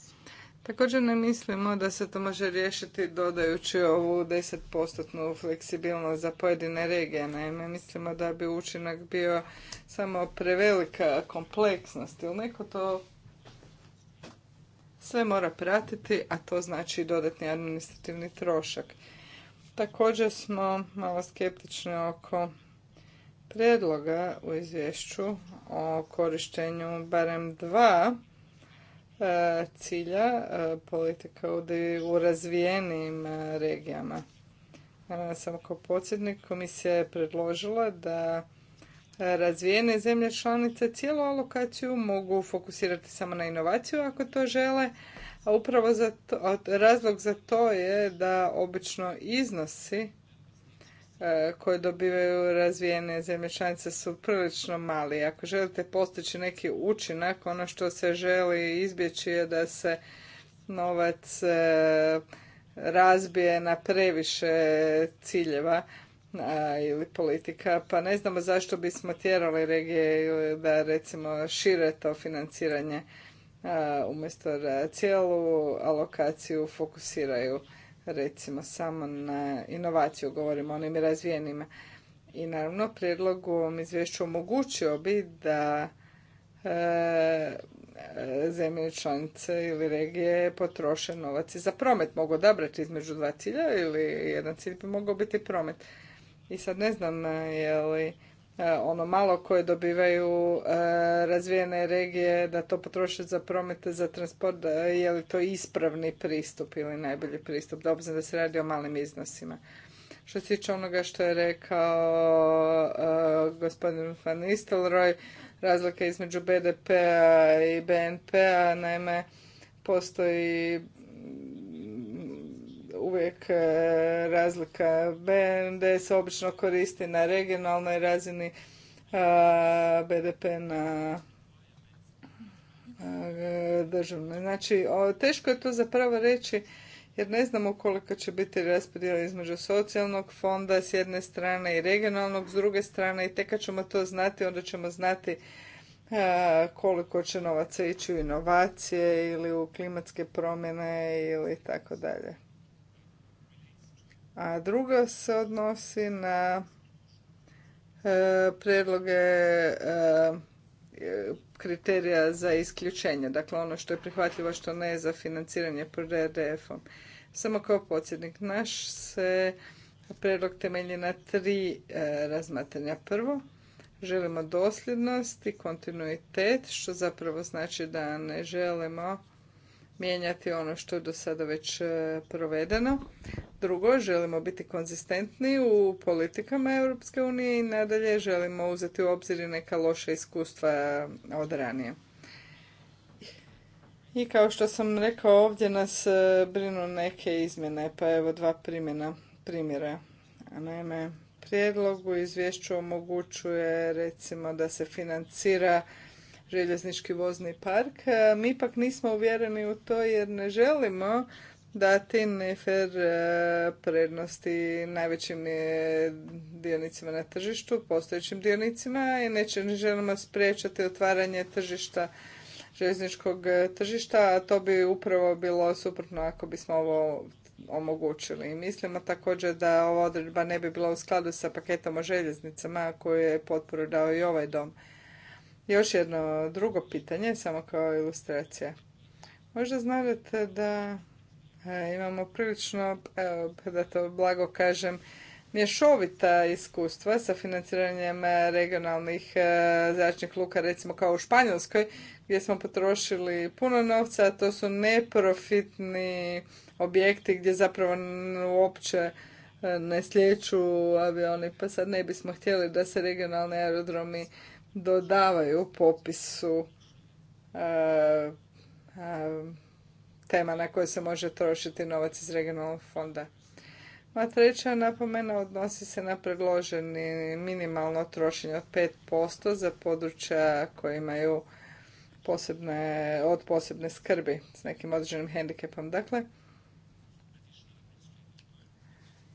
Također ne mislimo da se to može riješiti dodajući ovu 10% fleksibilnost za pojedine regije. Naime, mislimo da bi učinak bio samo prevelika kompleksnost. Ili neko to sve mora pratiti, a to znači dodatni administrativni trošak. Također smo malo skeptični oko predloga u izvješću o korištenju barem dva E, cilja e, politika u razvijenim e, regijama. Samo kao podsjednik komisija je predložila da razvijene zemlje članice cijelu alokaciju mogu fokusirati samo na inovaciju ako to žele, a upravo razlog za to je da obično iznosi E, koje dobivaju razvijene zemlje članice su prilično mali. Ako želite postići neki učinak, ono što se želi izbjeći je da se novac e, razbije na previše ciljeva ili politika, pa ne znamo zašto bismo tjerali regije da recimo šire to financiranje umjesto da cijelu alokaciju fokusiraju recimo samo na inovaciju, govorimo o onim razvijenima. I naravno, prijedlog u ovom izvješću omogućio bi da e, zemlje članice ili regije potroše novac za promet. Mogu odabrati između dva cilja ili jedan cilj bi mogao biti promet. I sad ne znam je li E, ono malo koje dobivaju e, razvijene regije da to potroše za promete, za transport, e, je li to ispravni pristup ili najbolji pristup, da obzirom da se radi o malim iznosima. Što se tiče onoga što je rekao gospodin Van Nistelrooy, razlika između BDP-a i BNP-a, naime, postoji uvijek e, razlika. BND se obično koristi na regionalnoj razini, e, BDP na e, državnoj. Znači, teško je to zapravo reći jer ne znamo koliko će biti raspodjela između socijalnog fonda s jedne strane i regionalnog s druge strane i tek kad ćemo to znati onda ćemo znati koliko će novaca ići u inovacije ili u klimatske promjene ili tako dalje. A druga se odnosi na e, predloge e, kriterija za isključenje, dakle ono što je prihvatljivo, što ne za financiranje pod RDF-om. Samo kao podsjednik, naš se predlog temelji na tri e, razmatranja. Prvo, želimo dosljednost i kontinuitet, što zapravo znači da ne želimo mijenjati ono što je do sada već e, provedeno. Drugo, želimo biti konzistentni u politikama Europske unije i nadalje želimo uzeti u obzir neka loša iskustva od ranije. I kao što sam rekao, ovdje nas e, brinu neke izmjene, pa evo dva primjena, primjera. Naime, prijedlog u izvješću omogućuje recimo da se financira željeznički vozni park. E, mi ipak nismo uvjereni u to jer ne želimo dati nefer e, prednosti najvećim e, dionicima na tržištu, postojećim dionicima i neće ne želimo spriječati otvaranje tržišta željezničkog tržišta, a to bi upravo bilo suprotno ako bismo ovo omogućili. I mislimo također da ova odredba ne bi bila u skladu sa paketom o željeznicama koju je potporu dao i ovaj dom. Još jedno drugo pitanje, samo kao ilustracija. Možda znate da e, imamo prilično, e, da to blago kažem, mješovita iskustva sa financiranjem e, regionalnih zračnih luka, recimo kao u Španjolskoj, gdje smo potrošili puno novca, a to su neprofitni objekti gdje zapravo uopće ne slijeću avioni, pa sad ne bismo htjeli da se regionalni aerodromi dodavaju popisu e, e, tema na koje se može trošiti novac iz regionalnog fonda. Ma treća napomena odnosi se na predloženi minimalno trošenje od 5% za područja koje imaju od posebne skrbi s nekim određenim hendikepom. Dakle,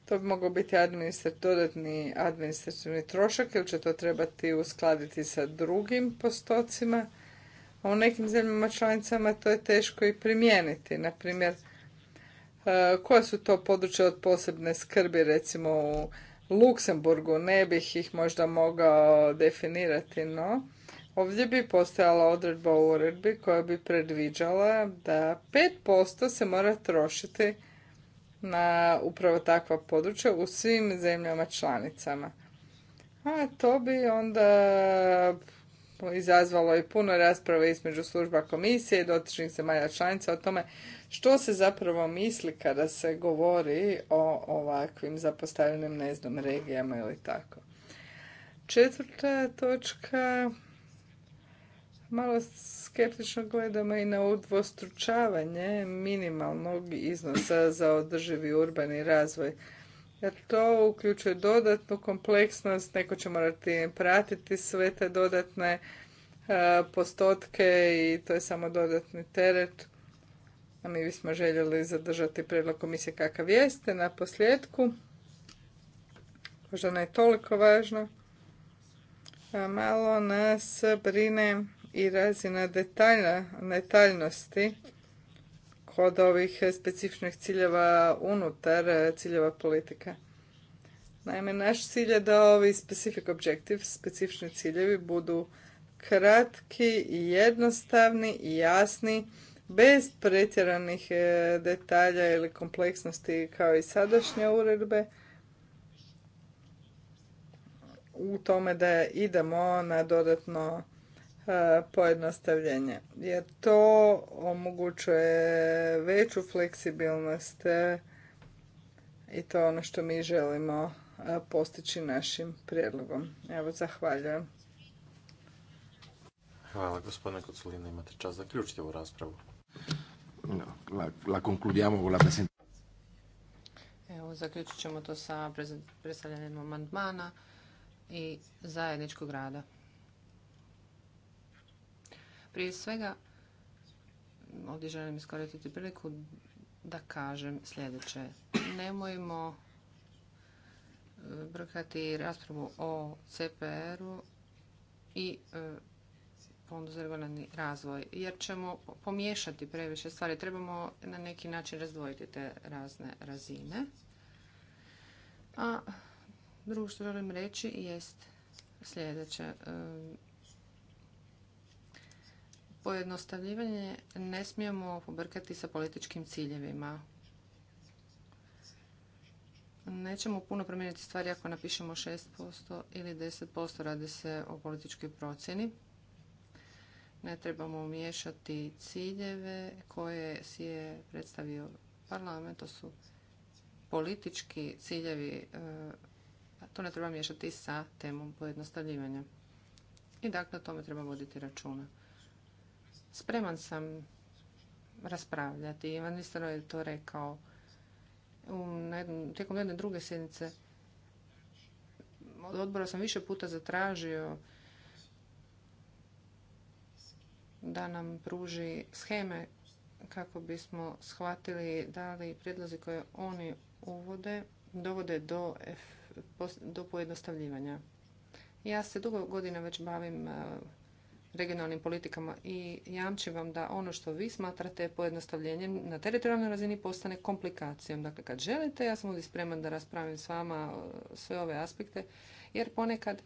to bi mogao biti dodatni administrativni trošak ili će to trebati uskladiti sa drugim postocima. A u nekim zemljama članicama to je teško i primijeniti. Naprimjer, e, koja su to područja od posebne skrbi, recimo u Luksemburgu, ne bih ih možda mogao definirati, no ovdje bi postojala odredba u uredbi koja bi predviđala da 5% se mora trošiti na upravo takva područja u svim zemljama članicama. A to bi onda izazvalo i puno rasprave između služba komisije i dotičnih zemalja članica o tome što se zapravo misli kada se govori o ovakvim zapostavljenim, ne znam, regijama ili tako. Četvrta točka, malo skeptično gledamo i na udvostručavanje minimalnog iznosa za održivi urbani razvoj. Jer to uključuje dodatnu kompleksnost, neko će morati pratiti sve te dodatne e, postotke i to je samo dodatni teret. A mi bismo željeli zadržati predlog komisije kakav jeste na posljedku. Možda ne toliko važno. malo nas brine i razina detaljnosti kod ovih specifičnih ciljeva unutar e, ciljeva politika. Naime, naš cilj je da ovi specific objectives, specifični ciljevi budu kratki i jednostavni i jasni, bez pretjeranih e, detalja ili kompleksnosti kao i sadašnje uredbe u tome da idemo na dodatno E, pojednostavljenje. Jer to omogućuje veću fleksibilnost e, i to je ono što mi želimo e, postići našim prijedlogom. Evo, zahvaljujem. Hvala, gospodine Kocolina, imate čas zaključiti ovu raspravu. Evo, zaključit ćemo to sa predstavljanjem amandmana i zajedničkog rada. Prije svega, ovdje želim iskoristiti priliku da kažem sljedeće. Nemojmo e, brkati raspravu o CPR-u i e, fondu za regionalni razvoj, jer ćemo pomiješati previše stvari. Trebamo na neki način razdvojiti te razne razine. A drugo što želim reći jest sljedeće. E, pojednostavljivanje ne smijemo pobrkati sa političkim ciljevima. Nećemo puno promijeniti stvari ako napišemo 6% ili 10%, radi se o političkoj procjeni. Ne trebamo miješati ciljeve koje si je predstavio parlament, to su politički ciljevi, e, to ne treba miješati sa temom pojednostavljivanja. I dakle, o tome treba voditi računa. Spreman sam raspravljati. Ivan Nistano je to rekao tijekom jedne druge sjednice. Od odbora sam više puta zatražio da nam pruži scheme kako bismo shvatili da li prijedlozi koje oni uvode dovode do, do pojednostavljivanja. Ja se dugo godina već bavim regionalnim politikama i jamčim vam da ono što vi smatrate pojednostavljenjem na teritorijalnoj razini postane komplikacijom. Dakle, kad želite, ja sam ovdje spreman da raspravim s vama uh, sve ove aspekte, jer ponekad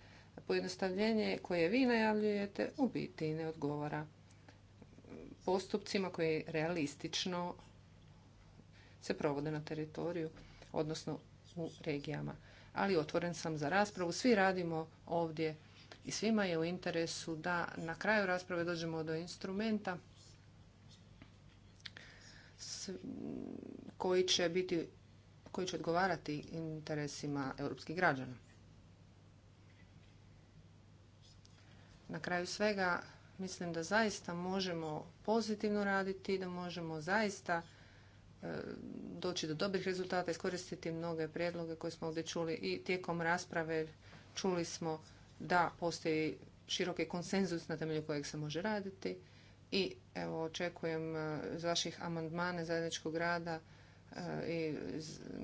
pojednostavljenje koje vi najavljujete u biti ne odgovara postupcima koji realistično se provode na teritoriju, odnosno u regijama. Ali otvoren sam za raspravu, svi radimo ovdje i svima je u interesu da na kraju rasprave dođemo do instrumenta koji će biti koji će odgovarati interesima europskih građana. Na kraju svega mislim da zaista možemo pozitivno raditi, da možemo zaista e, doći do dobrih rezultata, iskoristiti mnoge prijedloge koje smo ovdje čuli i tijekom rasprave čuli smo da postoji široki konsenzus na temelju kojeg se može raditi i evo očekujem e, iz vaših amandmana zajedničkog rada e, i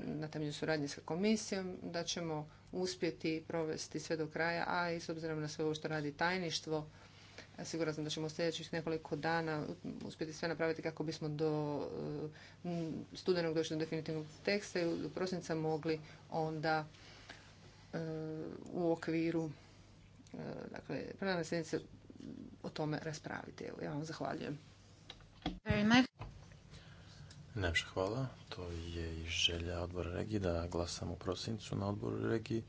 na temelju suradnje sa komisijom da ćemo uspjeti provesti sve do kraja, a i s obzirom na sve ovo što radi tajništvo, e, siguran sam da ćemo u sljedećih nekoliko dana uspjeti sve napraviti kako bismo do studenog došli do definitivnog teksta i u prosinca mogli onda u okviru E, dakle, plenarne sjednice o tome raspraviti. Evo, ja vam zahvaljujem. Najpša hvala. To je i želja odbora regije da glasamo u prosincu na odboru regiji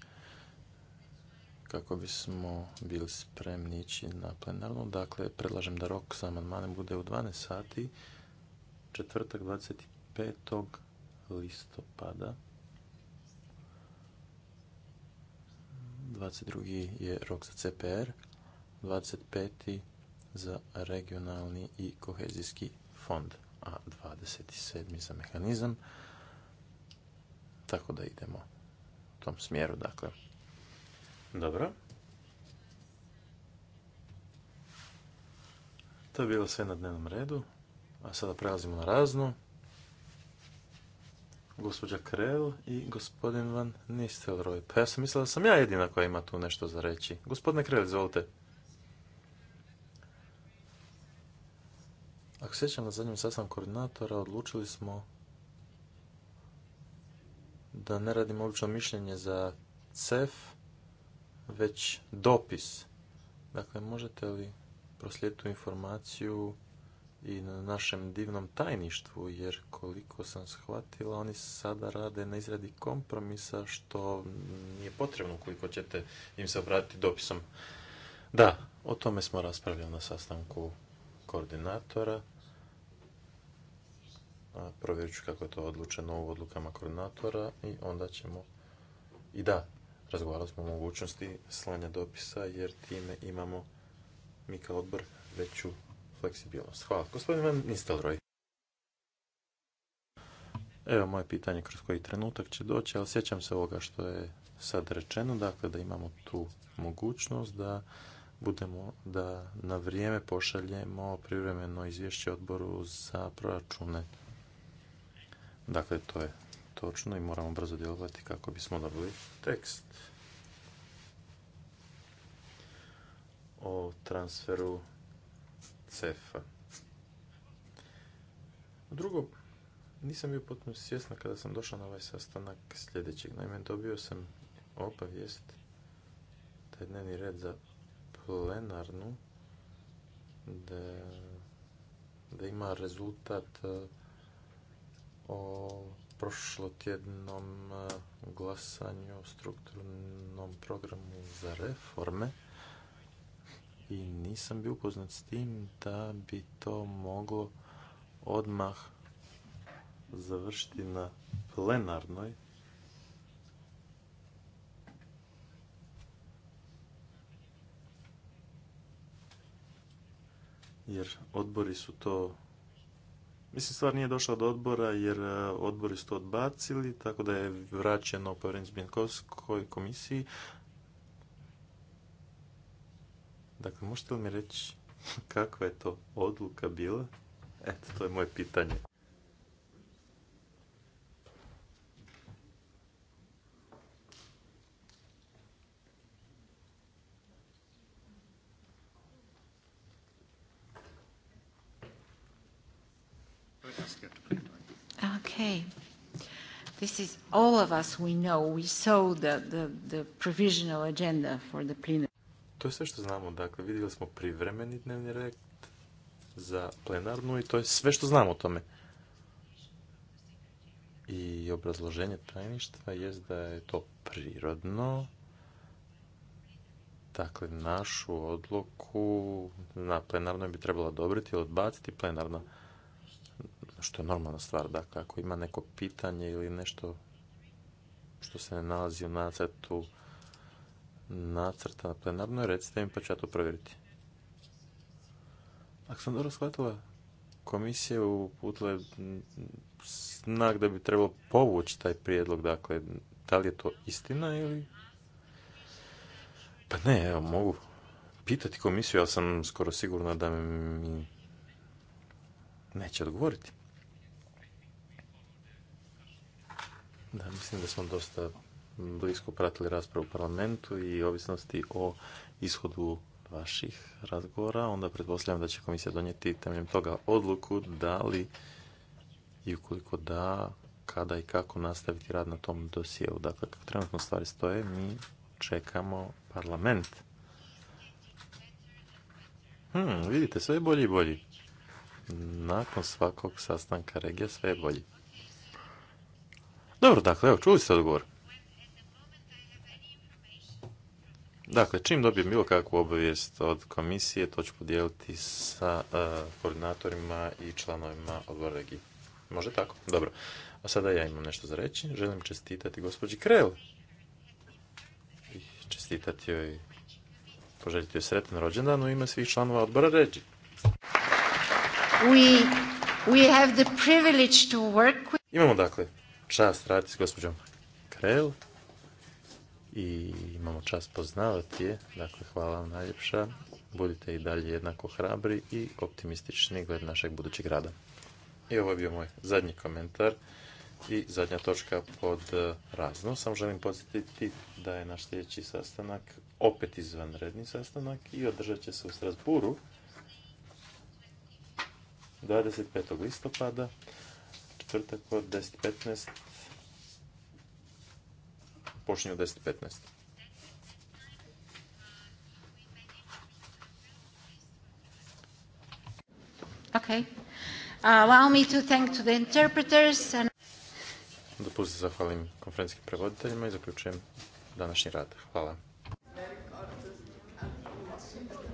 kako bismo bili spremni ići na plenarnu. Dakle, predlažem da rok za amandmanom bude u 12 sati, četvrtak 25. listopada. 22. je rok za CPR, 25. za regionalni i kohezijski fond, a 27. za mehanizam. Tako da idemo u tom smjeru, dakle. Dobro. To je bilo sve na dnevnom redu, a sada prelazimo na razno gospođa Krel i gospodin Van Nistelrooy. Pa ja sam mislila da sam ja jedina koja ima tu nešto za reći. Gospodine Krel, izvolite. Ako sjećam na zadnjem sastanku koordinatora, odlučili smo da ne radimo obično mišljenje za CEF, već dopis. Dakle, možete li proslijediti tu informaciju i na našem divnom tajništvu, jer koliko sam shvatila, oni sada rade na izradi kompromisa, što nije potrebno koliko ćete im se obratiti dopisom. Da, o tome smo raspravljali na sastanku koordinatora. Provjerit ću kako je to odlučeno u odlukama koordinatora i onda ćemo... I da, razgovarali smo o mogućnosti slanja dopisa, jer time imamo mi kao odbor veću fleksibilnost. Hvala. Gospodin Van Nistelroj. Evo moje pitanje kroz koji trenutak će doći, ali sjećam se ovoga što je sad rečeno, dakle da imamo tu mogućnost da budemo da na vrijeme pošaljemo privremeno izvješće odboru za proračune. Dakle, to je točno i moramo brzo djelovati kako bismo dobili tekst o transferu CF. Drugo, nisam bio potpuno svjesna kada sam došao na ovaj sastanak sljedećeg. Naime, dobio sam obavijest da je dnevni red za plenarnu da, ima rezultat e, o prošlotjednom e, glasanju o strukturnom programu za reforme i nisam bio upoznat s tim da bi to moglo odmah završiti na plenarnoj. Jer odbori su to... Mislim, stvar nije došla do odbora jer e, odbori su to odbacili, tako da je vraćeno povjerenju Zbjenkovskoj komisiji, Dakle, možete li mi reći kakva je to odluka bila? Eto, to je moje pitanje. Okay. This is all of us we know. We saw the, the, the provisional agenda for the plenary. To je sve što znamo. Dakle, vidjeli smo privremeni dnevni red za plenarnu i to je sve što znamo o tome. I obrazloženje tajništva je da je to prirodno. Dakle, našu odluku na plenarnoj bi trebalo odobriti ili odbaciti plenarno, što je normalna stvar. Dakle, ako ima neko pitanje ili nešto što se ne nalazi u nacrtu nacrta na plenarnoj, recite mi pa ću ja to provjeriti. Ako sam dobro shvatila, komisija uputila je znak da bi trebalo povući taj prijedlog, dakle, da li je to istina ili... Pa ne, evo, mogu pitati komisiju, ja sam skoro sigurna da mi neće odgovoriti. Da, mislim da smo dosta blisko pratili raspravu u parlamentu i ovisnosti o ishodu vaših razgovora, onda pretpostavljam da će komisija donijeti temeljem toga odluku da li i ukoliko da, kada i kako nastaviti rad na tom dosijevu. Dakle, kako trenutno stvari stoje, mi čekamo parlament. Hmm, vidite, sve je bolji i bolji. Nakon svakog sastanka regija sve je bolji. Dobro, dakle, evo, čuli ste odgovor. Dakle, čim dobijem bilo kakvu obavijest od komisije, to ću podijeliti sa e, koordinatorima i članovima odbora regije. Može tako? Dobro. A sada ja imam nešto za reći. Želim čestitati gospođi Krel. čestitati joj, poželjiti joj sretan rođendan u ime svih članova odbora regije. Imamo dakle čast raditi s gospođom Krel i imamo čast poznavati je. Dakle, hvala vam najljepša. Budite i dalje jednako hrabri i optimistični gled našeg budućeg rada. I ovo je bio moj zadnji komentar i zadnja točka pod e, razno. Samo želim podsjetiti da je naš sljedeći sastanak opet izvanredni sastanak i održat će se u Strasburu 25. listopada, četvrtak od 10.15 počinje u 10.15. Okay. Uh, allow me to thank to the interpreters and... Dopustite zahvalim konferencijskim prevoditeljima i zaključujem današnji rad. Hvala.